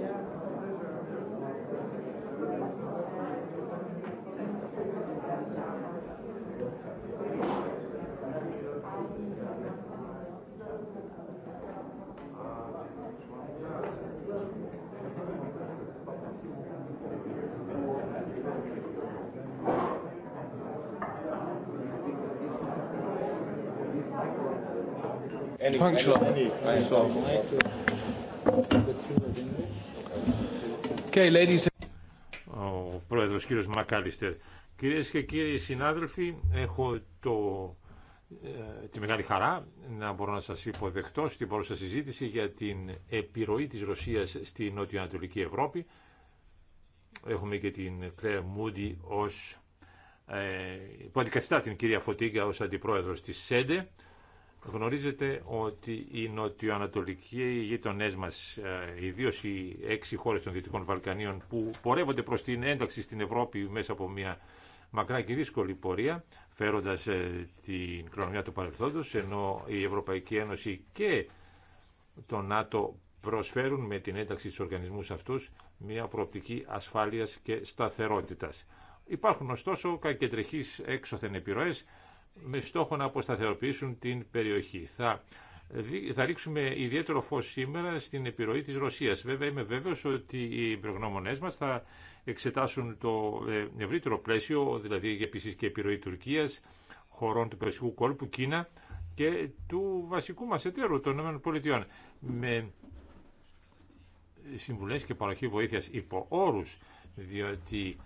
Yeah. Ο πρόεδρος κύριος Μακάλιστερ. Κυρίες και κύριοι συνάδελφοι, έχω το, ε, τη μεγάλη χαρά να μπορώ να σας υποδεχτώ στην παρούσα συζήτηση για την επιρροή της Ρωσίας στη νότιο-ανατολική Ευρώπη. Έχουμε και την Κλέρ Μούντι ως, ε, που αντικαθιστά την κυρία Φωτίγκα ως αντιπρόεδρος της ΣΕΝΤΕ. Γνωρίζετε ότι οι νοτιοανατολικοί γείτονέ μα, ε, ιδίω οι έξι χώρε των Δυτικών Βαλκανίων που πορεύονται προ την ένταξη στην Ευρώπη μέσα από μια μακρά και δύσκολη πορεία, φέροντα ε, την κληρονομιά του παρελθόντο, ενώ η Ευρωπαϊκή Ένωση και το ΝΑΤΟ προσφέρουν με την ένταξη στου οργανισμού αυτού μια προοπτική ασφάλεια και σταθερότητα. Υπάρχουν ωστόσο κακεντρεχεί έξωθεν επιρροέ με στόχο να αποσταθεροποιήσουν την περιοχή. Θα, θα ρίξουμε ιδιαίτερο φως σήμερα στην επιρροή της Ρωσίας. Βέβαια είμαι βέβαιος ότι οι προγνώμονές μας θα εξετάσουν το ε, ευρύτερο πλαίσιο, δηλαδή επίσης και επιρροή Τουρκίας, χωρών του Περσικού κόλπου, Κίνα και του βασικού μας εταίρου των ΗΠΑ. Με συμβουλές και παροχή βοήθειας υπό όρους, διότι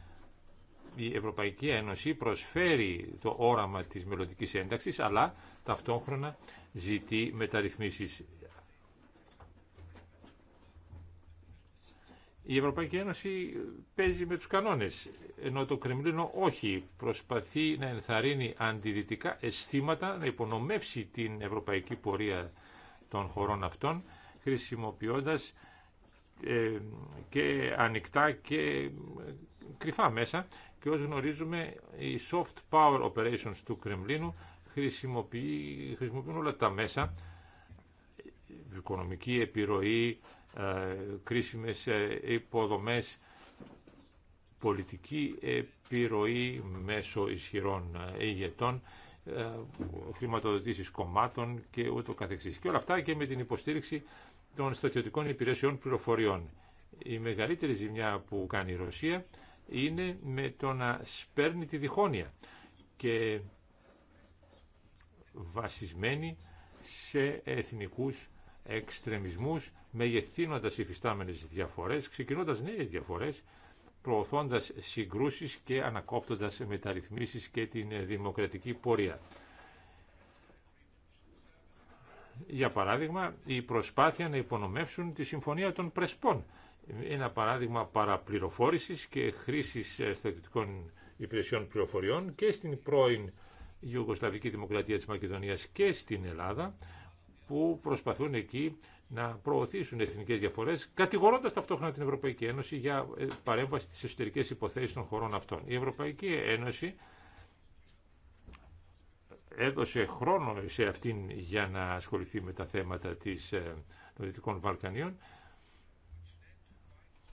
η Ευρωπαϊκή Ένωση προσφέρει το όραμα της μελλοντικής ένταξης, αλλά ταυτόχρονα ζητεί μεταρρυθμίσεις. Η Ευρωπαϊκή Ένωση παίζει με τους κανόνες, ενώ το Κρεμλίνο όχι. Προσπαθεί να ενθαρρύνει αντιδυτικά αισθήματα, να υπονομεύσει την ευρωπαϊκή πορεία των χωρών αυτών, χρησιμοποιώντας ε, και ανοιχτά και ε, κρυφά μέσα και όσο γνωρίζουμε, οι soft power operations του Κρεμλίνου χρησιμοποιούν όλα τα μέσα, οικονομική επιρροή, ε, κρίσιμες ε, υποδομές, πολιτική επιρροή μέσω ισχυρών ε, ηγετών, χρηματοδοτήσεις κομμάτων και ούτω καθεξής. Και όλα αυτά και με την υποστήριξη των στρατιωτικών υπηρεσιών πληροφοριών. Η μεγαλύτερη ζημιά που κάνει η Ρωσία είναι με το να σπέρνει τη διχόνοια και βασισμένη σε εθνικούς εξτρεμισμούς μεγεθύνοντας υφιστάμενες διαφορές, ξεκινώντας νέες διαφορές, προωθώντας συγκρούσεις και ανακόπτοντας μεταρρυθμίσεις και την δημοκρατική πορεία. Για παράδειγμα, η προσπάθεια να υπονομεύσουν τη Συμφωνία των Πρεσπών, ένα παράδειγμα παραπληροφόρησης και χρήσης στρατιωτικών υπηρεσιών πληροφοριών και στην πρώην Ιουγκοσλαβική Δημοκρατία της Μακεδονίας και στην Ελλάδα που προσπαθούν εκεί να προωθήσουν εθνικές διαφορές κατηγορώντας ταυτόχρονα την Ευρωπαϊκή Ένωση για ε, παρέμβαση στις εσωτερικές υποθέσεις των χωρών αυτών. Η Ευρωπαϊκή Ένωση έδωσε χρόνο σε αυτήν για να ασχοληθεί με τα θέματα της, ε, των Δυτικών Βαλκανίων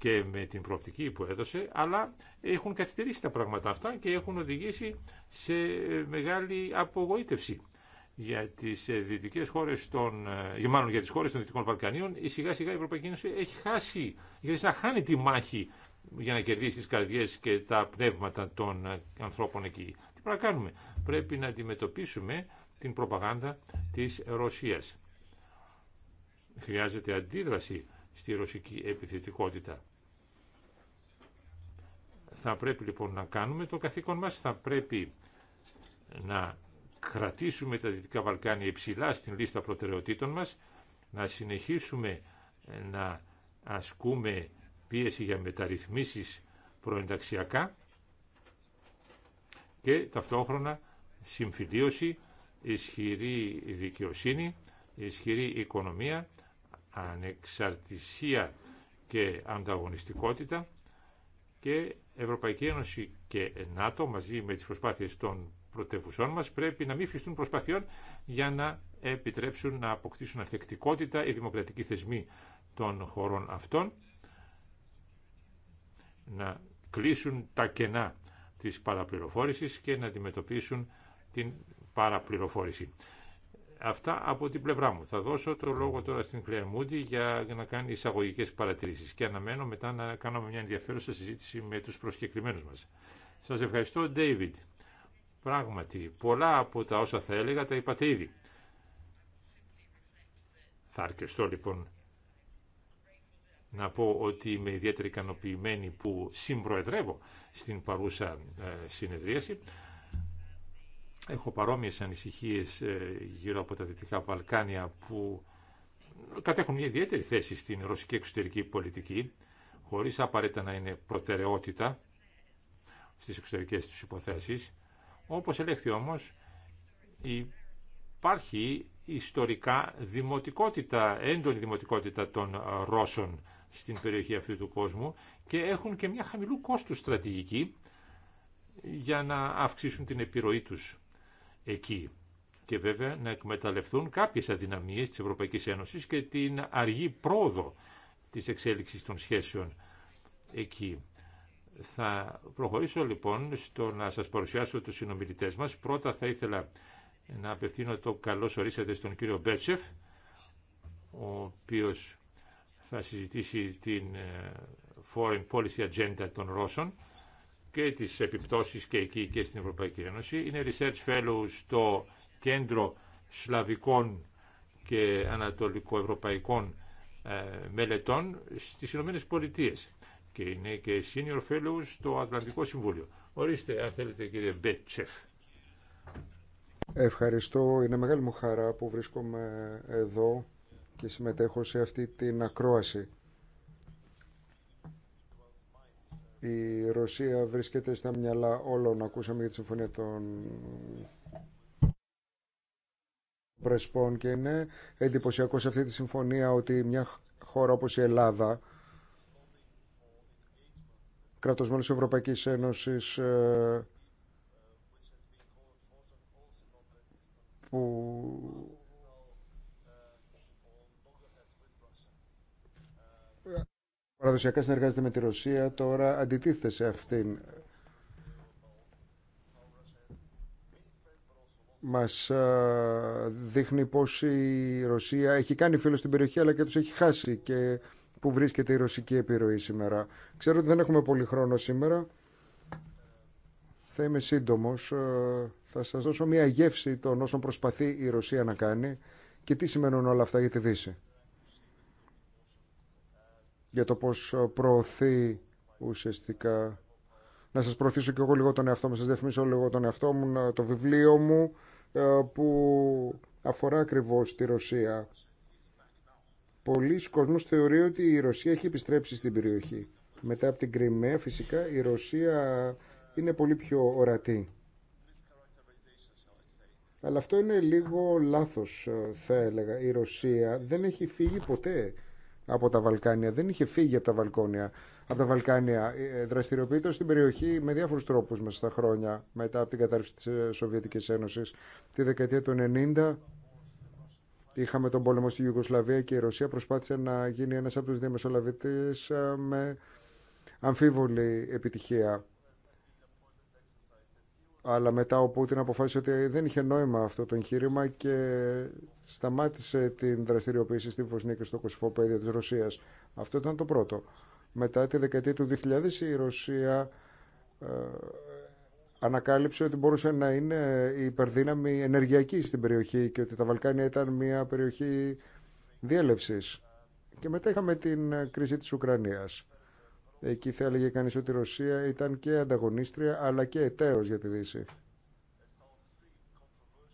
και με την προοπτική που έδωσε, αλλά έχουν καθυστερήσει τα πράγματα αυτά και έχουν οδηγήσει σε μεγάλη απογοήτευση για τις ε, δυτικές χώρες των, ε, μάλλον για τις χώρες των Δυτικών Βαλκανίων, η ε, σιγά σιγά η Ευρωπαϊκή Ένωση έχει χάσει, γιατί να χάνει τη μάχη για να κερδίσει τις καρδιές και τα πνεύματα των ανθρώπων εκεί. Τι πρέπει να κάνουμε. Πρέπει να αντιμετωπίσουμε την προπαγάνδα της Ρωσίας. Χρειάζεται αντίδραση στη ρωσική επιθετικότητα θα πρέπει λοιπόν να κάνουμε το καθήκον μας, θα πρέπει να κρατήσουμε τα Δυτικά Βαλκάνια υψηλά στην λίστα προτεραιοτήτων μας, να συνεχίσουμε να ασκούμε πίεση για μεταρρυθμίσεις προενταξιακά και ταυτόχρονα συμφιλίωση, ισχυρή δικαιοσύνη, ισχυρή οικονομία, ανεξαρτησία και ανταγωνιστικότητα και Ευρωπαϊκή Ένωση και ΝΑΤΟ μαζί με τις προσπάθειες των πρωτεύουσών μας πρέπει να μην φυστούν προσπαθειών για να επιτρέψουν να αποκτήσουν ανθεκτικότητα οι δημοκρατικοί θεσμοί των χωρών αυτών, να κλείσουν τα κενά της παραπληροφόρησης και να αντιμετωπίσουν την παραπληροφόρηση. Αυτά από την πλευρά μου. Θα δώσω το λόγο τώρα στην Κλέρ Μούντι για να κάνει εισαγωγικέ παρατηρήσει και αναμένω μετά να κάνουμε μια ενδιαφέρουσα συζήτηση με του προσκεκριμένου μα. Σα ευχαριστώ, David. Πράγματι, πολλά από τα όσα θα έλεγα τα είπατε ήδη. Θα αρκεστώ λοιπόν να πω ότι είμαι ιδιαίτερα ικανοποιημένη που συμπροεδρεύω στην παρούσα ε, συνεδρίαση. Έχω παρόμοιες ανησυχίες ε, γύρω από τα Δυτικά Βαλκάνια που κατέχουν μια ιδιαίτερη θέση στην ρωσική εξωτερική πολιτική, χωρίς απαραίτητα να είναι προτεραιότητα στις εξωτερικές τους υποθέσεις. Όπως ελέγχει όμως, υπάρχει ιστορικά δημοτικότητα, έντονη δημοτικότητα των Ρώσων στην περιοχή αυτού του κόσμου και έχουν και μια χαμηλού κόστου στρατηγική για να αυξήσουν την επιρροή τους εκεί. Και βέβαια να εκμεταλλευτούν κάποιες αδυναμίες της Ευρωπαϊκής Ένωσης και την αργή πρόοδο της εξέλιξης των σχέσεων εκεί. Θα προχωρήσω λοιπόν στο να σας παρουσιάσω τους συνομιλητές μας. Πρώτα θα ήθελα να απευθύνω το καλό ορίσατε στον κύριο Μπέρτσεφ, ο οποίος θα συζητήσει την ε, Foreign Policy Agenda των Ρώσων και τις επιπτώσεις και εκεί και στην Ευρωπαϊκή Ένωση. Είναι Research Fellow στο Κέντρο Σλαβικών και Ανατολικοευρωπαϊκών ε, Μελετών στις Ηνωμένες Πολιτείες και είναι και Senior Fellow στο Ατλαντικό Συμβούλιο. Ορίστε, αν θέλετε, κύριε Μπέτσεφ. Ευχαριστώ. Είναι μεγάλη μου χαρά που βρίσκομαι εδώ και συμμετέχω σε αυτή την ακρόαση. Η Ρωσία βρίσκεται στα μυαλά όλων. Ακούσαμε για τη συμφωνία των Πρεσπών και είναι εντυπωσιακό σε αυτή τη συμφωνία ότι μια χώρα όπως η Ελλάδα κράτος μόνος της Ευρωπαϊκής Ένωσης ε, που παραδοσιακά συνεργάζεται με τη Ρωσία, τώρα αντιτίθεσε αυτήν. Μας δείχνει πως η Ρωσία έχει κάνει φίλο στην περιοχή αλλά και τους έχει χάσει και που βρίσκεται η ρωσική επιρροή σήμερα. Ξέρω ότι δεν έχουμε πολύ χρόνο σήμερα. Θα είμαι σύντομος. Θα σας δώσω μια γεύση των όσων προσπαθεί η Ρωσία να κάνει και τι σημαίνουν όλα αυτά για τη Δύση για το πώς ε, προωθεί ουσιαστικά. Να σας προωθήσω και εγώ λίγο τον εαυτό μου, σας διαφημίσω λίγο τον εαυτό μου, το βιβλίο μου ε, που αφορά ακριβώς τη Ρωσία. Πολλοί κόσμος θεωρεί ότι η Ρωσία έχει επιστρέψει στην περιοχή. Μετά από την Κρυμαία φυσικά η Ρωσία είναι πολύ πιο ορατή. Αλλά αυτό είναι λίγο λάθος ε, θα έλεγα. Η Ρωσία δεν έχει φύγει ποτέ από τα Βαλκάνια, δεν είχε φύγει από τα, Βαλκόνια, από τα Βαλκάνια. Ε, ε, δραστηριοποιείται στην περιοχή με διάφορου τρόπου μέσα στα χρόνια μετά από την κατάρρευση τη ε, Σοβιετική Ένωση. Τη δεκαετία του 90 είχαμε τον πόλεμο στη Ιουγκοσλαβία και η Ρωσία προσπάθησε να γίνει ένα από του διαμεσολαβητέ με αμφίβολη επιτυχία αλλά μετά ο Πούτιν αποφάσισε ότι δεν είχε νόημα αυτό το εγχείρημα και σταμάτησε την δραστηριοποίηση στη Βοσνία και στο πέδιο της Ρωσίας. Αυτό ήταν το πρώτο. Μετά τη δεκαετία του 2000 η Ρωσία ε, ανακάλυψε ότι μπορούσε να είναι η υπερδύναμη ενεργειακή στην περιοχή και ότι τα Βαλκάνια ήταν μια περιοχή διέλευσης. Και μετά είχαμε την κρίση της Ουκρανίας. Εκεί θα έλεγε κανείς ότι η Ρωσία ήταν και ανταγωνίστρια αλλά και εταίρος για τη Δύση.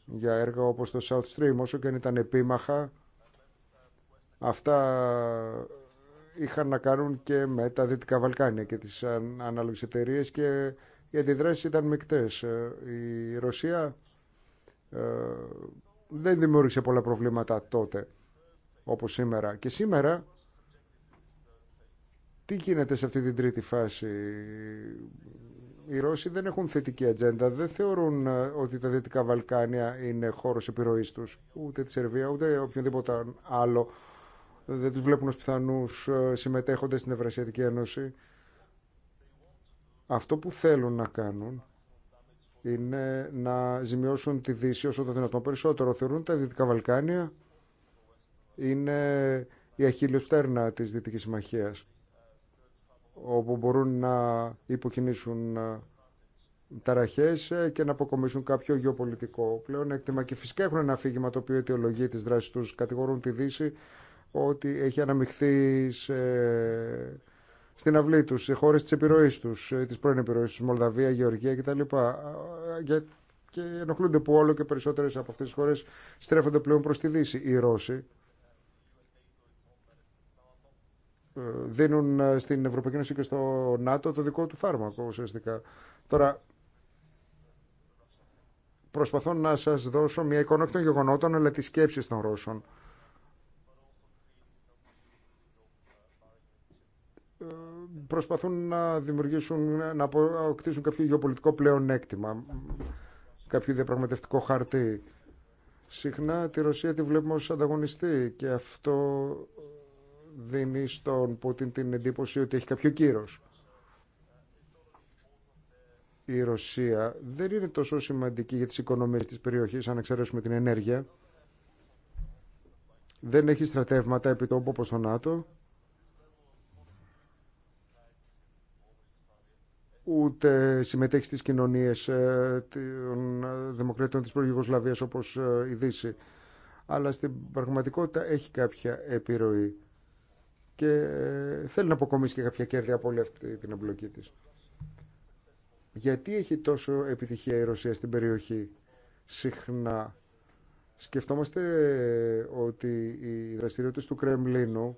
Για έργα όπως το South Stream, όσο και αν ήταν επίμαχα, αυτά είχαν να κάνουν και με τα Δυτικά Βαλκάνια και τις ανάλογες εταιρείε και οι αντιδράσει ήταν μεικτές. Ε, η Ρωσία ε, δεν δημιούργησε πολλά προβλήματα τότε όπως σήμερα. Και σήμερα τι γίνεται σε αυτή την τρίτη φάση. Οι Ρώσοι δεν έχουν θετική ατζέντα, δεν θεωρούν ε, ότι τα Δυτικά Βαλκάνια είναι χώρο επιρροής τους, ούτε τη Σερβία, ούτε οποιονδήποτε άλλο. Δεν του βλέπουν ως πιθανούς ε, συμμετέχοντες στην Ευρασιατική Ένωση. Αυτό που θέλουν να κάνουν είναι να ζημιώσουν τη Δύση όσο το δυνατόν περισσότερο. Θεωρούν τα Δυτικά Βαλκάνια είναι η αχίλιο πτέρνα της Δυτικής Συμμαχίας όπου μπορούν να υποκινήσουν ε, ταραχές ε, και να αποκομίσουν κάποιο γεωπολιτικό πλέον έκτημα και φυσικά έχουν ένα αφήγημα το οποίο αιτιολογεί τις δράσεις τους κατηγορούν τη Δύση ότι έχει αναμειχθεί στην αυλή τους, σε χώρες της επιρροής τους, ε, της πρώην επιρροής τους, Μολδαβία, Γεωργία κτλ. Και ενοχλούνται που όλο και περισσότερες από αυτές τις χώρες στρέφονται πλέον προς τη Δύση. Οι Ρώσοι Ε, δίνουν ε, στην Ευρωπαϊκή Ένωση και στο ΝΑΤΟ το δικό του φάρμακο ουσιαστικά. Τώρα, προσπαθώ να σας δώσω μια εικόνα των γεγονότων, αλλά τις σκέψεις των Ρώσων. Ε, προσπαθούν να δημιουργήσουν, να αποκτήσουν κάποιο γεωπολιτικό πλεονέκτημα, κάποιο διαπραγματευτικό χαρτί. Συχνά τη Ρωσία τη βλέπουμε ως ανταγωνιστή και αυτό δίνει στον Πούτιν την εντύπωση ότι έχει κάποιο κύρος. Η Ρωσία δεν είναι τόσο σημαντική για τις οικονομίες της περιοχής, αν εξαιρέσουμε την ενέργεια. Δεν έχει στρατεύματα επί τόπου, όπως το ΝΑΤΟ. ούτε συμμετέχει στις κοινωνίες ε, των δημοκρατών της προηγουσλαβίας, όπως ε, η Δύση. Αλλά στην πραγματικότητα έχει κάποια επιρροή και ε, θέλει να αποκομίσει και κάποια κέρδη από όλη αυτή την εμπλοκή της. Γιατί έχει τόσο επιτυχία η Ρωσία στην περιοχή συχνά. Σκεφτόμαστε ε, ότι οι δραστηριότητες του Κρεμλίνου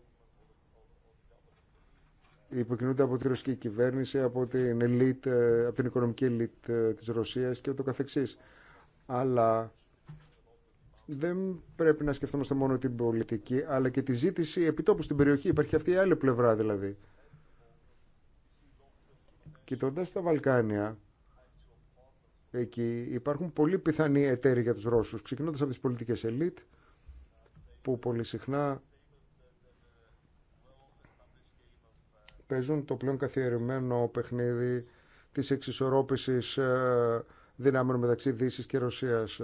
υποκινούνται από τη ρωσική κυβέρνηση, από την, elite, ε, από την οικονομική ελίτ της Ρωσίας και ούτω καθεξής. Αλλά δεν πρέπει να σκεφτόμαστε μόνο την πολιτική, αλλά και τη ζήτηση επιτόπου στην περιοχή. Υπάρχει αυτή η άλλη πλευρά δηλαδή. Κοιτώντα τα Βαλκάνια, εκεί υπάρχουν πολύ πιθανοί εταίροι για τους Ρώσους, ξεκινώντας από τις πολιτικές ελίτ, που πολύ συχνά παίζουν το πλέον καθιερημένο παιχνίδι της εξισορρόπησης ε, δυνάμεων μεταξύ Δύσης και Ρωσίας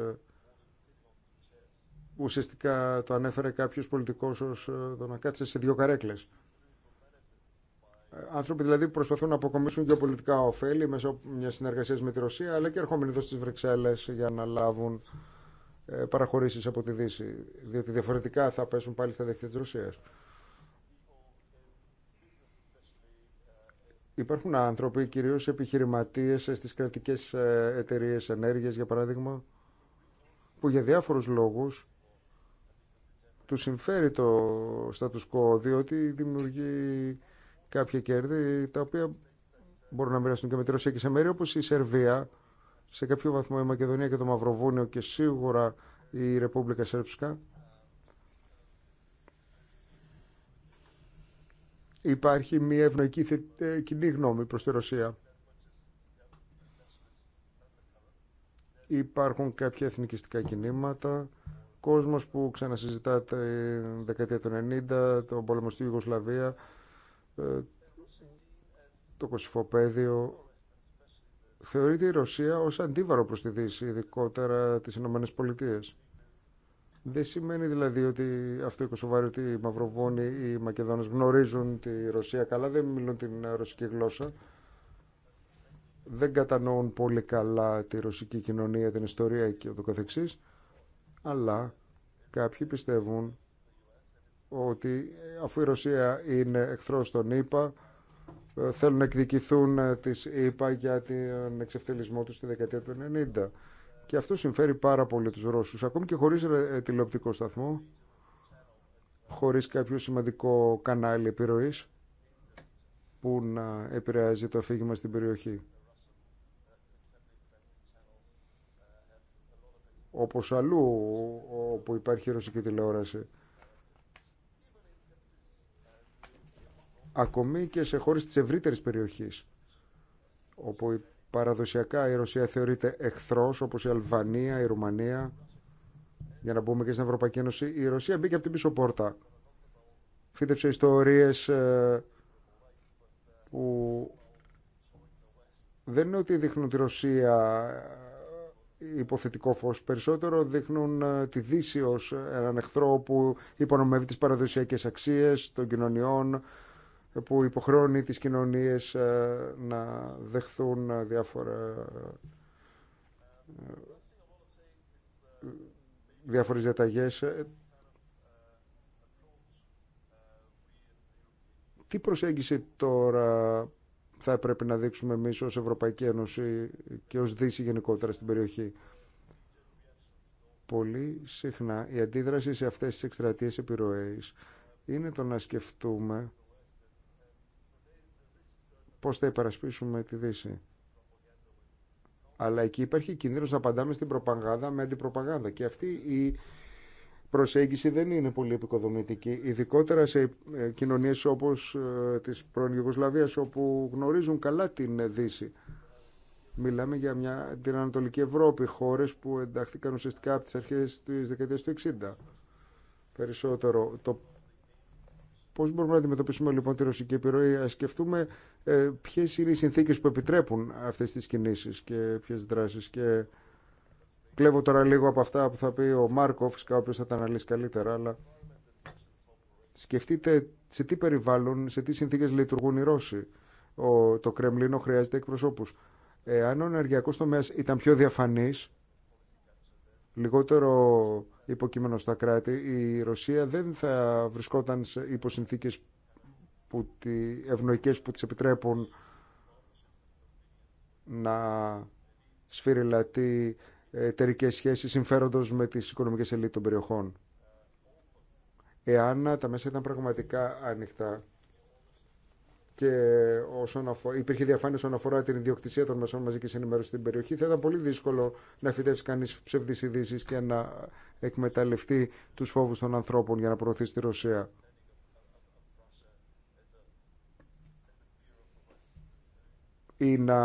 ουσιαστικά το ανέφερε κάποιος πολιτικός ως ε, το να κάτσε σε δύο καρέκλες. Ε, άνθρωποι δηλαδή που προσπαθούν να αποκομίσουν γεωπολιτικά ωφέλη μέσω μια συνεργασία με τη Ρωσία, αλλά και ερχόμενοι εδώ στι Βρυξέλλε για να λάβουν ε, παραχωρήσει από τη Δύση. Διότι διαφορετικά θα πέσουν πάλι στα δίχτυα τη Ρωσία. Υπάρχουν άνθρωποι, κυρίω επιχειρηματίε στι κρατικέ εταιρείε ενέργεια, για παράδειγμα, που για διάφορου λόγου του συμφέρει το status quo διότι δημιουργεί κάποια κέρδη τα οποία μπορούν να μοιραστούν και με τη Ρωσία και σε μέρη όπως η Σερβία σε κάποιο βαθμό η Μακεδονία και το Μαυροβούνιο και σίγουρα η Ρεπούμπλικα Σέρψκα υπάρχει μια ευνοϊκή ε, κοινή γνώμη προς τη Ρωσία. Υπάρχουν κάποια εθνικιστικά κινήματα κόσμος που ξανασυζητά τα δεκαετία του 90, τον πόλεμο στη Ιουγκοσλαβία, ε, το κοσυφοπαίδιο. Θεωρείται η Ρωσία ως αντίβαρο προς τη Δύση, ειδικότερα τις Ηνωμένες Πολιτείες. Δεν σημαίνει δηλαδή ότι αυτό οι Κωσοβάριο, ότι οι Μαυροβόνοι οι Μακεδόνες γνωρίζουν τη Ρωσία καλά, δεν μιλούν την ρωσική γλώσσα, δεν κατανοούν πολύ καλά τη ρωσική κοινωνία, την ιστορία και ούτω καθεξής αλλά κάποιοι πιστεύουν ότι αφού η Ρωσία είναι εχθρός των ΗΠΑ ε, θέλουν να εκδικηθούν ε, τις ΗΠΑ για τον εξευτελισμό τους στη δεκαετία του 90. Και αυτό συμφέρει πάρα πολύ τους Ρώσους, ακόμη και χωρίς ε, τηλεοπτικό σταθμό, χωρίς κάποιο σημαντικό κανάλι επιρροής που να επηρεάζει το αφήγημα στην περιοχή. όπως αλλού όπου υπάρχει ρωσική τηλεόραση. Ακόμη και σε χώρες της ευρύτερης περιοχής, όπου παραδοσιακά η Ρωσία θεωρείται εχθρός, όπως η Αλβανία, η Ρουμανία, για να μπούμε και στην Ευρωπαϊκή Ένωση, η Ρωσία μπήκε από την πίσω πόρτα. Φύτεψε ιστορίες ε, που δεν είναι ότι δείχνουν τη Ρωσία υποθετικό φως περισσότερο δείχνουν ε, τη Δύση ως έναν εχθρό που υπονομεύει τις παραδοσιακές αξίες των κοινωνιών που υποχρώνει τις κοινωνίες ε, να δεχθούν ε, διάφορα διάφορες διαταγές τι προσέγγισε τώρα θα έπρεπε να δείξουμε εμεί ω Ευρωπαϊκή Ένωση και ω Δύση γενικότερα στην περιοχή. Πολύ συχνά η αντίδραση σε αυτές τις εκστρατείες επιρροές είναι το να σκεφτούμε πώς θα υπερασπίσουμε τη Δύση. Αλλά εκεί υπάρχει κίνδυνος να απαντάμε στην προπαγάνδα με αντιπροπαγάνδα. Και αυτή η προσέγγιση δεν είναι πολύ επικοδομητική, ειδικότερα σε ε, κοινωνίες όπως ε, της πρώην Ιουγκοσλαβίας, όπου γνωρίζουν καλά την Δύση. Μιλάμε για μια, την Ανατολική Ευρώπη, χώρες που εντάχθηκαν ουσιαστικά από τις αρχές της δεκαετίας του 60. Περισσότερο το Πώ μπορούμε να αντιμετωπίσουμε λοιπόν τη ρωσική επιρροή, ας σκεφτούμε ε, ποιε είναι οι συνθήκε που επιτρέπουν αυτές τις κινήσεις και ποιε δράσεις Και Κλέβω τώρα λίγο από αυτά που θα πει ο Μάρκο, φυσικά ο οποίος θα τα αναλύσει καλύτερα, αλλά σκεφτείτε σε τι περιβάλλον, σε τι συνθήκες λειτουργούν οι Ρώσοι. το Κρεμλίνο χρειάζεται εκπροσώπους. Αν ο ενεργειακό τομέα ήταν πιο διαφανής, λιγότερο υποκείμενο στα κράτη, η Ρωσία δεν θα βρισκόταν σε υποσυνθήκες που τη, ευνοϊκές που τις επιτρέπουν να σφυριλατεί εταιρικέ σχέσεις συμφέροντος με τις οικονομικές ελίτ των περιοχών. Εάν τα μέσα ήταν πραγματικά ανοιχτά και όσον αφορά, υπήρχε διαφάνεια όσον αφορά την ιδιοκτησία των μεσών μαζική ενημέρωση στην περιοχή, θα ήταν πολύ δύσκολο να φυτεύσει κανείς ψευδεί ειδήσει και να εκμεταλλευτεί τους φόβους των ανθρώπων για να προωθεί τη Ρωσία. Ή να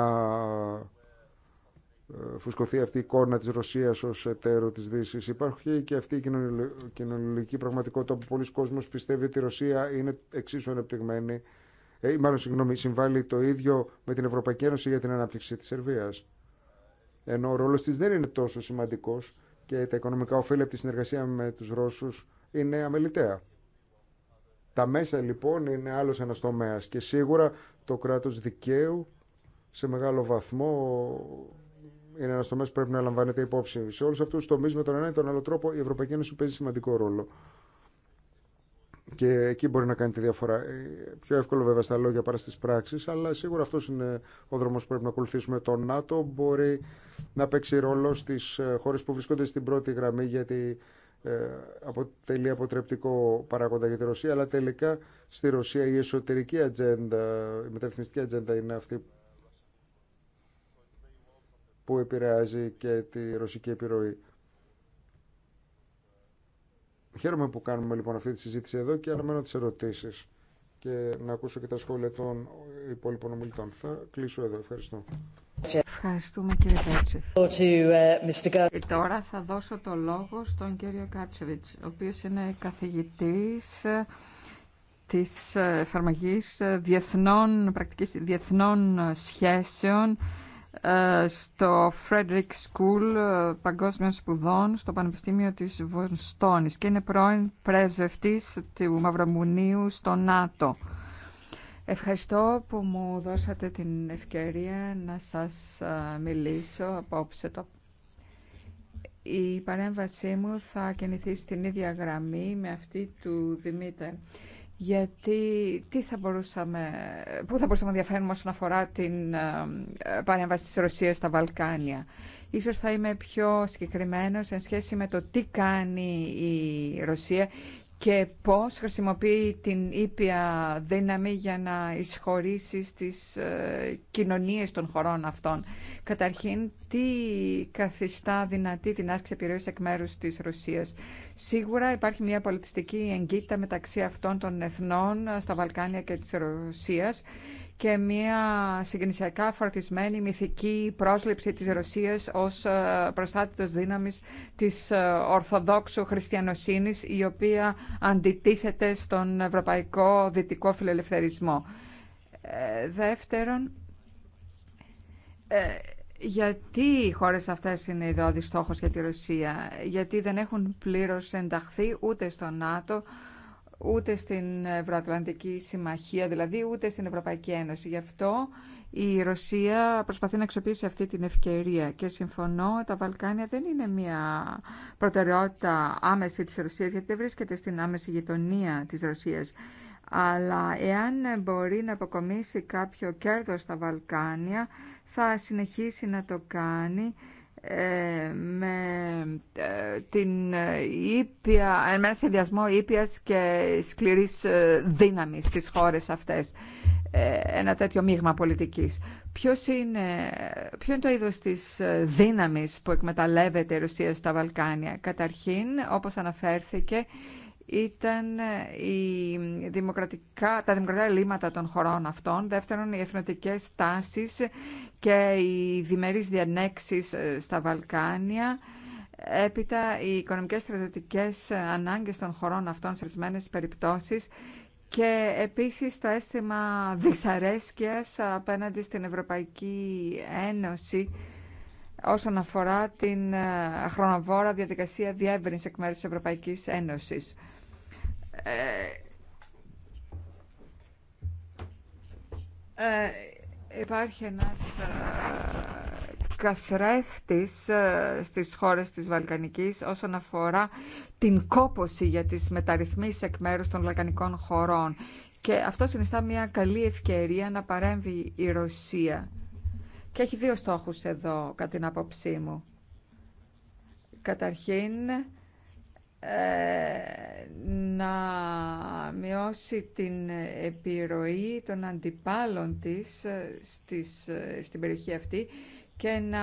φουσκωθεί αυτή η εικόνα της Ρωσίας ως εταίρο της δύση. Υπάρχει και αυτή η κοινωνική πραγματικότητα που πολλοί κόσμος πιστεύει ότι η Ρωσία είναι εξίσου ανεπτυγμένη ε, ή μάλλον συγγνώμη, συμβάλλει το ίδιο με την Ευρωπαϊκή Ένωση για την ανάπτυξη της Σερβίας. Ενώ ο ρόλος της δεν είναι τόσο σημαντικός και τα οικονομικά ωφέλη από τη συνεργασία με τους Ρώσους είναι αμεληταία. Τα μέσα λοιπόν είναι άλλος ένας τομέας και σίγουρα το κράτος δικαίου σε μεγάλο βαθμό είναι ένα τομέα που πρέπει να λαμβάνεται υπόψη. Σε όλου αυτού του τομεί, με τον ένα ή τον άλλο τρόπο, η Ευρωπαϊκή Ένωση παίζει σημαντικό ρόλο. Και εκεί μπορεί να κάνει τη διαφορά. Ε, πιο εύκολο βέβαια στα λόγια παρά στι πράξει, αλλά σίγουρα αυτό είναι ο δρόμο που πρέπει να ακολουθήσουμε. Το ΝΑΤΟ μπορεί να παίξει ρόλο στι ε, χώρε που βρίσκονται στην πρώτη γραμμή, γιατί ε, αποτελεί αποτρεπτικό παράγοντα για τη Ρωσία, αλλά τελικά στη Ρωσία η εσωτερική ατζέντα, η μεταρρυθμιστική ατζέντα είναι αυτή που επηρεάζει και τη ρωσική επιρροή. Χαίρομαι που κάνουμε λοιπόν αυτή τη συζήτηση εδώ και αναμένω τις ερωτήσεις και να ακούσω και τα σχόλια των υπόλοιπων ομιλητών. Θα κλείσω εδώ. Ευχαριστώ. Ευχαριστούμε κύριε Κάτσεφ. Uh, τώρα θα δώσω το λόγο στον κύριο Κάτσεβιτς, ο οποίος είναι καθηγητής ε, της ε, εφαρμογής ε, διεθνών, πρακτικής διεθνών σχέσεων ε, στο Frederick School ε, Παγκόσμιων Σπουδών στο Πανεπιστήμιο της Βοστόνης και είναι πρώην πρέσβευτής του Μαυρομουνίου στο ΝΑΤΟ. Ευχαριστώ που μου δώσατε την ευκαιρία να σας ε, μιλήσω απόψε το η παρέμβασή μου θα κινηθεί στην ίδια γραμμή με αυτή του Δημήτρη γιατί τι θα μπορούσαμε, πού θα μπορούσαμε να διαφέρουμε όσον αφορά την ε, παρέμβαση της Ρωσίας στα Βαλκάνια. Ίσως θα είμαι πιο συγκεκριμένος εν σχέση με το τι κάνει η Ρωσία και πώς χρησιμοποιεί την ήπια δύναμη για να εισχωρήσει στις ε, κοινωνίες των χωρών αυτών. Καταρχήν, τι καθιστά δυνατή την άσκηση επιρροής εκ μέρους της Ρωσίας. Σίγουρα υπάρχει μια πολιτιστική εγκύτητα μεταξύ αυτών των εθνών ε, στα Βαλκάνια και της Ρωσίας και μια συγκινησιακά φορτισμένη μυθική πρόσληψη της Ρωσίας ως ε, προστάτητος δύναμης της ε, Ορθοδόξου Χριστιανοσύνης η οποία αντιτίθεται στον ευρωπαϊκό δυτικό φιλελευθερισμό. Ε, δεύτερον, γιατί οι χώρες αυτές είναι ιδεώδης στόχος για τη Ρωσία, γιατί δεν έχουν πλήρως ενταχθεί ούτε στο ΝΑΤΟ, ούτε στην Ευρωατλαντική Συμμαχία, δηλαδή ούτε στην Ευρωπαϊκή Ένωση. Γι' αυτό η Ρωσία προσπαθεί να αξιοποιήσει αυτή την ευκαιρία και συμφωνώ τα Βαλκάνια δεν είναι μια προτεραιότητα άμεση της Ρωσίας γιατί δεν βρίσκεται στην άμεση γειτονία της Ρωσίας αλλά εάν μπορεί να αποκομίσει κάποιο κέρδος στα Βαλκάνια θα συνεχίσει να το κάνει ε, με ε, την ε, ήπια, με ένα συνδυασμό ήπιας και σκληρής δύναμης στις χώρες αυτές. Ένα τέτοιο μείγμα πολιτικής. Ποιος είναι, ποιο είναι το είδος της δύναμης που εκμεταλλεύεται η Ρωσία στα Βαλκάνια. Καταρχήν, όπως αναφέρθηκε, ήταν ε, δημοκρατικά, τα δημοκρατικά ελλείμματα των χωρών αυτών, δεύτερον οι εθνοτικές τάσεις και οι διμερείς διανέξεις ε, στα Βαλκάνια, έπειτα οι οικονομικές στρατιωτικές ανάγκες των χωρών αυτών σε ορισμένε περιπτώσεις και επίσης το αίσθημα δυσαρέσκειας απέναντι στην Ευρωπαϊκή Ένωση όσον αφορά την ε, χρονοβόρα διαδικασία διεύρυνση εκ μέρους της Ευρωπαϊκής Ένωσης. Ε, ε, υπάρχει ένας ε, καθρέφτης στις χώρες της Βαλκανικής όσον αφορά την κόποση για τις μεταρρυθμίσεις εκ μέρους των Βαλκανικών χωρών. Και αυτό συνιστά μια καλή ευκαιρία να παρέμβει η Ρωσία. Και έχει δύο στόχους εδώ, κατά την άποψή μου. Καταρχήν, ε, να μειώσει την επιρροή των αντιπάλων της ε, στις, ε, στην περιοχή αυτή και να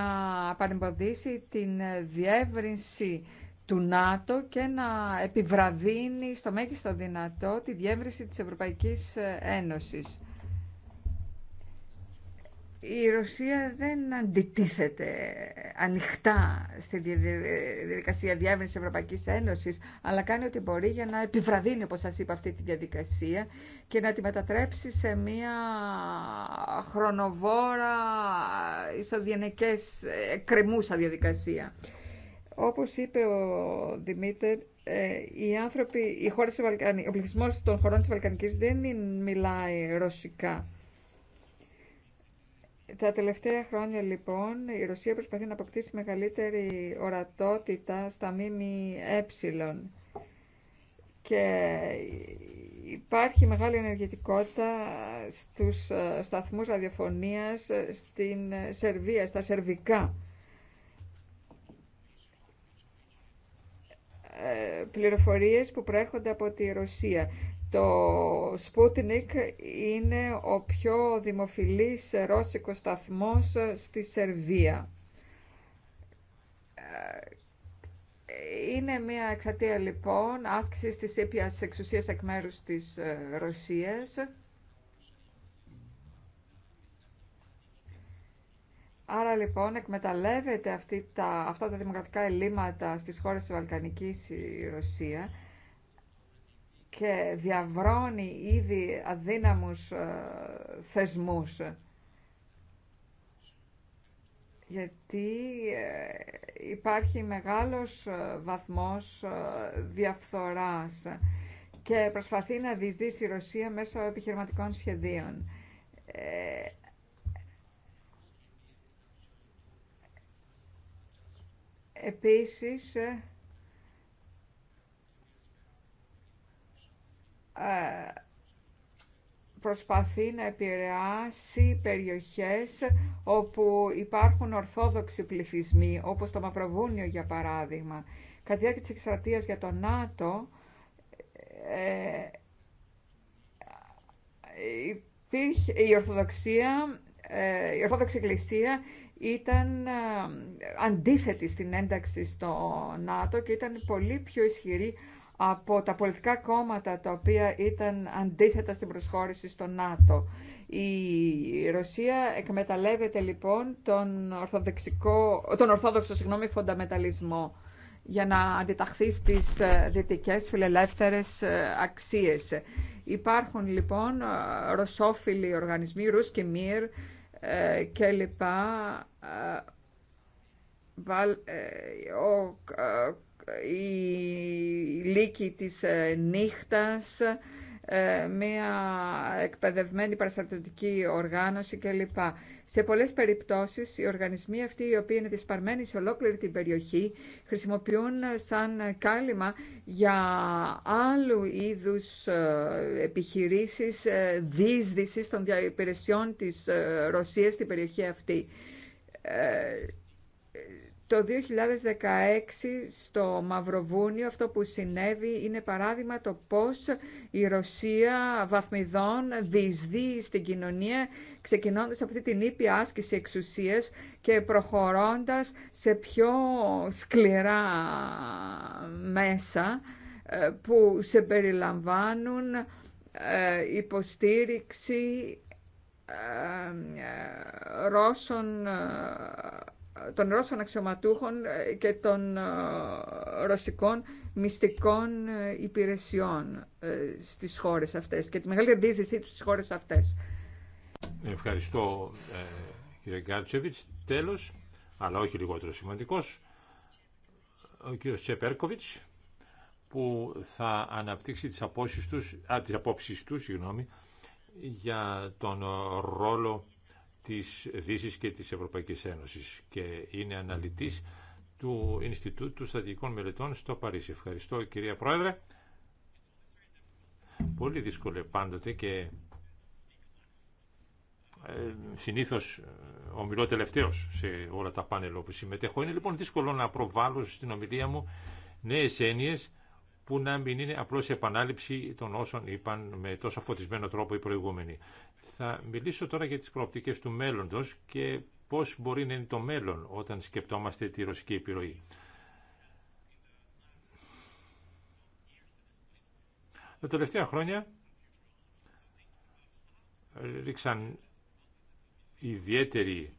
παρεμποδίσει την διεύρυνση του ΝΑΤΟ και να επιβραδύνει στο μέγιστο δυνατό τη διεύρυνση της Ευρωπαϊκής Ένωσης η Ρωσία δεν αντιτίθεται ανοιχτά στη διαδικασία διεύρυνσης Ευρωπαϊκής Ένωσης, αλλά κάνει ό,τι μπορεί για να επιβραδύνει, όπως σας είπα, αυτή τη διαδικασία και να τη μετατρέψει σε μια χρονοβόρα ισοδιανικές κρεμούσα διαδικασία. Όπως είπε ο Δημήτρη, ε, οι άνθρωποι, οι χώρες, ο πληθυσμός των χωρών της Βαλκανικής δεν μιλάει ρωσικά τα τελευταία χρόνια λοιπόν η Ρωσία προσπαθεί να αποκτήσει μεγαλύτερη ορατότητα στα έψιλον ε. και υπάρχει μεγάλη ενεργητικότητα στους ε, σταθμούς ραδιοφωνίας ε, στην Σερβία, στα σερβικά. πληροφορίες που προέρχονται από τη Ρωσία. Το Sputnik είναι ο πιο δημοφιλής ρώσικος σταθμός στη Σερβία. Είναι μια εξατία λοιπόν άσκηση της ήπιας εξουσίας εκ μέρους της ε, Ρωσίας. Άρα λοιπόν εκμεταλλεύεται αυτή τα, αυτά τα δημοκρατικά ελλείμματα στις χώρες της Βαλκανικής Ρωσία και διαβρώνει ήδη αδύναμους ε, θεσμούς. Γιατί ε, υπάρχει μεγάλος ε, βαθμός διαφθοράς και προσπαθεί να διεισδύσει η Ρωσία μέσω επιχειρηματικών σχεδίων. Επίσης, Ε, προσπαθεί να επηρεάσει περιοχές όπου υπάρχουν ορθόδοξοι πληθυσμοί, όπως το Μαυροβούνιο για παράδειγμα. Κατά τη διάρκεια της εκστρατείας για το ΝΑΤΟ ε, υπήρχε, η Ορθοδοξία, ε, η Ορθόδοξη Εκκλησία ήταν αντίθετη στην ένταξη στο ΝΑΤΟ και ήταν πολύ πιο ισχυρή από τα πολιτικά κόμματα τα οποία ήταν αντίθετα στην προσχώρηση στο ΝΑΤΟ. Η Ρωσία εκμεταλλεύεται λοιπόν τον, ορθοδεξικό, τον ορθόδοξο συγγνώμη, για να αντιταχθεί στις ε, δυτικές φιλελεύθερες ε, αξίες. Υπάρχουν λοιπόν ε, ρωσόφιλοι οργανισμοί, Ρούσκι και Μύρ και λοιπά, ο η λύκη της ε, νύχτας, ε, μια εκπαιδευμένη παραστατική οργάνωση κλπ. Σε πολλές περιπτώσεις οι οργανισμοί αυτοί οι οποίοι είναι δυσπαρμένοι σε ολόκληρη την περιοχή χρησιμοποιούν σαν κάλυμα για άλλου είδους ε, επιχειρήσεις διείσδυσης των υπηρεσιών της Ρωσίας στην περιοχή αυτή. Το 2016 στο Μαυροβούνιο αυτό που συνέβη είναι παράδειγμα το πώς η Ρωσία βαθμιδών διεισδύει στην κοινωνία ξεκινώντας από αυτή την ήπια άσκηση εξουσίας και προχωρώντας σε πιο σκληρά μέσα ε, που σε περιλαμβάνουν ε, υποστήριξη ε, Ρώσων των Ρώσων αξιωματούχων ε, και των ε, ρωσικών μυστικών ε, υπηρεσιών στις χώρες αυτές και τη μεγάλη αντίθεση τους στις χώρες αυτές. Ευχαριστώ κύριε Γκάρτσεβιτς. Τέλος, αλλά όχι λιγότερο σημαντικός, ο κύριος Τσεπέρκοβιτς που θα αναπτύξει τις, τους, α, τις απόψεις του συγγνώμη, για τον ρόλο της Δύσης και της Ευρωπαϊκής Ένωσης και είναι αναλυτής του Ινστιτούτου Στατικών Μελετών στο Παρίσι. Ευχαριστώ κυρία Πρόεδρε. Πολύ δύσκολο πάντοτε και ε, συνήθως ε, ομιλώ τελευταίος σε όλα τα πάνελ όπου συμμετέχω. Είναι λοιπόν δύσκολο να προβάλλω στην ομιλία μου νέες έννοιες που να μην είναι απλώς επανάληψη των όσων είπαν με τόσο φωτισμένο τρόπο οι προηγούμενοι. Θα μιλήσω τώρα για τις προοπτικές του μέλλοντος και πώς μπορεί να είναι το μέλλον όταν σκεπτόμαστε τη ρωσική επιρροή. Τα τελευταία χρόνια ρίξαν ιδιαίτερη,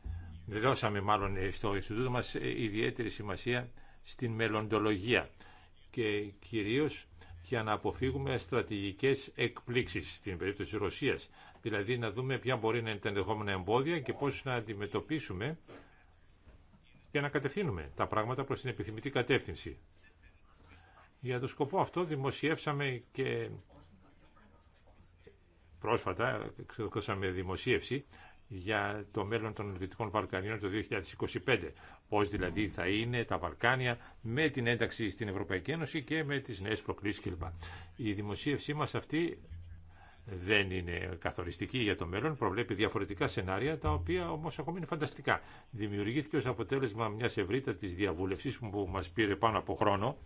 δώσαμε μάλλον στο Ινστιτούτο μας ε, ιδιαίτερη σημασία στην μελλοντολογία και κυρίως για να αποφύγουμε στρατηγικές εκπλήξεις στην περίπτωση της Ρωσίας δηλαδή να δούμε ποια μπορεί να είναι τα ενδεχόμενα εμπόδια και πώς να αντιμετωπίσουμε και να κατευθύνουμε τα πράγματα προς την επιθυμητή κατεύθυνση. Για τον σκοπό αυτό δημοσιεύσαμε και πρόσφατα, δημοσίευση για το μέλλον των Δυτικών Βαλκανίων το 2025. Πώς δηλαδή θα είναι τα Βαλκάνια με την ένταξη στην Ευρωπαϊκή Ένωση και με τις νέες προκλήσεις κλπ. Η δημοσίευσή μας αυτή δεν είναι καθοριστική για το μέλλον, προβλέπει διαφορετικά σενάρια, τα οποία όμως ακόμη είναι φανταστικά. Δημιουργήθηκε ως αποτέλεσμα μιας ευρύτατης διαβούλευσης που μας πήρε πάνω από χρόνο.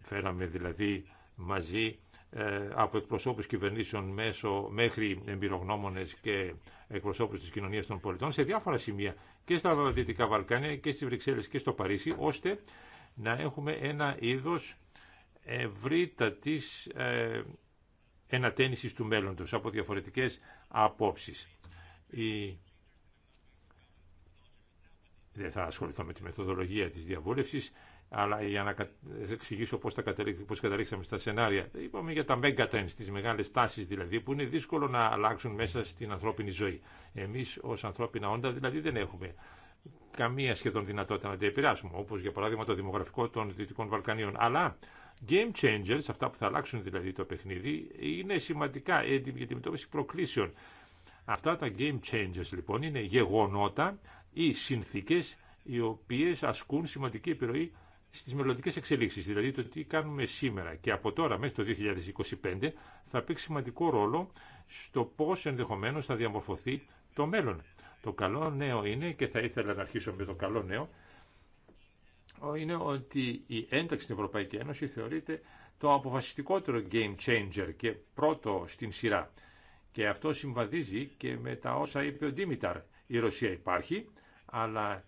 Φέραμε δηλαδή μαζί ε, από εκπροσώπους κυβερνήσεων μέσω, μέχρι εμπειρογνώμονες και εκπροσώπους της κοινωνίας των πολιτών σε διάφορα σημεία και στα Δυτικά Βαλκάνια και στις Βρυξέλλες και στο Παρίσι, ώστε να έχουμε ένα είδος ευρύτατης ε, ενατένιση του μέλλοντος από διαφορετικές απόψεις. Η... Δεν θα ασχοληθώ με τη μεθοδολογία της διαβούλευσης, αλλά για να εξηγήσω πώς, τα πώς καταλήξαμε στα σενάρια. Είπαμε για τα trends, τις μεγάλες τάσεις δηλαδή, που είναι δύσκολο να αλλάξουν μέσα στην ανθρώπινη ζωή. Εμείς ως ανθρώπινα όντα δηλαδή δεν έχουμε καμία σχεδόν δυνατότητα να τα επηρεάσουμε, όπως για παράδειγμα το δημογραφικό των Δυτικών Βαλκανίων. Αλλά Game changers, αυτά που θα αλλάξουν δηλαδή το παιχνίδι, είναι σημαντικά έτοιμοι για τη μετώπιση προκλήσεων. Αυτά τα game changers λοιπόν είναι γεγονότα ή συνθήκες οι οποίες ασκούν σημαντική επιρροή στις μελλοντικέ εξελίξεις, δηλαδή το τι κάνουμε σήμερα και από τώρα μέχρι το 2025 θα παίξει σημαντικό ρόλο στο πώς ενδεχομένως θα διαμορφωθεί το μέλλον. Το καλό νέο είναι, και θα ήθελα να αρχίσω με το καλό νέο, είναι ότι η ένταξη στην Ευρωπαϊκή Ένωση θεωρείται το αποφασιστικότερο game changer και πρώτο στην σειρά. Και αυτό συμβαδίζει και με τα όσα είπε ο Ντίμηταρ. Η Ρωσία υπάρχει, αλλά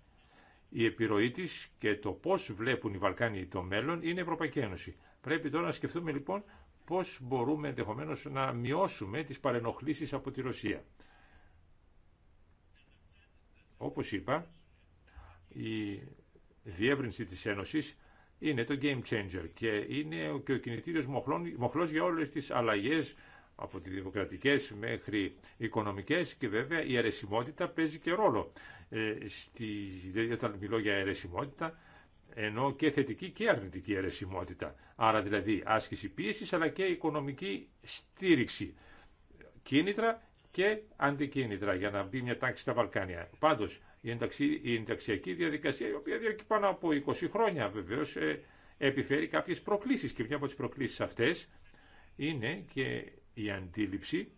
η επιρροή τη και το πώ βλέπουν οι Βαλκάνοι το μέλλον είναι η Ευρωπαϊκή Ένωση. Πρέπει τώρα να σκεφτούμε λοιπόν πώ μπορούμε ενδεχομένω να μειώσουμε τι παρενοχλήσει από τη Ρωσία. Όπω είπα, η διεύρυνση της Ένωσης είναι το game changer και είναι και ο κινητήριος μοχλός για όλες τις αλλαγές από τις δημοκρατικές μέχρι οικονομικές και βέβαια η αιρεσιμότητα παίζει και ρόλο. Ε, στη, όταν μιλώ για αιρεσιμότητα, ενώ και θετική και αρνητική αιρεσιμότητα. Άρα δηλαδή άσκηση πίεσης αλλά και οικονομική στήριξη. Κίνητρα και αντικίνητρα για να μπει μια τάξη στα Βαλκάνια. Πάντως η, η ενταξιακή διαδικασία, η οποία διαρκεί πάνω από 20 χρόνια βεβαίως, ε, επιφέρει κάποιες προκλήσεις και μια από τις προκλήσεις αυτές είναι και η αντίληψη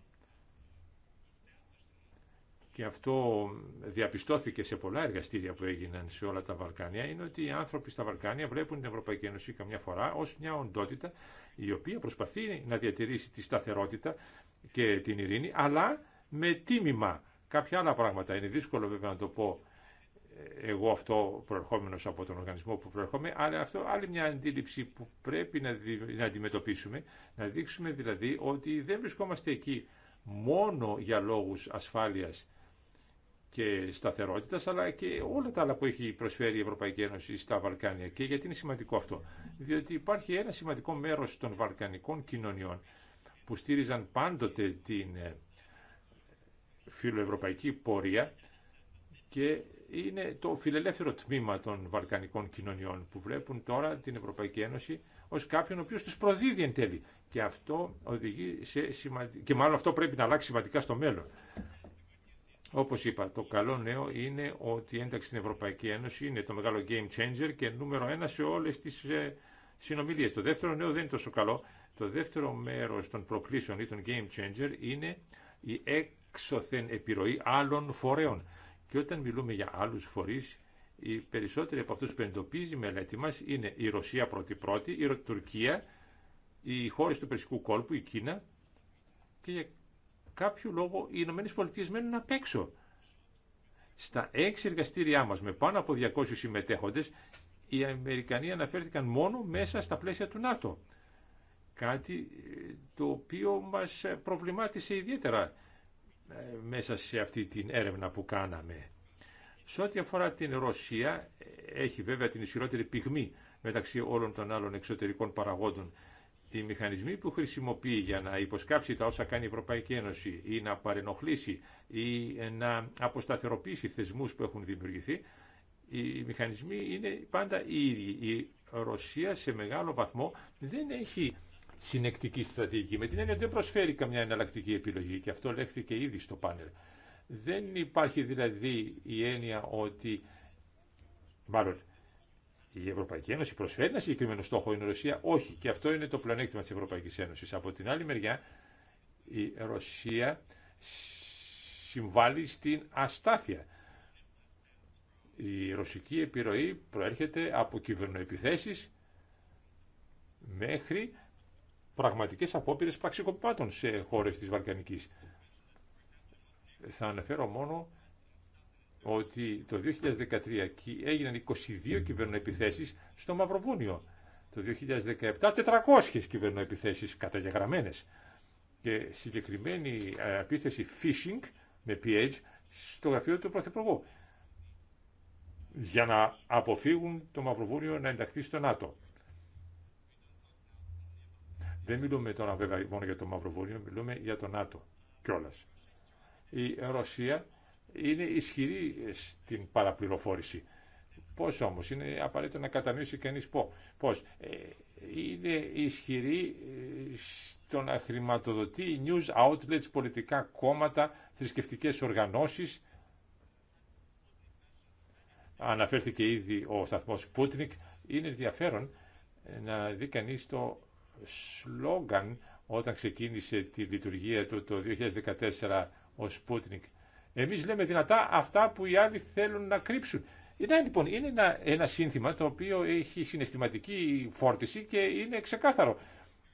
και αυτό διαπιστώθηκε σε πολλά εργαστήρια που έγιναν σε όλα τα Βαλκάνια, είναι ότι οι άνθρωποι στα Βαλκάνια βλέπουν την Ευρωπαϊκή Ένωση καμιά φορά ως μια οντότητα η οποία προσπαθεί να διατηρήσει τη σταθερότητα και την ειρήνη, αλλά με τίμημα κάποια άλλα πράγματα. Είναι δύσκολο βέβαια να το πω ε, εγώ αυτό προερχόμενος από τον οργανισμό που προερχόμαι, αλλά αυτό άλλη μια αντίληψη που πρέπει να, να αντιμετωπίσουμε, να δείξουμε δηλαδή ότι δεν βρισκόμαστε εκεί μόνο για λόγους ασφάλειας και σταθερότητας, αλλά και όλα τα άλλα που έχει προσφέρει η Ευρωπαϊκή Ένωση στα Βαλκάνια. Και γιατί είναι σημαντικό αυτό. Διότι υπάρχει ένα σημαντικό μέρος των βαλκανικών κοινωνιών που στήριζαν πάντοτε την ε, φιλοευρωπαϊκή πορεία και είναι το φιλελεύθερο τμήμα των βαλκανικών κοινωνιών που βλέπουν τώρα την Ευρωπαϊκή Ένωση ως κάποιον ο οποίος τους προδίδει εν τέλει. Και, αυτό οδηγεί σε και μάλλον αυτό πρέπει να αλλάξει σημαντικά στο μέλλον. Όπως είπα, το καλό νέο είναι ότι η ένταξη στην Ευρωπαϊκή Ένωση είναι το μεγάλο game changer και νούμερο ένα σε όλες τις ε, συνομιλίες. Το δεύτερο νέο δεν είναι τόσο καλό. Το δεύτερο μέρος των προκλήσεων ή των game changer είναι η έξωθεν επιρροή άλλων φορέων. Και όταν μιλούμε για άλλου φορεί, οι περισσότεροι από αυτού που εντοπίζει η μελέτη μα είναι η Ρωσία πρώτη-πρώτη, η Τουρκία, οι χώρε του Περσικού κόλπου, η Κίνα και για κάποιο λόγο οι Ηνωμένε Πολιτείε μένουν απ' έξω. Στα έξι εργαστήριά μα με πάνω από 200 συμμετέχοντε, οι Αμερικανοί αναφέρθηκαν μόνο μέσα στα πλαίσια του ΝΑΤΟ. Κάτι ε, το οποίο μας ε, προβλημάτισε ιδιαίτερα ε, μέσα σε αυτή την έρευνα που κάναμε. Σε ό,τι αφορά την Ρωσία, έχει βέβαια την ισχυρότερη πυγμή μεταξύ όλων των άλλων εξωτερικών παραγόντων. Τη μηχανισμοί που χρησιμοποιεί για να υποσκάψει τα όσα κάνει η Ευρωπαϊκή Ένωση ή να παρενοχλήσει ή να αποσταθεροποιήσει θεσμούς που έχουν δημιουργηθεί, οι μηχανισμοί είναι πάντα οι ίδιοι. Η Ρωσία σε μεγάλο βαθμό δεν έχει συνεκτική στρατηγική. Με την έννοια δεν προσφέρει καμιά εναλλακτική επιλογή και αυτό λέχθηκε ήδη στο πάνελ. Δεν υπάρχει δηλαδή η έννοια ότι, μάλλον, η Ευρωπαϊκή Ένωση προσφέρει ένα συγκεκριμένο στόχο, η Ρωσία όχι. Και αυτό είναι το πλεονέκτημα της Ευρωπαϊκής Ένωση. Από την άλλη μεριά, η Ρωσία συμβάλλει στην αστάθεια. Η ρωσική επιρροή προέρχεται από κυβερνοεπιθέσεις μέχρι πραγματικές απόπειρες πραξικοπημάτων σε χώρες της Βαλκανικής. Θα αναφέρω μόνο ότι το 2013 έγιναν 22 κυβερνοεπιθέσεις στο Μαυροβούνιο. Το 2017 400 κυβερνοεπιθέσεις καταγεγραμμένες και συγκεκριμένη ε, επίθεση phishing με PH στο γραφείο του Πρωθυπουργού για να αποφύγουν το Μαυροβούνιο να ενταχθεί στο ΝΑΤΟ. Δεν μιλούμε τώρα βέβαια μόνο για το Μαυροβόλιο, μιλούμε για το ΝΑΤΟ κιόλα. Η Ρωσία είναι ισχυρή στην παραπληροφόρηση. Πώ όμω, είναι απαραίτητο να κατανοήσει κανεί πώ. Ε, είναι ισχυρή ε, στο να χρηματοδοτεί news outlets, πολιτικά κόμματα, θρησκευτικέ οργανώσει. Αναφέρθηκε ήδη ο σταθμό Πούτνικ. Είναι ενδιαφέρον να δει κανεί το σλόγγαν όταν ξεκίνησε τη λειτουργία του το 2014 ο Sputnik. Εμείς λέμε δυνατά αυτά που οι άλλοι θέλουν να κρύψουν. Είναι, λοιπόν, είναι ένα, σύνθημα το οποίο έχει συναισθηματική φόρτιση και είναι ξεκάθαρο.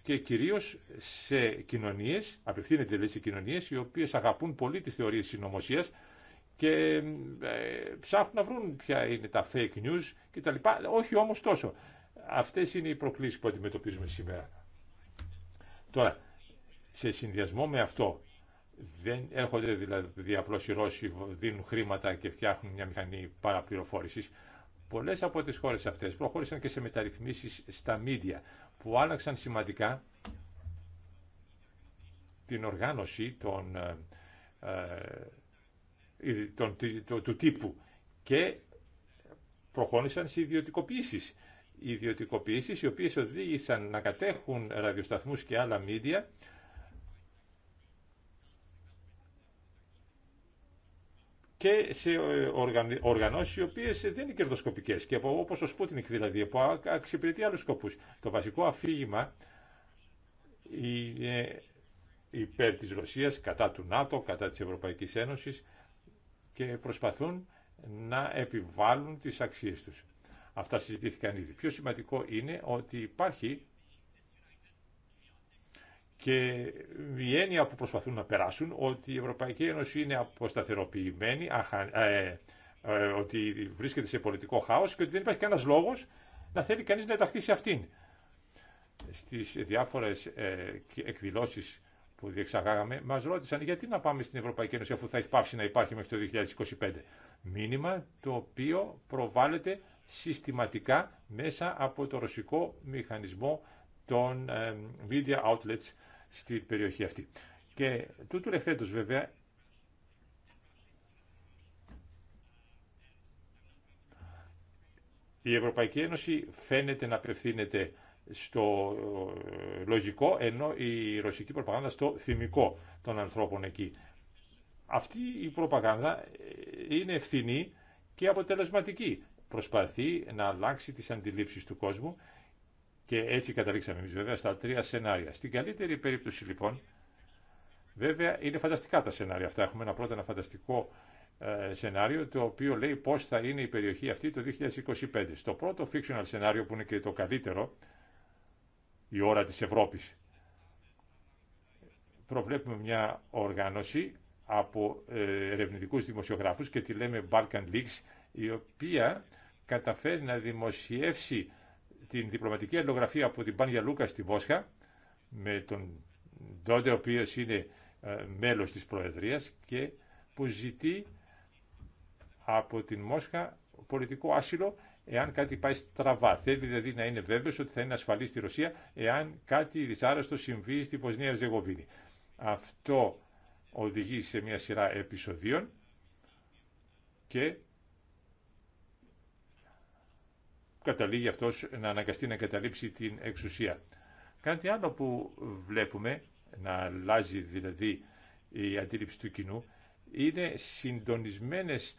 Και κυρίως σε κοινωνίες, απευθύνεται λέει σε κοινωνίες, οι οποίες αγαπούν πολύ τις θεωρίες συνωμοσία και ε, ψάχνουν να βρουν ποια είναι τα fake news κτλ. Όχι όμως τόσο. Αυτές είναι οι προκλήσεις που αντιμετωπίζουμε σήμερα. Τώρα, σε συνδυασμό με αυτό, δεν έρχονται δηλαδή απλώς οι Ρώσοι, δίνουν χρήματα και φτιάχνουν μια μηχανή παραπληροφόρησης. Πολλές από τις χώρες αυτές προχώρησαν και σε μεταρρυθμίσεις στα μίντια, που άλλαξαν σημαντικά την οργάνωση των, ε, ε των, του, του τύπου και προχώρησαν σε ιδιωτικοποίησεις ιδιωτικοποιήσεις οι οποίες οδήγησαν να κατέχουν ραδιοσταθμούς και άλλα μίντια και σε οργανώσεις οι οποίες δεν είναι κερδοσκοπικές και όπως ο Σπούτινικ δηλαδή που εξυπηρετεί άλλους σκοπούς. Το βασικό αφήγημα είναι υπέρ της Ρωσίας, κατά του ΝΑΤΟ, κατά της Ευρωπαϊκής Ένωσης και προσπαθούν να επιβάλλουν τις αξίες τους. Αυτά συζητήθηκαν ήδη. Πιο σημαντικό είναι ότι υπάρχει και η έννοια που προσπαθούν να περάσουν ότι η Ευρωπαϊκή Ένωση είναι αποσταθεροποιημένη, ε, ε, ότι βρίσκεται σε πολιτικό χάος και ότι δεν υπάρχει κανένας λόγος να θέλει κανείς να ενταχθεί σε αυτήν. Στις διάφορες ε, εκδηλώσεις που διεξαγάγαμε, μας ρώτησαν γιατί να πάμε στην Ευρωπαϊκή Ένωση αφού θα έχει πάψει να υπάρχει μέχρι το 2025. Μήνυμα το οποίο προβάλλεται συστηματικά μέσα από το ρωσικό μηχανισμό των media outlets στην περιοχή αυτή. Και τούτου λεφθέντος βέβαια η Ευρωπαϊκή Ένωση φαίνεται να απευθύνεται στο ε, λογικό ενώ η ρωσική προπαγάνδα στο θυμικό των ανθρώπων εκεί. Αυτή η προπαγάνδα ε, είναι ευθυνή και αποτελεσματική προσπαθεί να αλλάξει τις αντιλήψεις του κόσμου και έτσι καταλήξαμε εμείς βέβαια στα τρία σενάρια. Στην καλύτερη περίπτωση λοιπόν, βέβαια είναι φανταστικά τα σενάρια αυτά. Έχουμε ένα πρώτο ένα φανταστικό ε, σενάριο το οποίο λέει πώς θα είναι η περιοχή αυτή το 2025. Στο πρώτο fictional σενάριο που είναι και το καλύτερο, η ώρα της Ευρώπης, προβλέπουμε μια οργάνωση από ε, ερευνητικούς δημοσιογράφους και τη λέμε Balkan Leaks, η οποία καταφέρει να δημοσιεύσει την διπλωματική αλληλογραφία από την Πάνια Λούκα στη Μόσχα με τον Ντόντε, ο οποίο είναι ε, μέλος της Προεδρίας και που ζητεί από την Μόσχα πολιτικό άσυλο εάν κάτι πάει στραβά. Θέλει δηλαδή να είναι βέβαιος ότι θα είναι ασφαλής στη Ρωσία εάν κάτι δυσάρεστο συμβεί στη Βοσνία Ζεγοβίνη. Αυτό οδηγεί σε μια σειρά επεισοδίων και καταλήγει αυτός να αναγκαστεί να καταλήψει την εξουσία. Κάτι άλλο που βλέπουμε, να αλλάζει δηλαδή η αντίληψη του κοινού, είναι συντονισμένες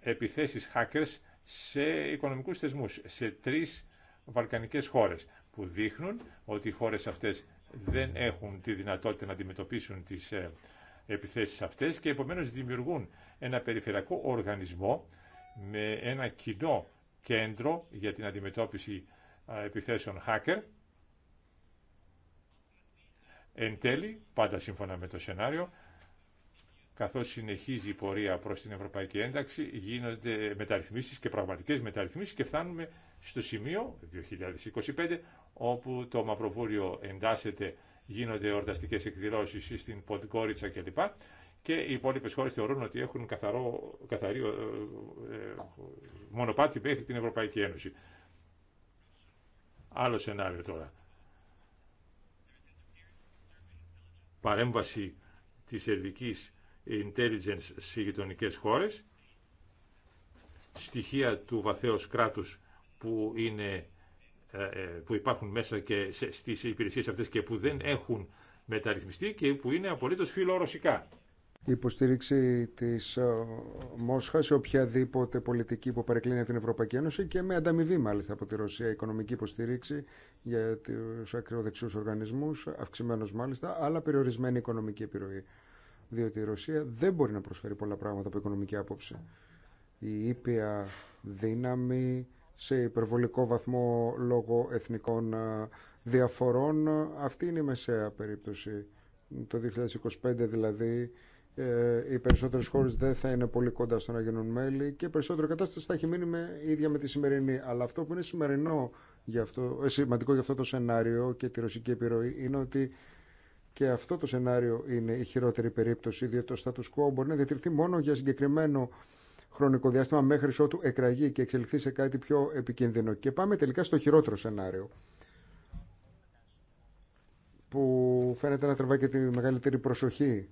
επιθέσεις hackers σε οικονομικούς θεσμούς, σε τρεις βαλκανικές χώρες, που δείχνουν ότι οι χώρες αυτές δεν έχουν τη δυνατότητα να αντιμετωπίσουν τις ε, επιθέσεις αυτές και επομένως δημιουργούν ένα περιφερειακό οργανισμό με ένα κοινό κέντρο για την αντιμετώπιση επιθέσεων hacker. Εν τέλει, πάντα σύμφωνα με το σενάριο, καθώς συνεχίζει η πορεία προς την Ευρωπαϊκή Ένταξη, γίνονται μεταρρυθμίσεις και πραγματικές μεταρρυθμίσεις και φτάνουμε στο σημείο 2025, όπου το Μαυροβούριο εντάσσεται, γίνονται ορταστικές εκδηλώσεις στην Ποντγκόριτσα κλπ και οι υπόλοιπε χώρε θεωρούν ότι έχουν καθαρό, καθαρή ε, ε, μονοπάτι μέχρι την Ευρωπαϊκή Ένωση. Άλλο σενάριο τώρα. Παρέμβαση της σερβικής intelligence σε γειτονικέ χώρε. στοιχεία του βαθέως κράτους που, είναι, ε, που υπάρχουν μέσα και στις υπηρεσίες αυτές και που δεν έχουν μεταρρυθμιστεί και που είναι απολύτως φιλορωσικά υποστήριξη της ε, Μόσχας σε οποιαδήποτε πολιτική που παρεκκλίνει από την Ευρωπαϊκή Ένωση και με ανταμοιβή μάλιστα από τη Ρωσία οικονομική υποστήριξη για τους ακροδεξιού οργανισμούς, αυξημένος μάλιστα, αλλά περιορισμένη οικονομική επιρροή. Διότι η Ρωσία δεν μπορεί να προσφέρει πολλά πράγματα από οικονομική άποψη. Η ήπια δύναμη σε υπερβολικό βαθμό λόγω εθνικών ε, διαφορών, ε, αυτή είναι η μεσαία περίπτωση. Το 2025 δηλαδή ε, οι περισσότερες χώρες δεν θα είναι πολύ κοντά στο να γίνουν μέλη και περισσότερο κατάσταση θα έχει μείνει με, ίδια με τη σημερινή. Αλλά αυτό που είναι σημερινό για αυτό, ε, σημαντικό για αυτό το σενάριο και τη ρωσική επιρροή είναι ότι και αυτό το σενάριο είναι η χειρότερη περίπτωση, διότι το status quo μπορεί να διατηρηθεί μόνο για συγκεκριμένο χρονικό διάστημα μέχρι ότου εκραγεί και εξελιχθεί σε κάτι πιο επικίνδυνο. Και πάμε τελικά στο χειρότερο σενάριο που φαίνεται να τραβάει και τη μεγαλύτερη προσοχή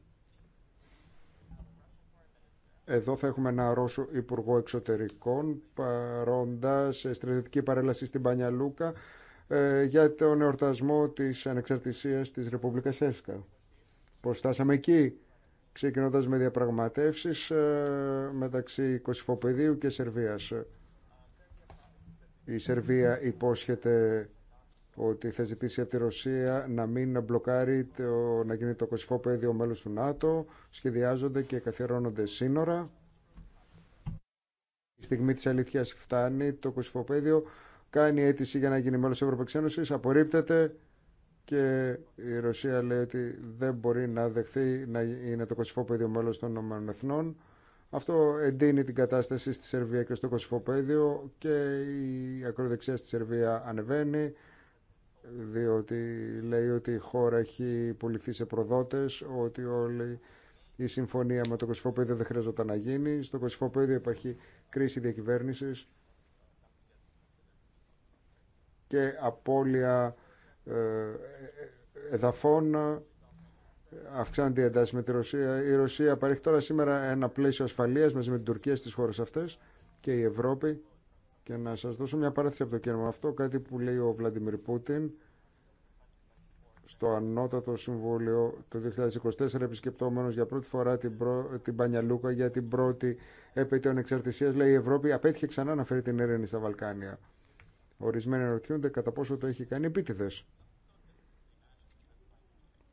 εδώ θα έχουμε ένα Ρώσο Υπουργό Εξωτερικών παρόντα σε στρατιωτική παρέλαση στην Πανιαλούκα ε, για τον εορτασμό της ανεξαρτησίας της Ρεπουμπλικας Εύσκα. Πώς στάσαμε εκεί, ξεκινώντας με διαπραγματεύσεις ε, μεταξύ Κωσυφοπεδίου και Σερβίας. Η Σερβία υπόσχεται ότι θα ζητήσει από τη Ρωσία να μην μπλοκάρει το, να γίνει το κοσυφό πεδίο μέλος του ΝΑΤΟ. Σχεδιάζονται και καθιερώνονται σύνορα. Η στιγμή της αλήθειας φτάνει το κοσυφό Κάνει αίτηση για να γίνει μέλος της Ευρωπαϊκής Ένωσης. Απορρίπτεται και η Ρωσία λέει ότι δεν μπορεί να δεχθεί να είναι το κοσυφό μέλο μέλος των ΗΠΑ. Αυτό εντείνει την κατάσταση στη Σερβία και στο Κωσυφοπαίδιο και η ακροδεξιά στη Σερβία ανεβαίνει διότι λέει ότι η χώρα έχει πουληθεί σε προδότες, ότι όλη η συμφωνία με το Κωσυφοπέδιο δεν χρειαζόταν να γίνει. Στο Κωσυφοπέδιο υπάρχει κρίση διακυβέρνησης και απώλεια ε, εδαφών αυξάνεται η με τη Ρωσία. Η Ρωσία παρέχει τώρα σήμερα ένα πλαίσιο ασφαλείας μαζί με την Τουρκία στις χώρες αυτές και η Ευρώπη και να σας δώσω μια παράθεση από το κέρμα αυτό, κάτι που λέει ο Βλαντιμίρ Πούτιν στο Ανώτατο Συμβούλιο το 2024 επισκεπτόμενος για πρώτη φορά την, την Πανιαλούκα για την πρώτη επέτειο ανεξαρτησίας λέει η Ευρώπη απέτυχε ξανά να φέρει την έρευνα στα Βαλκάνια. Ορισμένοι ερωτιούνται κατά πόσο το έχει κάνει επίτηδε.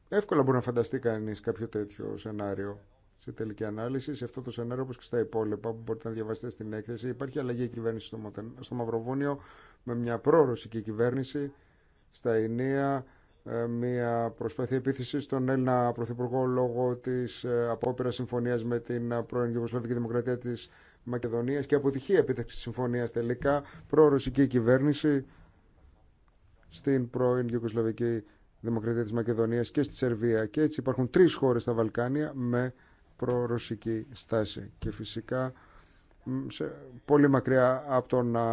Εύκολα μπορεί να φανταστεί κανείς κάποιο τέτοιο σενάριο σε τελική ανάλυση, σε αυτό το σενάριο όπω και στα υπόλοιπα που μπορείτε να διαβάσετε στην έκθεση. Υπάρχει αλλαγή κυβέρνηση στο Μαυροβούνιο με μια πρόρωσική κυβέρνηση στα Ηνία, ε, μια προσπάθεια επίθεση στον Έλληνα Πρωθυπουργό λόγω τη ε, απόπειρα συμφωνία με την πρώην Γιουγκοσλαβική Δημοκρατία τη Μακεδονία και αποτυχία επίτευξη συμφωνία τελικά πρόρωσική κυβέρνηση στην πρώην Γιουγκοσλαβική Δημοκρατία της Μακεδονίας και στη Σερβία και έτσι υπάρχουν τρει χώρες στα Βαλκάνια με προ-ρωσική στάση και φυσικά σε, πολύ μακριά από το να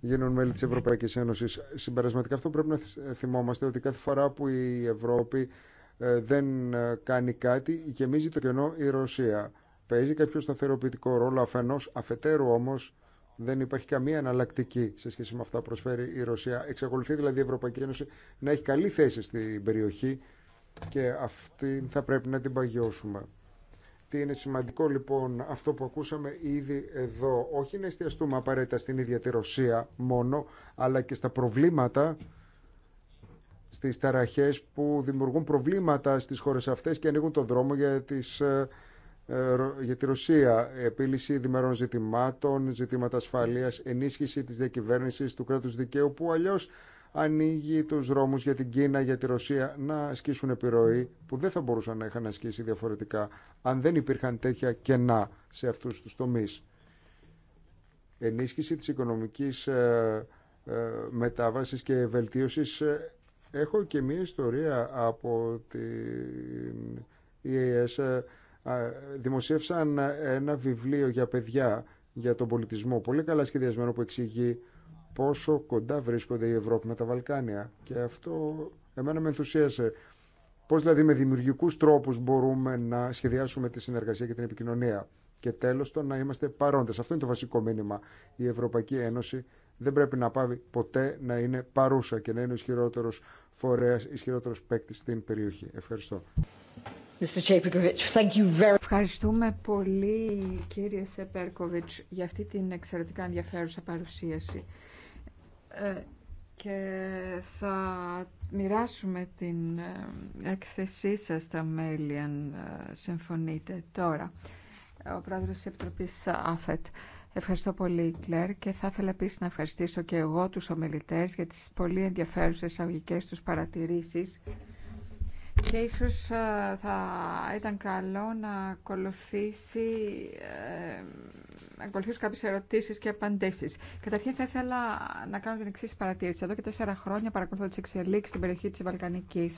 γίνουν μέλη της Ευρωπαϊκής Ένωσης. Συμπερασματικά αυτό πρέπει να θυμόμαστε ότι κάθε φορά που η Ευρώπη ε, δεν ε, κάνει κάτι γεμίζει το κενό η Ρωσία. Παίζει κάποιο σταθεροποιητικό ρόλο αφενός, αφετέρου όμως δεν υπάρχει καμία αναλλακτική σε σχέση με αυτά που προσφέρει η Ρωσία. Εξακολουθεί δηλαδή η Ευρωπαϊκή Ένωση να έχει καλή θέση στην περιοχή και αυτή θα πρέπει να την παγιώσουμε. Τι είναι σημαντικό λοιπόν αυτό που ακούσαμε ήδη εδώ, όχι να εστιαστούμε απαραίτητα στην ίδια τη Ρωσία μόνο, αλλά και στα προβλήματα, στις ταραχές που δημιουργούν προβλήματα στις χώρες αυτές και ανοίγουν το δρόμο για τις ε, ε, για τη Ρωσία, επίλυση διμερών ζητημάτων, ζητήματα ασφαλείας, ενίσχυση της διακυβέρνησης του κράτους δικαίου που αλλιώς ανοίγει τους δρόμου για την Κίνα, για τη Ρωσία να ασκήσουν επιρροή που δεν θα μπορούσαν να είχαν ασκήσει διαφορετικά αν δεν υπήρχαν τέτοια κενά σε αυτούς του τομεί. Ενίσχυση της οικονομικής ε, ε, μετάβαση και βελτίωσης. Ε, έχω και μία ιστορία από την EAS. Δημοσίευσαν ένα βιβλίο για παιδιά για τον πολιτισμό, πολύ καλά σχεδιασμένο που εξηγεί πόσο κοντά βρίσκονται η Ευρώπη με τα Βαλκάνια. Και αυτό εμένα με ενθουσίασε. Πώς δηλαδή με δημιουργικούς τρόπους μπορούμε να σχεδιάσουμε τη συνεργασία και την επικοινωνία. Και τέλος το να είμαστε παρόντες. Αυτό είναι το βασικό μήνυμα. Η Ευρωπαϊκή Ένωση δεν πρέπει να πάει ποτέ να είναι παρούσα και να είναι ο ισχυρότερος φορέας, ισχυρότερος παίκτη στην περιοχή. Ευχαριστώ. Ευχαριστούμε πολύ κύριε Σεπέρκοβιτς για αυτή την εξαιρετικά ενδιαφέρουσα παρουσίαση. Ε, και θα μοιράσουμε την ε, έκθεσή σας στα μέλη αν ε, συμφωνείτε τώρα. Ο πρόεδρος της Επιτροπής ΑΦΕΤ. Ευχαριστώ πολύ, Κλέρ, και θα ήθελα επίση να ευχαριστήσω και εγώ τους ομιλητές για τις πολύ ενδιαφέρουσες αγωγικές τους παρατηρήσεις και ίσως θα ήταν καλό να ακολουθήσει Ακολουθήσω κάποιε ερωτήσει και απαντήσει. Καταρχήν, θα ήθελα να κάνω την εξή παρατήρηση. Εδώ και τέσσερα χρόνια παρακολουθώ τι εξελίξει στην περιοχή τη Βαλκανική.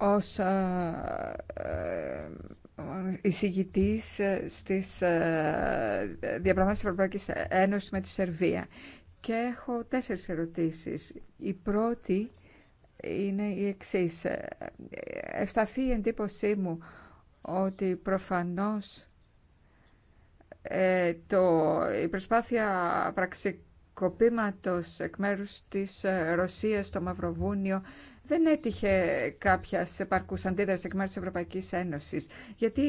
Ω ε, ε, εισηγητή στι ε, διαπραγματεύσει τη Ευρωπαϊκή Ένωση με τη Σερβία. Και έχω τέσσερι ερωτήσει. Η πρώτη είναι η εξή. Ευσταθεί η εντύπωσή μου ότι προφανώς ε, το, η προσπάθεια πραξικοπήματος εκ μέρους της ε, Ρωσίας στο Μαυροβούνιο δεν έτυχε κάποια επαρκούς αντίδραση εκ μέρους της Ευρωπαϊκής Ένωσης, γιατί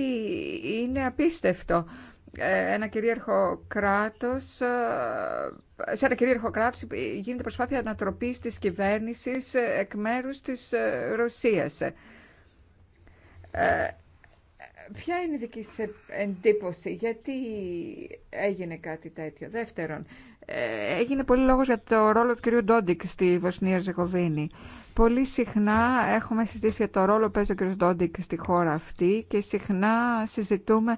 είναι απίστευτο ε, ένα κυρίαρχο κράτος, σε ένα κυρίαρχο κράτος γίνεται προσπάθεια ανατροπής της κυβέρνησης εκ μέρους της Ρωσίας. Ποια είναι η δική σας εντύπωση, γιατί έγινε κάτι τέτοιο. Δεύτερον, ε, έγινε πολύ λόγος για το ρόλο του κυρίου Ντόντικ στη Βοσνία Ζεγοβίνη. Πολύ συχνά έχουμε συζητήσει για το ρόλο που παίζει ο κύριος Ντόντικ στη χώρα αυτή και συχνά συζητούμε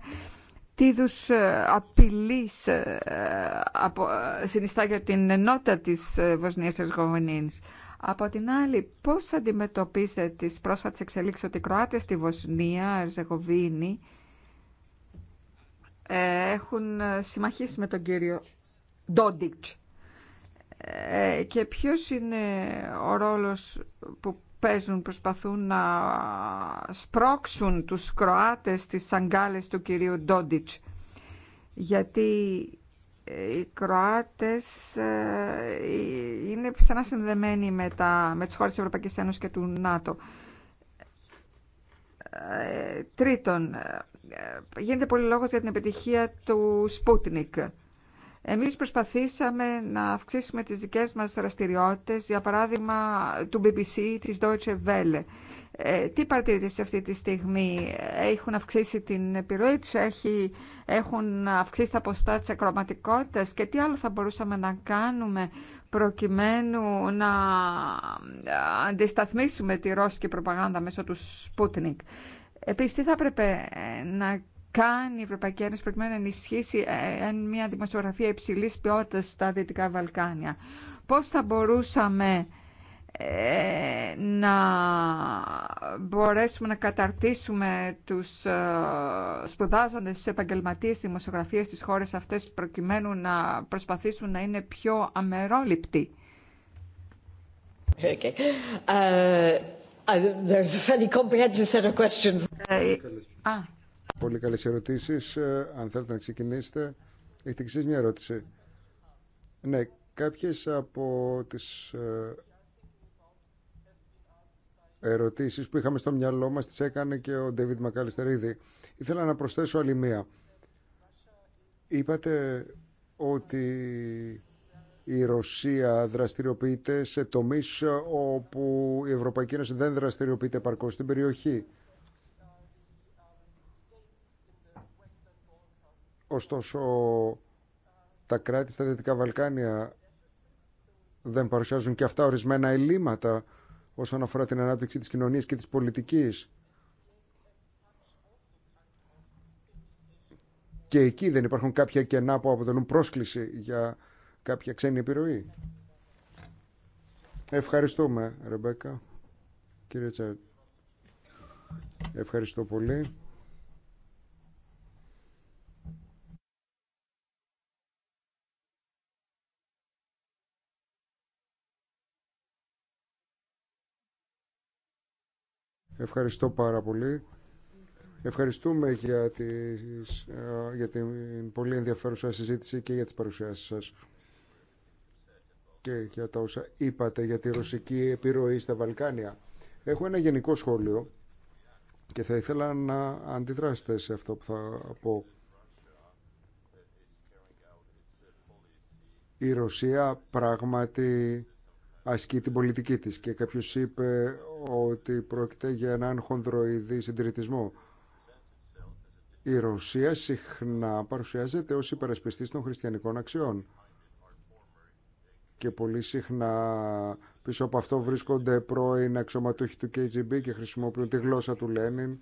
τι είδου ε, απειλή ε, συνιστά για την ενότητα της Βοσνίας Ζεγοβίνης. Από την άλλη, πώς αντιμετωπίζετε τις πρόσφατες εξελίξεις ότι οι Κροάτες στη Βοσνία, Ερζεγοβίνη, ε, έχουν ε, συμμαχίσει με τον κύριο Ντόντιτς. Ε, και ποιος είναι ο ρόλος που παίζουν, προσπαθούν να σπρώξουν τους Κροάτες στις αγκάλες του κυρίου Ντόντιτς. Γιατί οι Κροάτες ε, είναι ξανά συνδεμένοι με, τα, με τις χώρες της Ευρωπαϊκής Ένωσης και του ΝΑΤΟ. Ε, τρίτον, ε, γίνεται πολύ λόγος για την επιτυχία του Σπούτνικ. Εμείς προσπαθήσαμε να αυξήσουμε τις δικές μας δραστηριότητες, για παράδειγμα του BBC, της Deutsche Welle. Ε, τι παρατηρείτε σε αυτή τη στιγμή, έχουν αυξήσει την επιρροή τους, έχει, έχουν αυξήσει τα ποστά της ακροματικότητας και τι άλλο θα μπορούσαμε να κάνουμε προκειμένου να αντισταθμίσουμε τη ρώσικη προπαγάνδα μέσω του Sputnik. Επίσης, τι θα έπρεπε να κάνει η Ευρωπαϊκή Ένωση προκειμένου να ενισχύσει ε, ε, μια δημοσιογραφία υψηλή ποιότητας στα Δυτικά Βαλκάνια. Πώς θα μπορούσαμε ε, να μπορέσουμε να καταρτήσουμε τους σπουδάζοντες, τους επαγγελματίες δημοσιογραφίες στις χώρες αυτές προκειμένου να προσπαθήσουν να είναι πιο αμερόληπτοι. Okay. Uh, there's a fairly comprehensive set of questions. Πολύ καλές ερωτήσεις. Ε, αν θέλετε να ξεκινήσετε, έχετε εξή μια ερώτηση. Ναι, κάποιες από τις ε, ερωτήσεις που είχαμε στο μυαλό μα, τις έκανε και ο Ντέβιτ Μακαλιστερίδη. Ήθελα να προσθέσω άλλη μία. Είπατε ότι η Ρωσία δραστηριοποιείται σε τομείς όπου η Ευρωπαϊκή Ένωση δεν δραστηριοποιείται παρκώς στην περιοχή. Ωστόσο, τα κράτη στα Δυτικά Βαλκάνια δεν παρουσιάζουν και αυτά ορισμένα ελλείμματα όσον αφορά την ανάπτυξη της κοινωνίας και της πολιτικής. Και εκεί δεν υπάρχουν κάποια κενά που αποτελούν πρόσκληση για κάποια ξένη επιρροή. Ευχαριστούμε, Ρεμπέκα. Κύριε Τσάρτ. Ευχαριστώ πολύ. Ευχαριστώ πάρα πολύ. Ευχαριστούμε για, ε, για την πολύ ενδιαφέρουσα συζήτηση και για τις παρουσιάσεις σας και για τα όσα είπατε για τη ρωσική επιρροή στα Βαλκάνια. Έχω ένα γενικό σχόλιο και θα ήθελα να αντιδράσετε σε αυτό που θα πω. Η Ρωσία πράγματι ασκεί την πολιτική της και κάποιος είπε ότι πρόκειται για έναν χονδροειδή συντηρητισμό. Η Ρωσία συχνά παρουσιάζεται ως υπερασπιστής των χριστιανικών αξιών και πολύ συχνά πίσω από αυτό βρίσκονται πρώην αξιωματούχοι του KGB και χρησιμοποιούν τη γλώσσα του Λένιν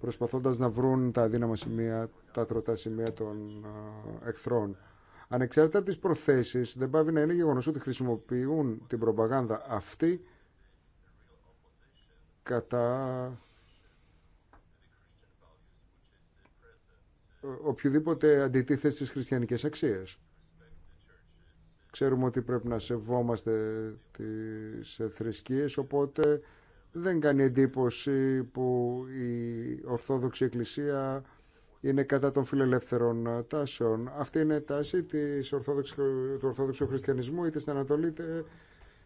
προσπαθώντας να βρουν τα αδύναμα σημεία, τα τροτά σημεία των ε, εχθρών. Ανεξάρτητα από τις προθέσεις, δεν πάβει να είναι γεγονό ότι χρησιμοποιούν την προπαγάνδα αυτή κατά οποιοδήποτε αντιτίθεση στις χριστιανικές αξίες. Ξέρουμε ότι πρέπει να σεβόμαστε τις θρησκείες, οπότε δεν κάνει εντύπωση που η Ορθόδοξη Εκκλησία είναι κατά των φιλελεύθερων τάσεων. Αυτή είναι η τάση της Ορθόδοξης του Ορθόδοξου Χριστιανισμού είτε στην Ανατολή είτε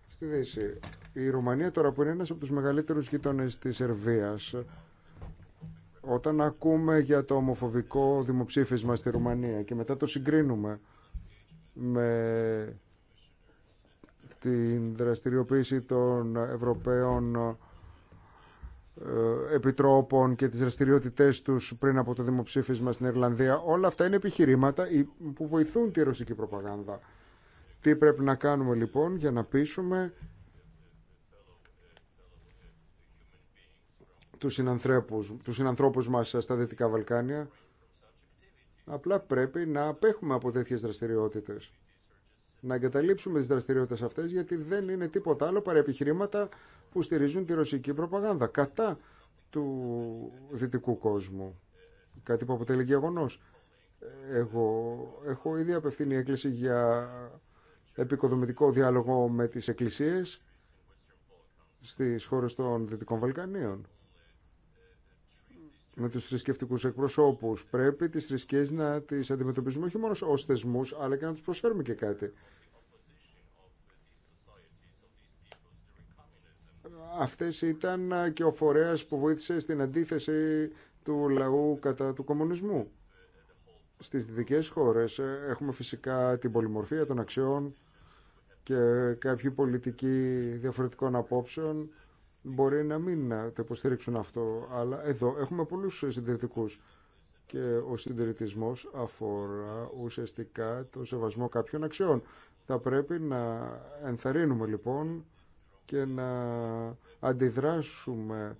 στη Δύση. Η Ρουμανία τώρα που είναι ένας από τους μεγαλύτερους γείτονες της Σερβίας όταν ακούμε για το ομοφοβικό δημοψήφισμα στη Ρουμανία και μετά το συγκρίνουμε με την δραστηριοποίηση των Ευρωπαίων ε, επιτρόπων και τις δραστηριότητε τους πριν από το δημοψήφισμα στην Ιρλανδία. Όλα αυτά είναι επιχειρήματα που βοηθούν τη ρωσική προπαγάνδα. Τι πρέπει να κάνουμε λοιπόν για να πείσουμε τους συνανθρώπους, τους συνανθρώπους μας στα Δυτικά Βαλκάνια απλά πρέπει να απέχουμε από τέτοιες δραστηριότητες να εγκαταλείψουμε τι δραστηριότητες αυτές γιατί δεν είναι τίποτα άλλο παρά επιχειρήματα που στηρίζουν τη ρωσική προπαγάνδα κατά του δυτικού κόσμου. Κάτι που αποτελεί γεγονός. Εγώ έχω ήδη απευθύνει έκκληση για επικοδομητικό διάλογο με τις εκκλησίες στις χώρες των Δυτικών Βαλκανίων με τους θρησκευτικού εκπροσώπους. Πρέπει τις θρησκείες να τις αντιμετωπίζουμε όχι μόνο ως θεσμούς, αλλά και να τους προσφέρουμε και κάτι. Αυτές ήταν και ο φορέας που βοήθησε στην αντίθεση του λαού κατά του κομμουνισμού. Στις δυτικές χώρες έχουμε φυσικά την πολυμορφία των αξιών και κάποιοι πολιτικοί διαφορετικών απόψεων μπορεί να μην το υποστηρίξουν αυτό, αλλά εδώ έχουμε πολλούς συντηρητικούς και ο συντηρητισμός αφορά ουσιαστικά το σεβασμό κάποιων αξιών. Θα πρέπει να ενθαρρύνουμε λοιπόν και να αντιδράσουμε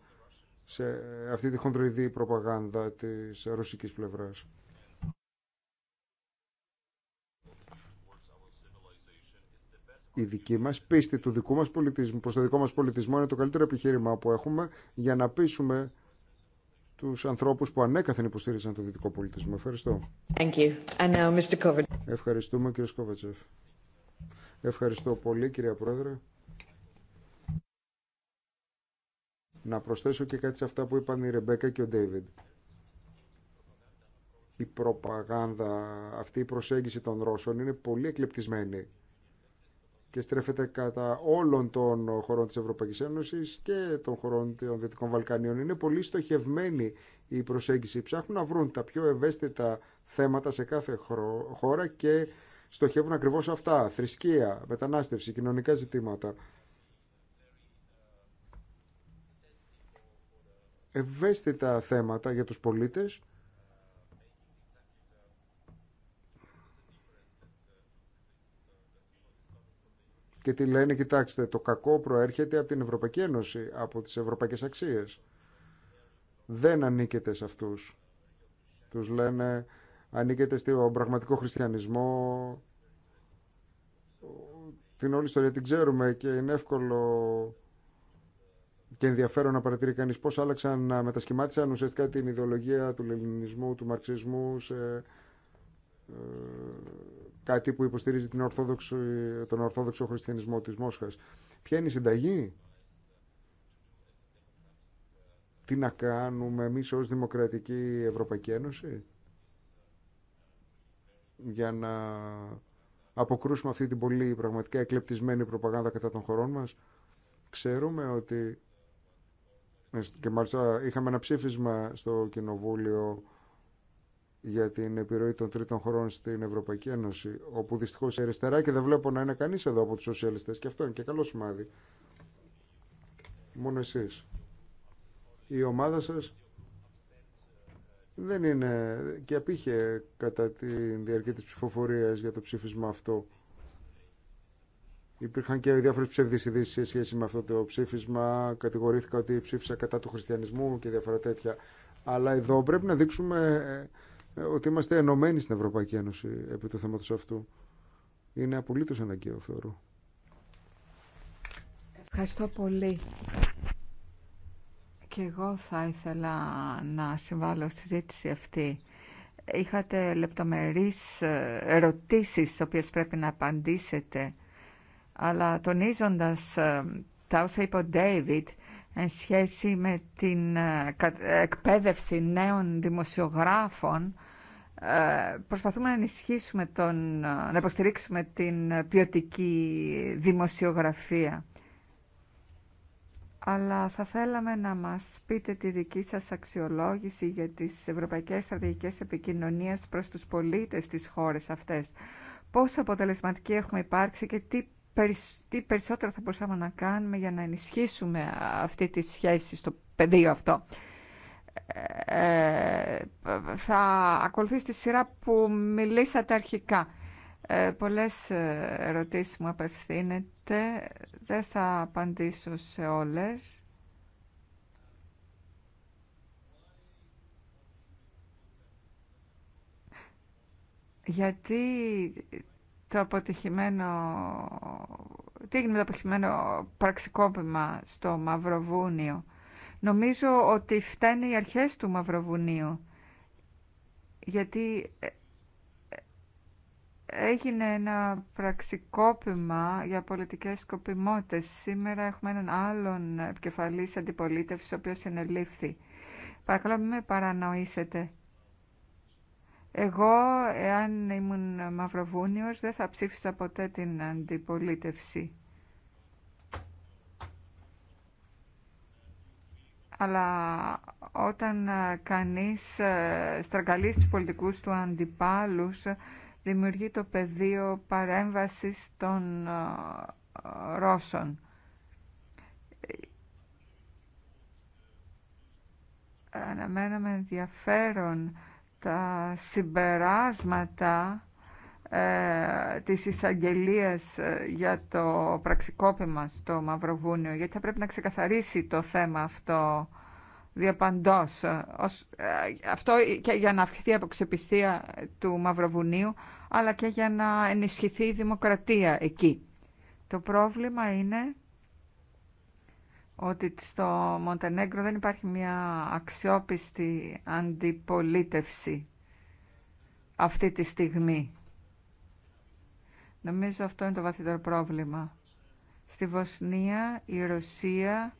σε αυτή τη χοντροειδή προπαγάνδα της ρωσικής πλευράς. η δική μας πίστη του δικού μας πολιτισμού, προς το δικό μας πολιτισμό είναι το καλύτερο επιχείρημα που έχουμε για να πείσουμε τους ανθρώπους που ανέκαθεν υποστήριζαν το δυτικό πολιτισμό. Ευχαριστώ. Thank you. And now, Mr. Ευχαριστούμε κύριε Σκόβατσεφ. Ευχαριστώ πολύ κυρία Πρόεδρε. Να προσθέσω και κάτι σε αυτά που είπαν η Ρεμπέκα και ο Ντέιβιντ. Η προπαγάνδα, αυτή η προσέγγιση των Ρώσων είναι πολύ εκλεπτισμένη και στρέφεται κατά όλων των χωρών της Ευρωπαϊκής Ένωσης και των χωρών των Δυτικών Βαλκανίων. Είναι πολύ στοχευμένη η προσέγγιση. Ψάχνουν να βρουν τα πιο ευαίσθητα θέματα σε κάθε χώρα και στοχεύουν ακριβώς αυτά. Θρησκεία, μετανάστευση, κοινωνικά ζητήματα. Ευαίσθητα θέματα για τους πολίτες και τι λένε, κοιτάξτε, το κακό προέρχεται από την Ευρωπαϊκή Ένωση, από τις ευρωπαϊκές αξίες. Δεν ανήκετε σε αυτούς. Τους λένε, ανήκετε στον πραγματικό χριστιανισμό. Την όλη ιστορία την ξέρουμε και είναι εύκολο και ενδιαφέρον να παρατηρεί κανείς πώς άλλαξαν, να μετασχημάτισαν ουσιαστικά την ιδεολογία του λεμινισμού, του μαρξισμού σε ε, κάτι που υποστηρίζει την τον ορθόδοξο χριστιανισμό της Μόσχας. Ποια είναι η συνταγή? Τι να κάνουμε εμείς ως Δημοκρατική Ευρωπαϊκή Ένωση για να αποκρούσουμε αυτή την πολύ πραγματικά εκλεπτισμένη προπαγάνδα κατά των χωρών μας. Ξέρουμε ότι και μάλιστα είχαμε ένα ψήφισμα στο Κοινοβούλιο για την επιρροή των τρίτων χωρών στην Ευρωπαϊκή Ένωση, όπου δυστυχώ η αριστερά και δεν βλέπω να είναι κανεί εδώ από του σοσιαλιστέ, και αυτό είναι και καλό σημάδι. Μόνο εσεί. Η ομάδα σα δεν είναι και απήχε κατά τη διαρκή της ψηφοφορίας για το ψήφισμα αυτό. Υπήρχαν και διάφορε ψευδεί ειδήσει σε σχέση με αυτό το ψήφισμα. Κατηγορήθηκα ότι ψήφισα κατά του χριστιανισμού και διάφορα τέτοια. Αλλά εδώ πρέπει να δείξουμε ε, ε, ότι είμαστε ενωμένοι στην Ευρωπαϊκή Ένωση επί του θέματος αυτού. Είναι απολύτως αναγκαίο, θεωρώ. Ευχαριστώ πολύ. Και εγώ θα ήθελα να συμβάλλω στη ζήτηση αυτή. Είχατε λεπτομερείς ε, ερωτήσεις, στις οποίες πρέπει να απαντήσετε. Αλλά τονίζοντας ε, τα όσα είπε ο Ντέιβιτ, Εν σχέση με την ε, ε, εκπαίδευση νέων δημοσιογράφων ε, προσπαθούμε να ενισχύσουμε τον, να υποστηρίξουμε την ποιοτική δημοσιογραφία. Αλλά θα θέλαμε να μας πείτε τη δική σας αξιολόγηση για τις ευρωπαϊκές στρατηγικές επικοινωνίες προς τους πολίτες της χώρες αυτές. Πόσο αποτελεσματικοί έχουμε υπάρξει και τι τι περισσότερο θα μπορούσαμε να κάνουμε για να ενισχύσουμε αυτή τη σχέση στο πεδίο αυτό. Ε, θα ακολουθήσει τη σειρά που μιλήσατε αρχικά. Ε, πολλές ερωτήσεις μου απευθύνεται. Δεν θα απαντήσω σε όλες. Γιατί το αποτυχημένο τι έγινε με το αποτυχημένο πραξικόπημα στο Μαυροβούνιο. Νομίζω ότι φταίνε οι αρχές του Μαυροβουνίου γιατί ε, ε, έγινε ένα πραξικόπημα για πολιτικές σκοπιμότητες. Σήμερα έχουμε έναν άλλον επικεφαλής αντιπολίτευσης ο οποίος συνελήφθη. Παρακαλώ μην με παρανοήσετε. Εγώ, εάν ήμουν Μαυροβούνιος, δεν θα ψήφισα ποτέ την αντιπολίτευση. Αλλά όταν ε, κανείς ε, στραγγαλεί στους πολιτικούς του αντιπάλους, δημιουργεί το πεδίο παρέμβασης των ε, Ρώσων. Αναμέναμε ενδιαφέρον τα συμπεράσματα ε, της εισαγγελία ε, για το πραξικόπημα στο Μαυροβούνιο, γιατί θα πρέπει να ξεκαθαρίσει το θέμα αυτό διαπαντός. Ε, ως, ε, αυτό και για να αυξηθεί η αποξεπιστία του Μαυροβουνίου, αλλά και για να ενισχυθεί η δημοκρατία εκεί. Το πρόβλημα είναι ότι στο Μοντενέγκρο δεν υπάρχει μια αξιόπιστη αντιπολίτευση αυτή τη στιγμή. Νομίζω αυτό είναι το βαθύτερο πρόβλημα. Στη Βοσνία η Ρωσία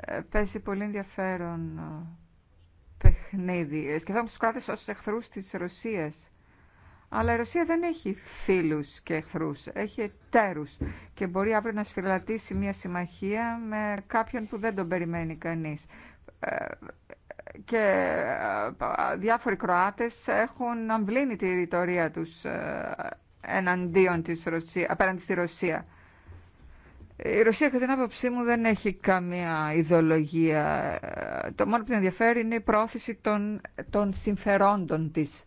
ε, παίζει πολύ ενδιαφέρον ε, παιχνίδι. Ε, σκεφτόμαστε τους κράτες ως εχθρούς της Ρωσίας. Αλλά η Ρωσία δεν έχει φίλους και εχθρούς, έχει τέρους. και μπορεί αύριο να σφυλατήσει μια συμμαχία με κάποιον που δεν τον περιμένει κανείς. Ε, και ε, διάφοροι Κροάτες έχουν αμβλύνει τη ρητορία τους ε, εναντίον της Ρωσία, απέναντι στη Ρωσία. Η Ρωσία, κατά την άποψή μου, δεν έχει καμία ιδεολογία. Το μόνο που την ενδιαφέρει είναι η πρόθεση των, των συμφερόντων της.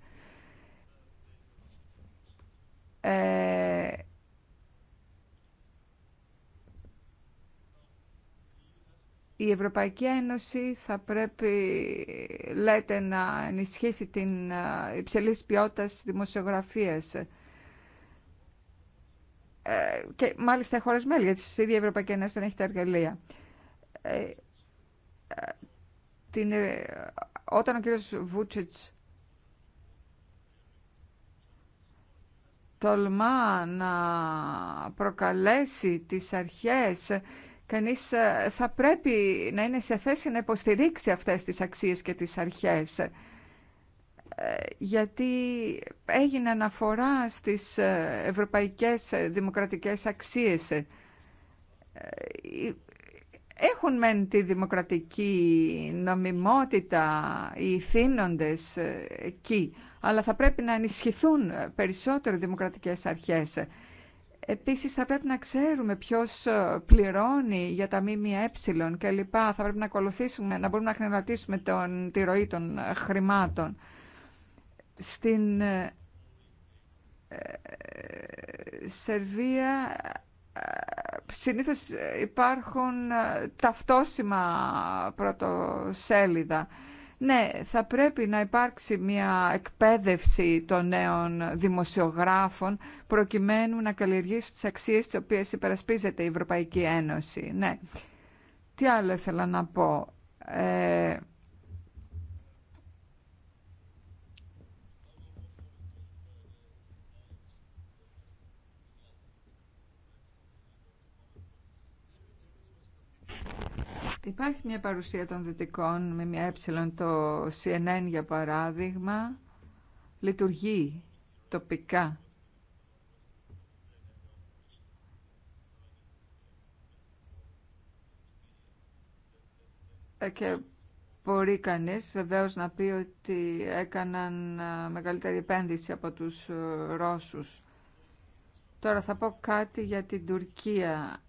Ε, η Ευρωπαϊκή Ένωση θα πρέπει, λέτε, να ενισχύσει την ε, υψηλή ποιότητα δημοσιογραφίας. Ε, και μάλιστα χώρε μέλη, γιατί η ίδια η Ευρωπαϊκή Ένωση δεν έχει τα εργαλεία. Ε, την, όταν ο κύριος Βούτσιτς τολμά να προκαλέσει τις αρχές, κανείς ε, θα πρέπει να είναι σε θέση να υποστηρίξει αυτές τις αξίες και τις αρχές. Ε, γιατί έγινε αναφορά στις ε, ευρωπαϊκές δημοκρατικές αξίες. Έχουν μεν τη δημοκρατική νομιμότητα οι θύνοντες εκεί, αλλά θα πρέπει να ενισχυθούν περισσότερο οι δημοκρατικές αρχές. Επίσης θα πρέπει να ξέρουμε ποιος ε, πληρώνει για τα ΜΜΕ και λοιπά. Θα πρέπει να ακολουθήσουμε, να μπορούμε να χρηματίσουμε τον, τη ροή των ε, χρημάτων. Στην ε, ε Σερβία συνήθως υπάρχουν ταυτόσιμα πρωτοσέλιδα. Ναι, θα πρέπει να υπάρξει μια εκπαίδευση των νέων δημοσιογράφων προκειμένου να καλλιεργήσουν τις αξίες τις οποίες υπερασπίζεται η Ευρωπαϊκή Ένωση. Ναι. Τι άλλο ήθελα να πω. Ε, Υπάρχει μια παρουσία των δυτικών με μια ε, το CNN για παράδειγμα, λειτουργεί τοπικά. Ε, και μπορεί κανείς βεβαίως να πει ότι έκαναν μεγαλύτερη επένδυση από τους ε, Ρώσους. Τώρα θα πω κάτι για την Τουρκία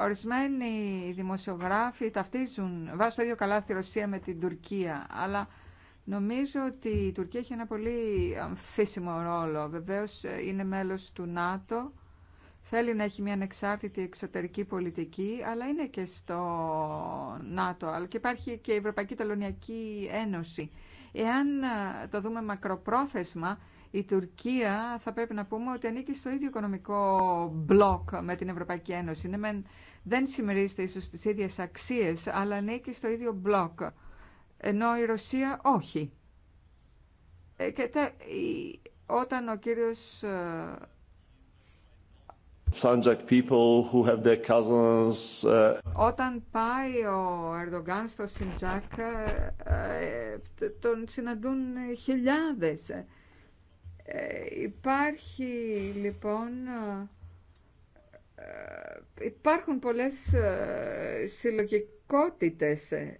Ορισμένοι δημοσιογράφοι ταυτίζουν, βάζουν το ίδιο καλά τη Ρωσία με την Τουρκία, αλλά νομίζω ότι η Τουρκία έχει ένα πολύ αμφίσιμο ρόλο. Βεβαίως ε, είναι μέλος του ΝΑΤΟ, θέλει να έχει μια ανεξάρτητη εξωτερική πολιτική, αλλά είναι και στο ΝΑΤΟ, αλλά και υπάρχει και η Ευρωπαϊκή Τελωνιακή Ένωση. Εάν ε, το δούμε μακροπρόθεσμα, η Τουρκία θα πρέπει να πούμε ότι ανήκει στο ίδιο οικονομικό μπλοκ με την Ευρωπαϊκή Ένωση. Ναι, δεν συμμερίζεται ίσως τις ίδιες αξίες, αλλά ανήκει στο ίδιο μπλοκ. Ενώ η Ρωσία όχι. Ε, και τα, όταν ο κύριος... Ε, who have their cousins, ε, Όταν πάει ο Ερντογκάν στο Σιντζάκ, τον συναντούν χιλιάδες. Ε, υπάρχει λοιπόν ε, υπάρχουν πολλές ε, συλλογικότητες ε.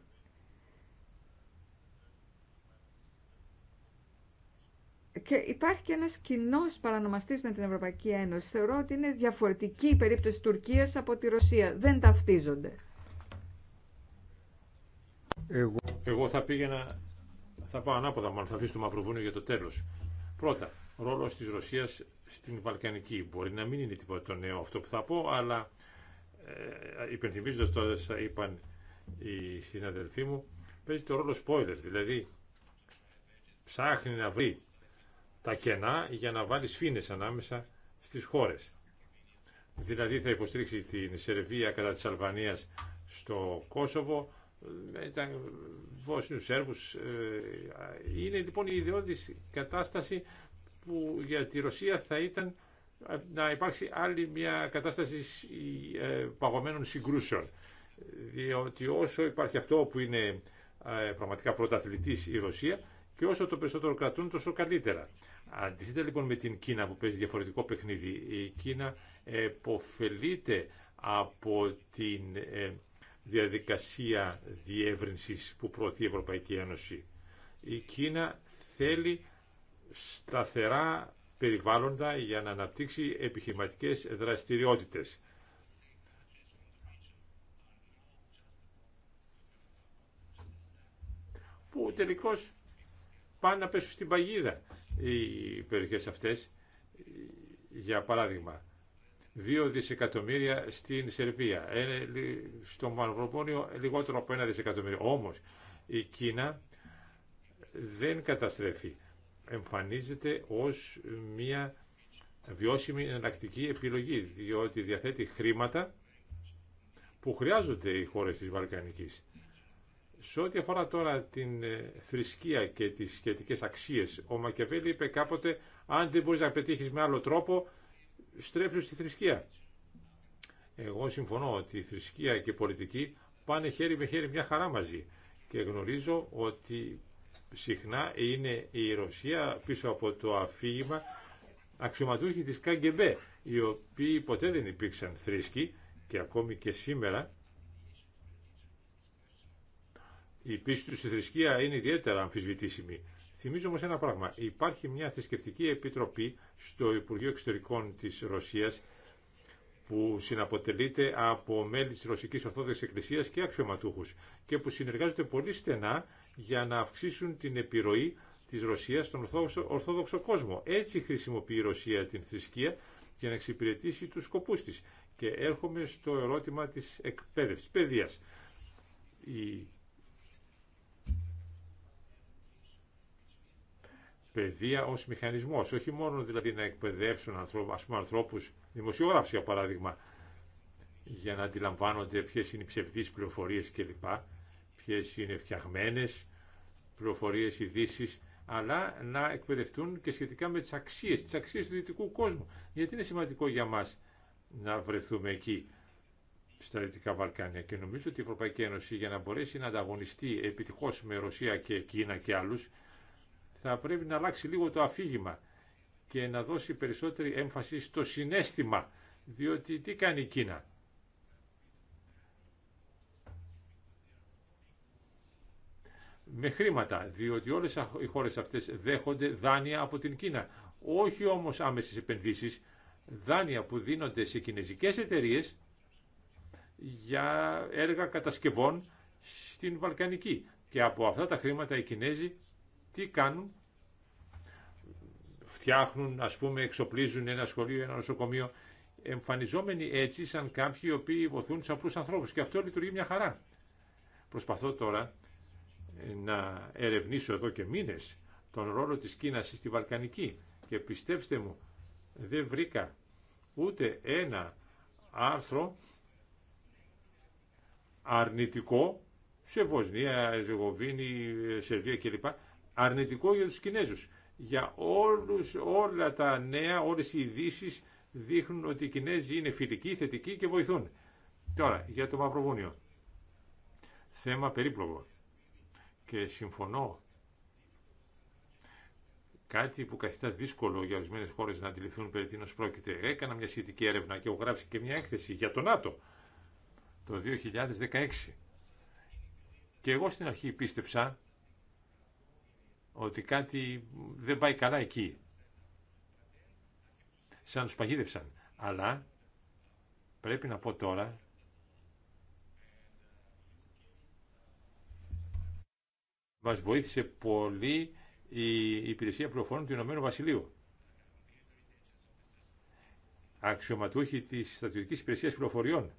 και υπάρχει και ένας κοινό παρανομαστής με την Ευρωπαϊκή Ένωση. Θεωρώ ότι είναι διαφορετική η περίπτωση Τουρκίας από τη Ρωσία. Δεν ταυτίζονται. Εγώ, θα πήγαινα, θα πάω ανάποδα μάλλον, θα αφήσω το Μαυροβούνιο για το τέλος. Πρώτα, ρόλος της Ρωσίας στην Βαλκανική. Μπορεί να μην είναι τίποτα το νέο αυτό που θα πω, αλλά ε, υπενθυμίζοντας το όσα είπαν οι συναδελφοί μου, παίζει το ρόλο spoiler, δηλαδή ψάχνει να βρει τα κενά για να βάλει σφήνε ανάμεσα στις χώρες. Δηλαδή θα υποστήριξει την Σερβία κατά της Αλβανίας στο Κόσοβο, τα Βόσνιους ε, Είναι λοιπόν η ιδιώδης κατάσταση που για τη Ρωσία θα ήταν ε, να υπάρξει άλλη μια κατάσταση ε, παγωμένων συγκρούσεων. Διότι όσο υπάρχει αυτό που είναι πραγματικά πρωταθλητής η Ρωσία και όσο το περισσότερο κρατούν τόσο καλύτερα. Αντίθετα λοιπόν με την Κίνα που παίζει διαφορετικό παιχνίδι, η Κίνα εποφελείται από την διαδικασία διεύρυνσης που προωθεί η Ευρωπαϊκή Ένωση. Η Κίνα θέλει σταθερά περιβάλλοντα για να αναπτύξει επιχειρηματικές δραστηριότητες. Που τελικώς πάνε να πέσουν στην παγίδα οι περιοχές αυτές. Για παράδειγμα, 2 δισεκατομμύρια στην Σερβία, ε, στο Μαυροπόνιο λιγότερο από 1 δισεκατομμύριο. Όμως η Κίνα δεν καταστρέφει, εμφανίζεται ως μια βιώσιμη εναλλακτική επιλογή, διότι διαθέτει χρήματα που χρειάζονται οι χώρες της Βαλκανικής. Σε ό,τι αφορά τώρα την ε, θρησκεία και τις σχετικές αξίες, ο Μακεβέλη είπε κάποτε, αν δεν μπορείς να πετύχεις με άλλο τρόπο, Στρέψω στη θρησκεία. Εγώ συμφωνώ ότι η θρησκεία και η πολιτική πάνε χέρι με χέρι μια χαρά μαζί και γνωρίζω ότι συχνά είναι η Ρωσία πίσω από το αφήγημα αξιωματούχοι της ΚΑΓΚΕΜΠΕ οι οποίοι ποτέ δεν υπήρξαν θρήσκοι και ακόμη και σήμερα η πίστη του στη θρησκεία είναι ιδιαίτερα αμφισβητήσιμη. Θυμίζω όμω ένα πράγμα. Υπάρχει μια θρησκευτική επιτροπή στο Υπουργείο Εξωτερικών της Ρωσίας που συναποτελείται από μέλη της Ρωσικής Ορθόδοξης Εκκλησίας και αξιωματούχους και που συνεργάζονται πολύ στενά για να αυξήσουν την επιρροή της Ρωσίας στον Ορθόδοξο, κόσμο. Έτσι χρησιμοποιεί η Ρωσία την θρησκεία για να εξυπηρετήσει τους σκοπούς της. Και έρχομαι στο ερώτημα της εκπαίδευσης, παιδείας. Η παιδεία ως μηχανισμός, όχι μόνο δηλαδή να εκπαιδεύσουν ανθρώπους, ας πούμε, ανθρώπους, δημοσιογράφους για παράδειγμα, για να αντιλαμβάνονται ποιες είναι οι ψευδείς πληροφορίες κλπ, ποιες είναι φτιαγμένες πληροφορίες, ειδήσει, αλλά να εκπαιδευτούν και σχετικά με τις αξίες, τις αξίες του δυτικού κόσμου. Γιατί είναι σημαντικό για μας να βρεθούμε εκεί στα Δυτικά Βαλκάνια και νομίζω ότι η Ευρωπαϊκή Ένωση για να μπορέσει να ανταγωνιστεί επιτυχώς με Ρωσία και Κίνα και άλλους θα πρέπει να αλλάξει λίγο το αφήγημα και να δώσει περισσότερη έμφαση στο συνέστημα, διότι τι κάνει η Κίνα. Με χρήματα, διότι όλες οι χώρες αυτές δέχονται δάνεια από την Κίνα. Όχι όμως άμεσες επενδύσεις, δάνεια που δίνονται σε κινέζικες εταιρείες για έργα κατασκευών στην Βαλκανική. Και από αυτά τα χρήματα οι Κινέζοι τι κάνουν, φτιάχνουν, ας πούμε, εξοπλίζουν ένα σχολείο, ένα νοσοκομείο, εμφανιζόμενοι έτσι σαν κάποιοι οι οποίοι βοηθούν του απλούς ανθρώπους και αυτό λειτουργεί μια χαρά. Προσπαθώ τώρα ε, να ερευνήσω εδώ και μήνες τον ρόλο της Κίνας στη Βαλκανική και πιστέψτε μου δεν βρήκα ούτε ένα άρθρο αρνητικό σε Βοσνία, Ζεγοβίνη, Σερβία κλπ αρνητικό για τους Κινέζους. Για όλους, όλα τα νέα, όλες οι ειδήσει δείχνουν ότι οι Κινέζοι είναι φιλικοί, θετικοί και βοηθούν. Τώρα, για το Μαυροβούνιο. Θέμα περίπλοκο. Και συμφωνώ. Κάτι που καθιστά δύσκολο για ορισμένε χώρε να αντιληφθούν περί τίνο πρόκειται. Έκανα μια σχετική έρευνα και έχω γράψει και μια έκθεση για το ΝΑΤΟ το 2016. Και εγώ στην αρχή πίστεψα ότι κάτι δεν πάει καλά εκεί. Σαν τους παγίδευσαν. Αλλά πρέπει να πω τώρα μας βοήθησε πολύ η υπηρεσία πληροφόρων του Ηνωμένου Βασιλείου. Αξιωματούχοι της στρατιωτικής υπηρεσίας πληροφοριών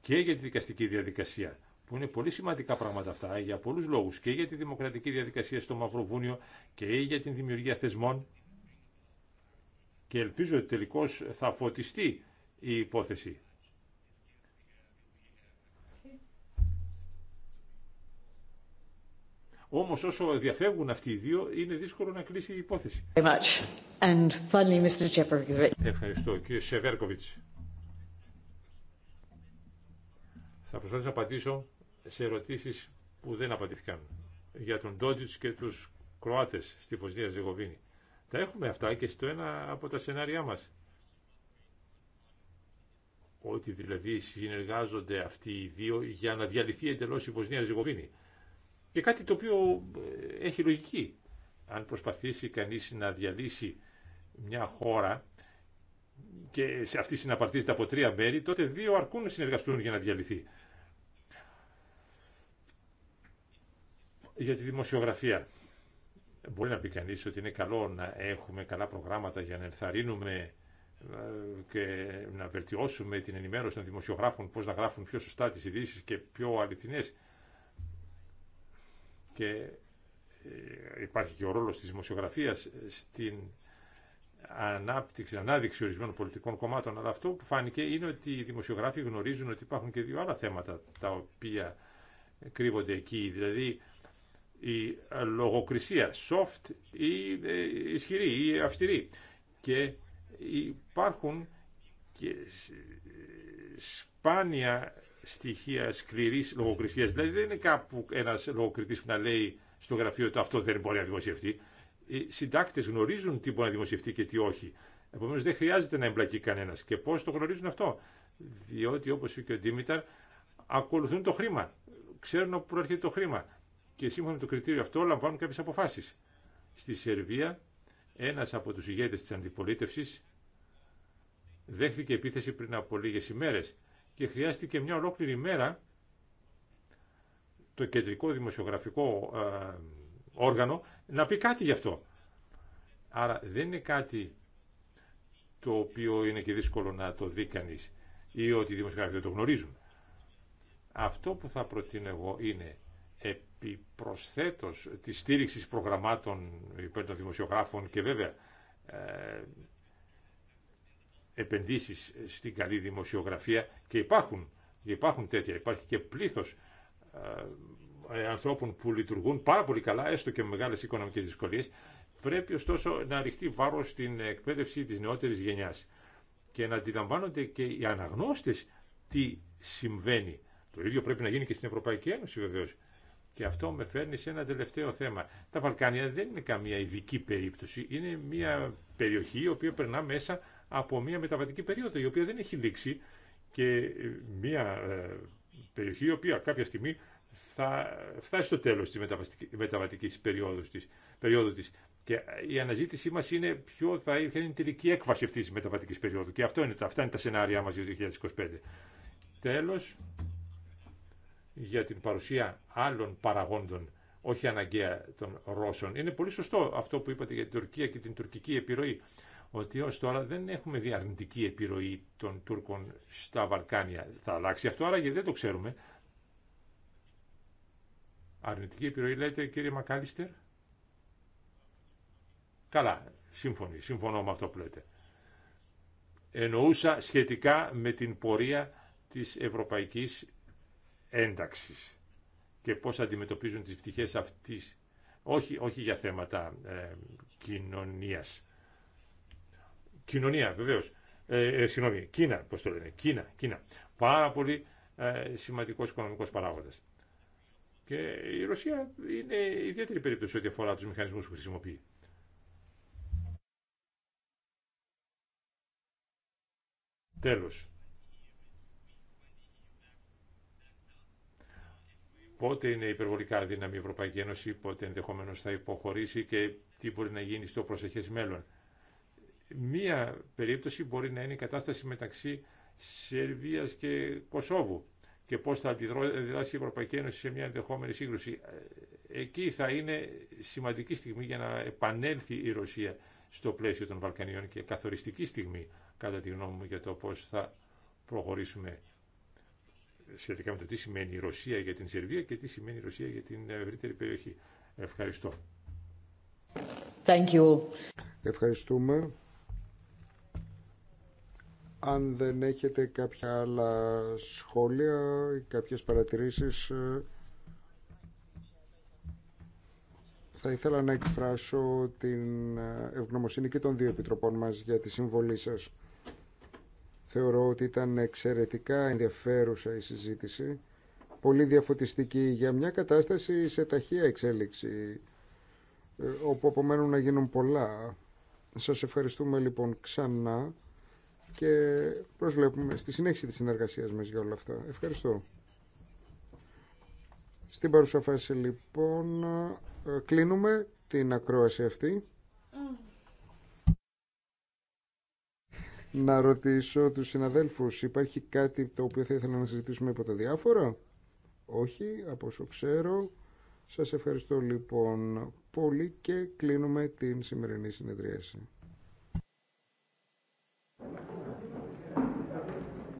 και για τη δικαστική διαδικασία που είναι πολύ σημαντικά πράγματα αυτά για πολλούς λόγους και για τη δημοκρατική διαδικασία στο Μαυροβούνιο και για την δημιουργία θεσμών και ελπίζω ότι τελικώς θα φωτιστεί η υπόθεση. Όμως όσο διαφεύγουν αυτοί οι δύο είναι δύσκολο να κλείσει η υπόθεση. Ευχαριστώ κύριε Σεβέρκοβιτς. Θα προσπαθήσω να απαντήσω σε ερωτήσεις που δεν απαντήθηκαν για τον Ντόντιτς και τους Κροάτες στη Βοσνία Ζεγοβίνη. Τα έχουμε αυτά και στο ένα από τα σενάριά μας. Ότι δηλαδή συνεργάζονται αυτοί οι δύο για να διαλυθεί εντελώς η Βοσνία Ζεγοβίνη. Και κάτι το οποίο ε, έχει λογική. Αν προσπαθήσει κανείς να διαλύσει μια χώρα και σε αυτή συναπαρτίζεται από τρία μέρη, τότε δύο αρκούν να συνεργαστούν για να διαλυθεί. Για τη δημοσιογραφία. Μπορεί να πει κανεί ότι είναι καλό να έχουμε καλά προγράμματα για να ενθαρρύνουμε ε, και να βελτιώσουμε την ενημέρωση των δημοσιογράφων, πώς να γράφουν πιο σωστά τις ειδήσει και πιο αληθινές. Και ε, υπάρχει και ο ρόλος της δημοσιογραφίας στην ανάπτυξη, ανάδειξη ορισμένων πολιτικών κομμάτων, αλλά αυτό που φάνηκε είναι ότι οι δημοσιογράφοι γνωρίζουν ότι υπάρχουν και δύο άλλα θέματα τα οποία κρύβονται εκεί, δηλαδή η λογοκρισία soft ή ε, ισχυρή ή αυστηρή και υπάρχουν και σπάνια στοιχεία σκληρής λογοκρισίας δηλαδή δεν είναι κάπου ένας λογοκριτής που να λέει στο γραφείο ότι αυτό δεν μπορεί να δημοσιευτεί οι συντάκτες γνωρίζουν τι μπορεί να δημοσιευτεί και τι όχι επομένως δεν χρειάζεται να εμπλακεί κανένας και πώς το γνωρίζουν αυτό διότι όπως είπε και ο Ντίμηταρ ακολουθούν το χρήμα ξέρουν όπου προέρχεται το χρήμα και σύμφωνα με το κριτήριο αυτό λαμβάνουν κάποιε αποφάσεις. Στη Σερβία ένας από τους ηγέτε της αντιπολίτευσης δέχθηκε επίθεση πριν από λίγε ημέρες και χρειάστηκε μια ολόκληρη ημέρα το κεντρικό δημοσιογραφικό ε, όργανο να πει κάτι γι' αυτό. Άρα δεν είναι κάτι το οποίο είναι και δύσκολο να το δει κανεί ή ότι οι δημοσιογράφοι δεν το γνωρίζουν. Αυτό που θα προτείνω εγώ είναι η τη της στήριξης προγραμμάτων υπέρ των δημοσιογράφων και βέβαια ε, επενδύσεις στην καλή δημοσιογραφία και υπάρχουν, υπάρχουν τέτοια, υπάρχει και πλήθος ε, ανθρώπων που λειτουργούν πάρα πολύ καλά, έστω και με μεγάλες οικονομικές δυσκολίες, πρέπει ωστόσο να ρηχτεί βάρος στην εκπαίδευση της νεότερης γενιάς και να αντιλαμβάνονται και οι αναγνώστες τι συμβαίνει. Το ίδιο πρέπει να γίνει και στην Ευρωπαϊκή Ένωση βεβαίως. Και αυτό με φέρνει σε ένα τελευταίο θέμα. Τα Βαλκάνια δεν είναι καμία ειδική περίπτωση. Είναι μια περιοχή η οποία περνά μέσα από μια μεταβατική περίοδο, η οποία δεν έχει λήξει και ε, μια ε, περιοχή η οποία κάποια στιγμή θα φτάσει στο τέλος της μεταβατικής περίοδου της. Και ε, η αναζήτησή μας είναι ποιο θα είναι η τελική έκβαση αυτής της μεταβατικής περίοδου. Και αυτό είναι, αυτά είναι τα σενάρια μας για το 2025. Τέλος, για την παρουσία άλλων παραγόντων, όχι αναγκαία των Ρώσων. Είναι πολύ σωστό αυτό που είπατε για την Τουρκία και την τουρκική επιρροή, ότι ως τώρα δεν έχουμε δει αρνητική επιρροή των Τούρκων στα Βαλκάνια. Θα αλλάξει αυτό, γιατί δεν το ξέρουμε. Αρνητική επιρροή λέτε κύριε Μακάλιστερ. Καλά, σύμφωνοι, συμφωνώ με αυτό που λέτε. Εννοούσα σχετικά με την πορεία της ευρωπαϊκής ένταξης και πώς αντιμετωπίζουν τις πτυχές αυτής, όχι, όχι για θέματα ε, κοινωνίας. Κοινωνία, βεβαίως. Ε, ε, συγγνώμη, Κίνα, πώς το λένε, Κίνα, Κίνα. Πάρα πολύ ε, σημαντικός οικονομικός παράγοντας. Και η Ρωσία είναι ιδιαίτερη περίπτωση ό,τι αφορά τους μηχανισμούς που χρησιμοποιεί. Τέλος. πότε είναι υπερβολικά δύναμη η Ευρωπαϊκή Ένωση, πότε ενδεχομένω θα υποχωρήσει και τι μπορεί να γίνει στο προσεχέ μέλλον. Μία περίπτωση μπορεί να είναι η κατάσταση μεταξύ Σερβίας και Κωσόβου και πώς θα αντιδράσει η Ευρωπαϊκή Ένωση σε μια ενδεχόμενη σύγκρουση. Εκεί θα είναι σημαντική στιγμή για να επανέλθει η Ρωσία στο πλαίσιο των Βαλκανίων και καθοριστική στιγμή, κατά τη γνώμη μου, για το πώ θα προχωρήσουμε σχετικά με το τι σημαίνει η Ρωσία για την Σερβία και τι σημαίνει η Ρωσία για την ευρύτερη περιοχή. Ευχαριστώ. Thank you. Ευχαριστούμε. Αν δεν έχετε κάποια άλλα σχόλια ή κάποιες παρατηρήσεις, ε, θα ήθελα να εκφράσω την ε, ευγνωμοσύνη και των δύο επιτροπών μας για τη συμβολή σας. Θεωρώ ότι ήταν εξαιρετικά ενδιαφέρουσα η συζήτηση, πολύ διαφωτιστική για μια κατάσταση σε ταχεία εξέλιξη, ε, όπου απομένουν να γίνουν πολλά. Σας ευχαριστούμε λοιπόν ξανά και προσβλέπουμε στη συνέχιση της συνεργασίας μας για όλα αυτά. Ευχαριστώ. Στην παρούσα λοιπόν ε, κλείνουμε την ακρόαση αυτή. Mm να ρωτήσω τους συναδέλφους, υπάρχει κάτι το οποίο θα ήθελα να συζητήσουμε από τα διάφορα. Όχι, από όσο ξέρω. Σας ευχαριστώ λοιπόν πολύ και κλείνουμε την σημερινή συνεδρίαση.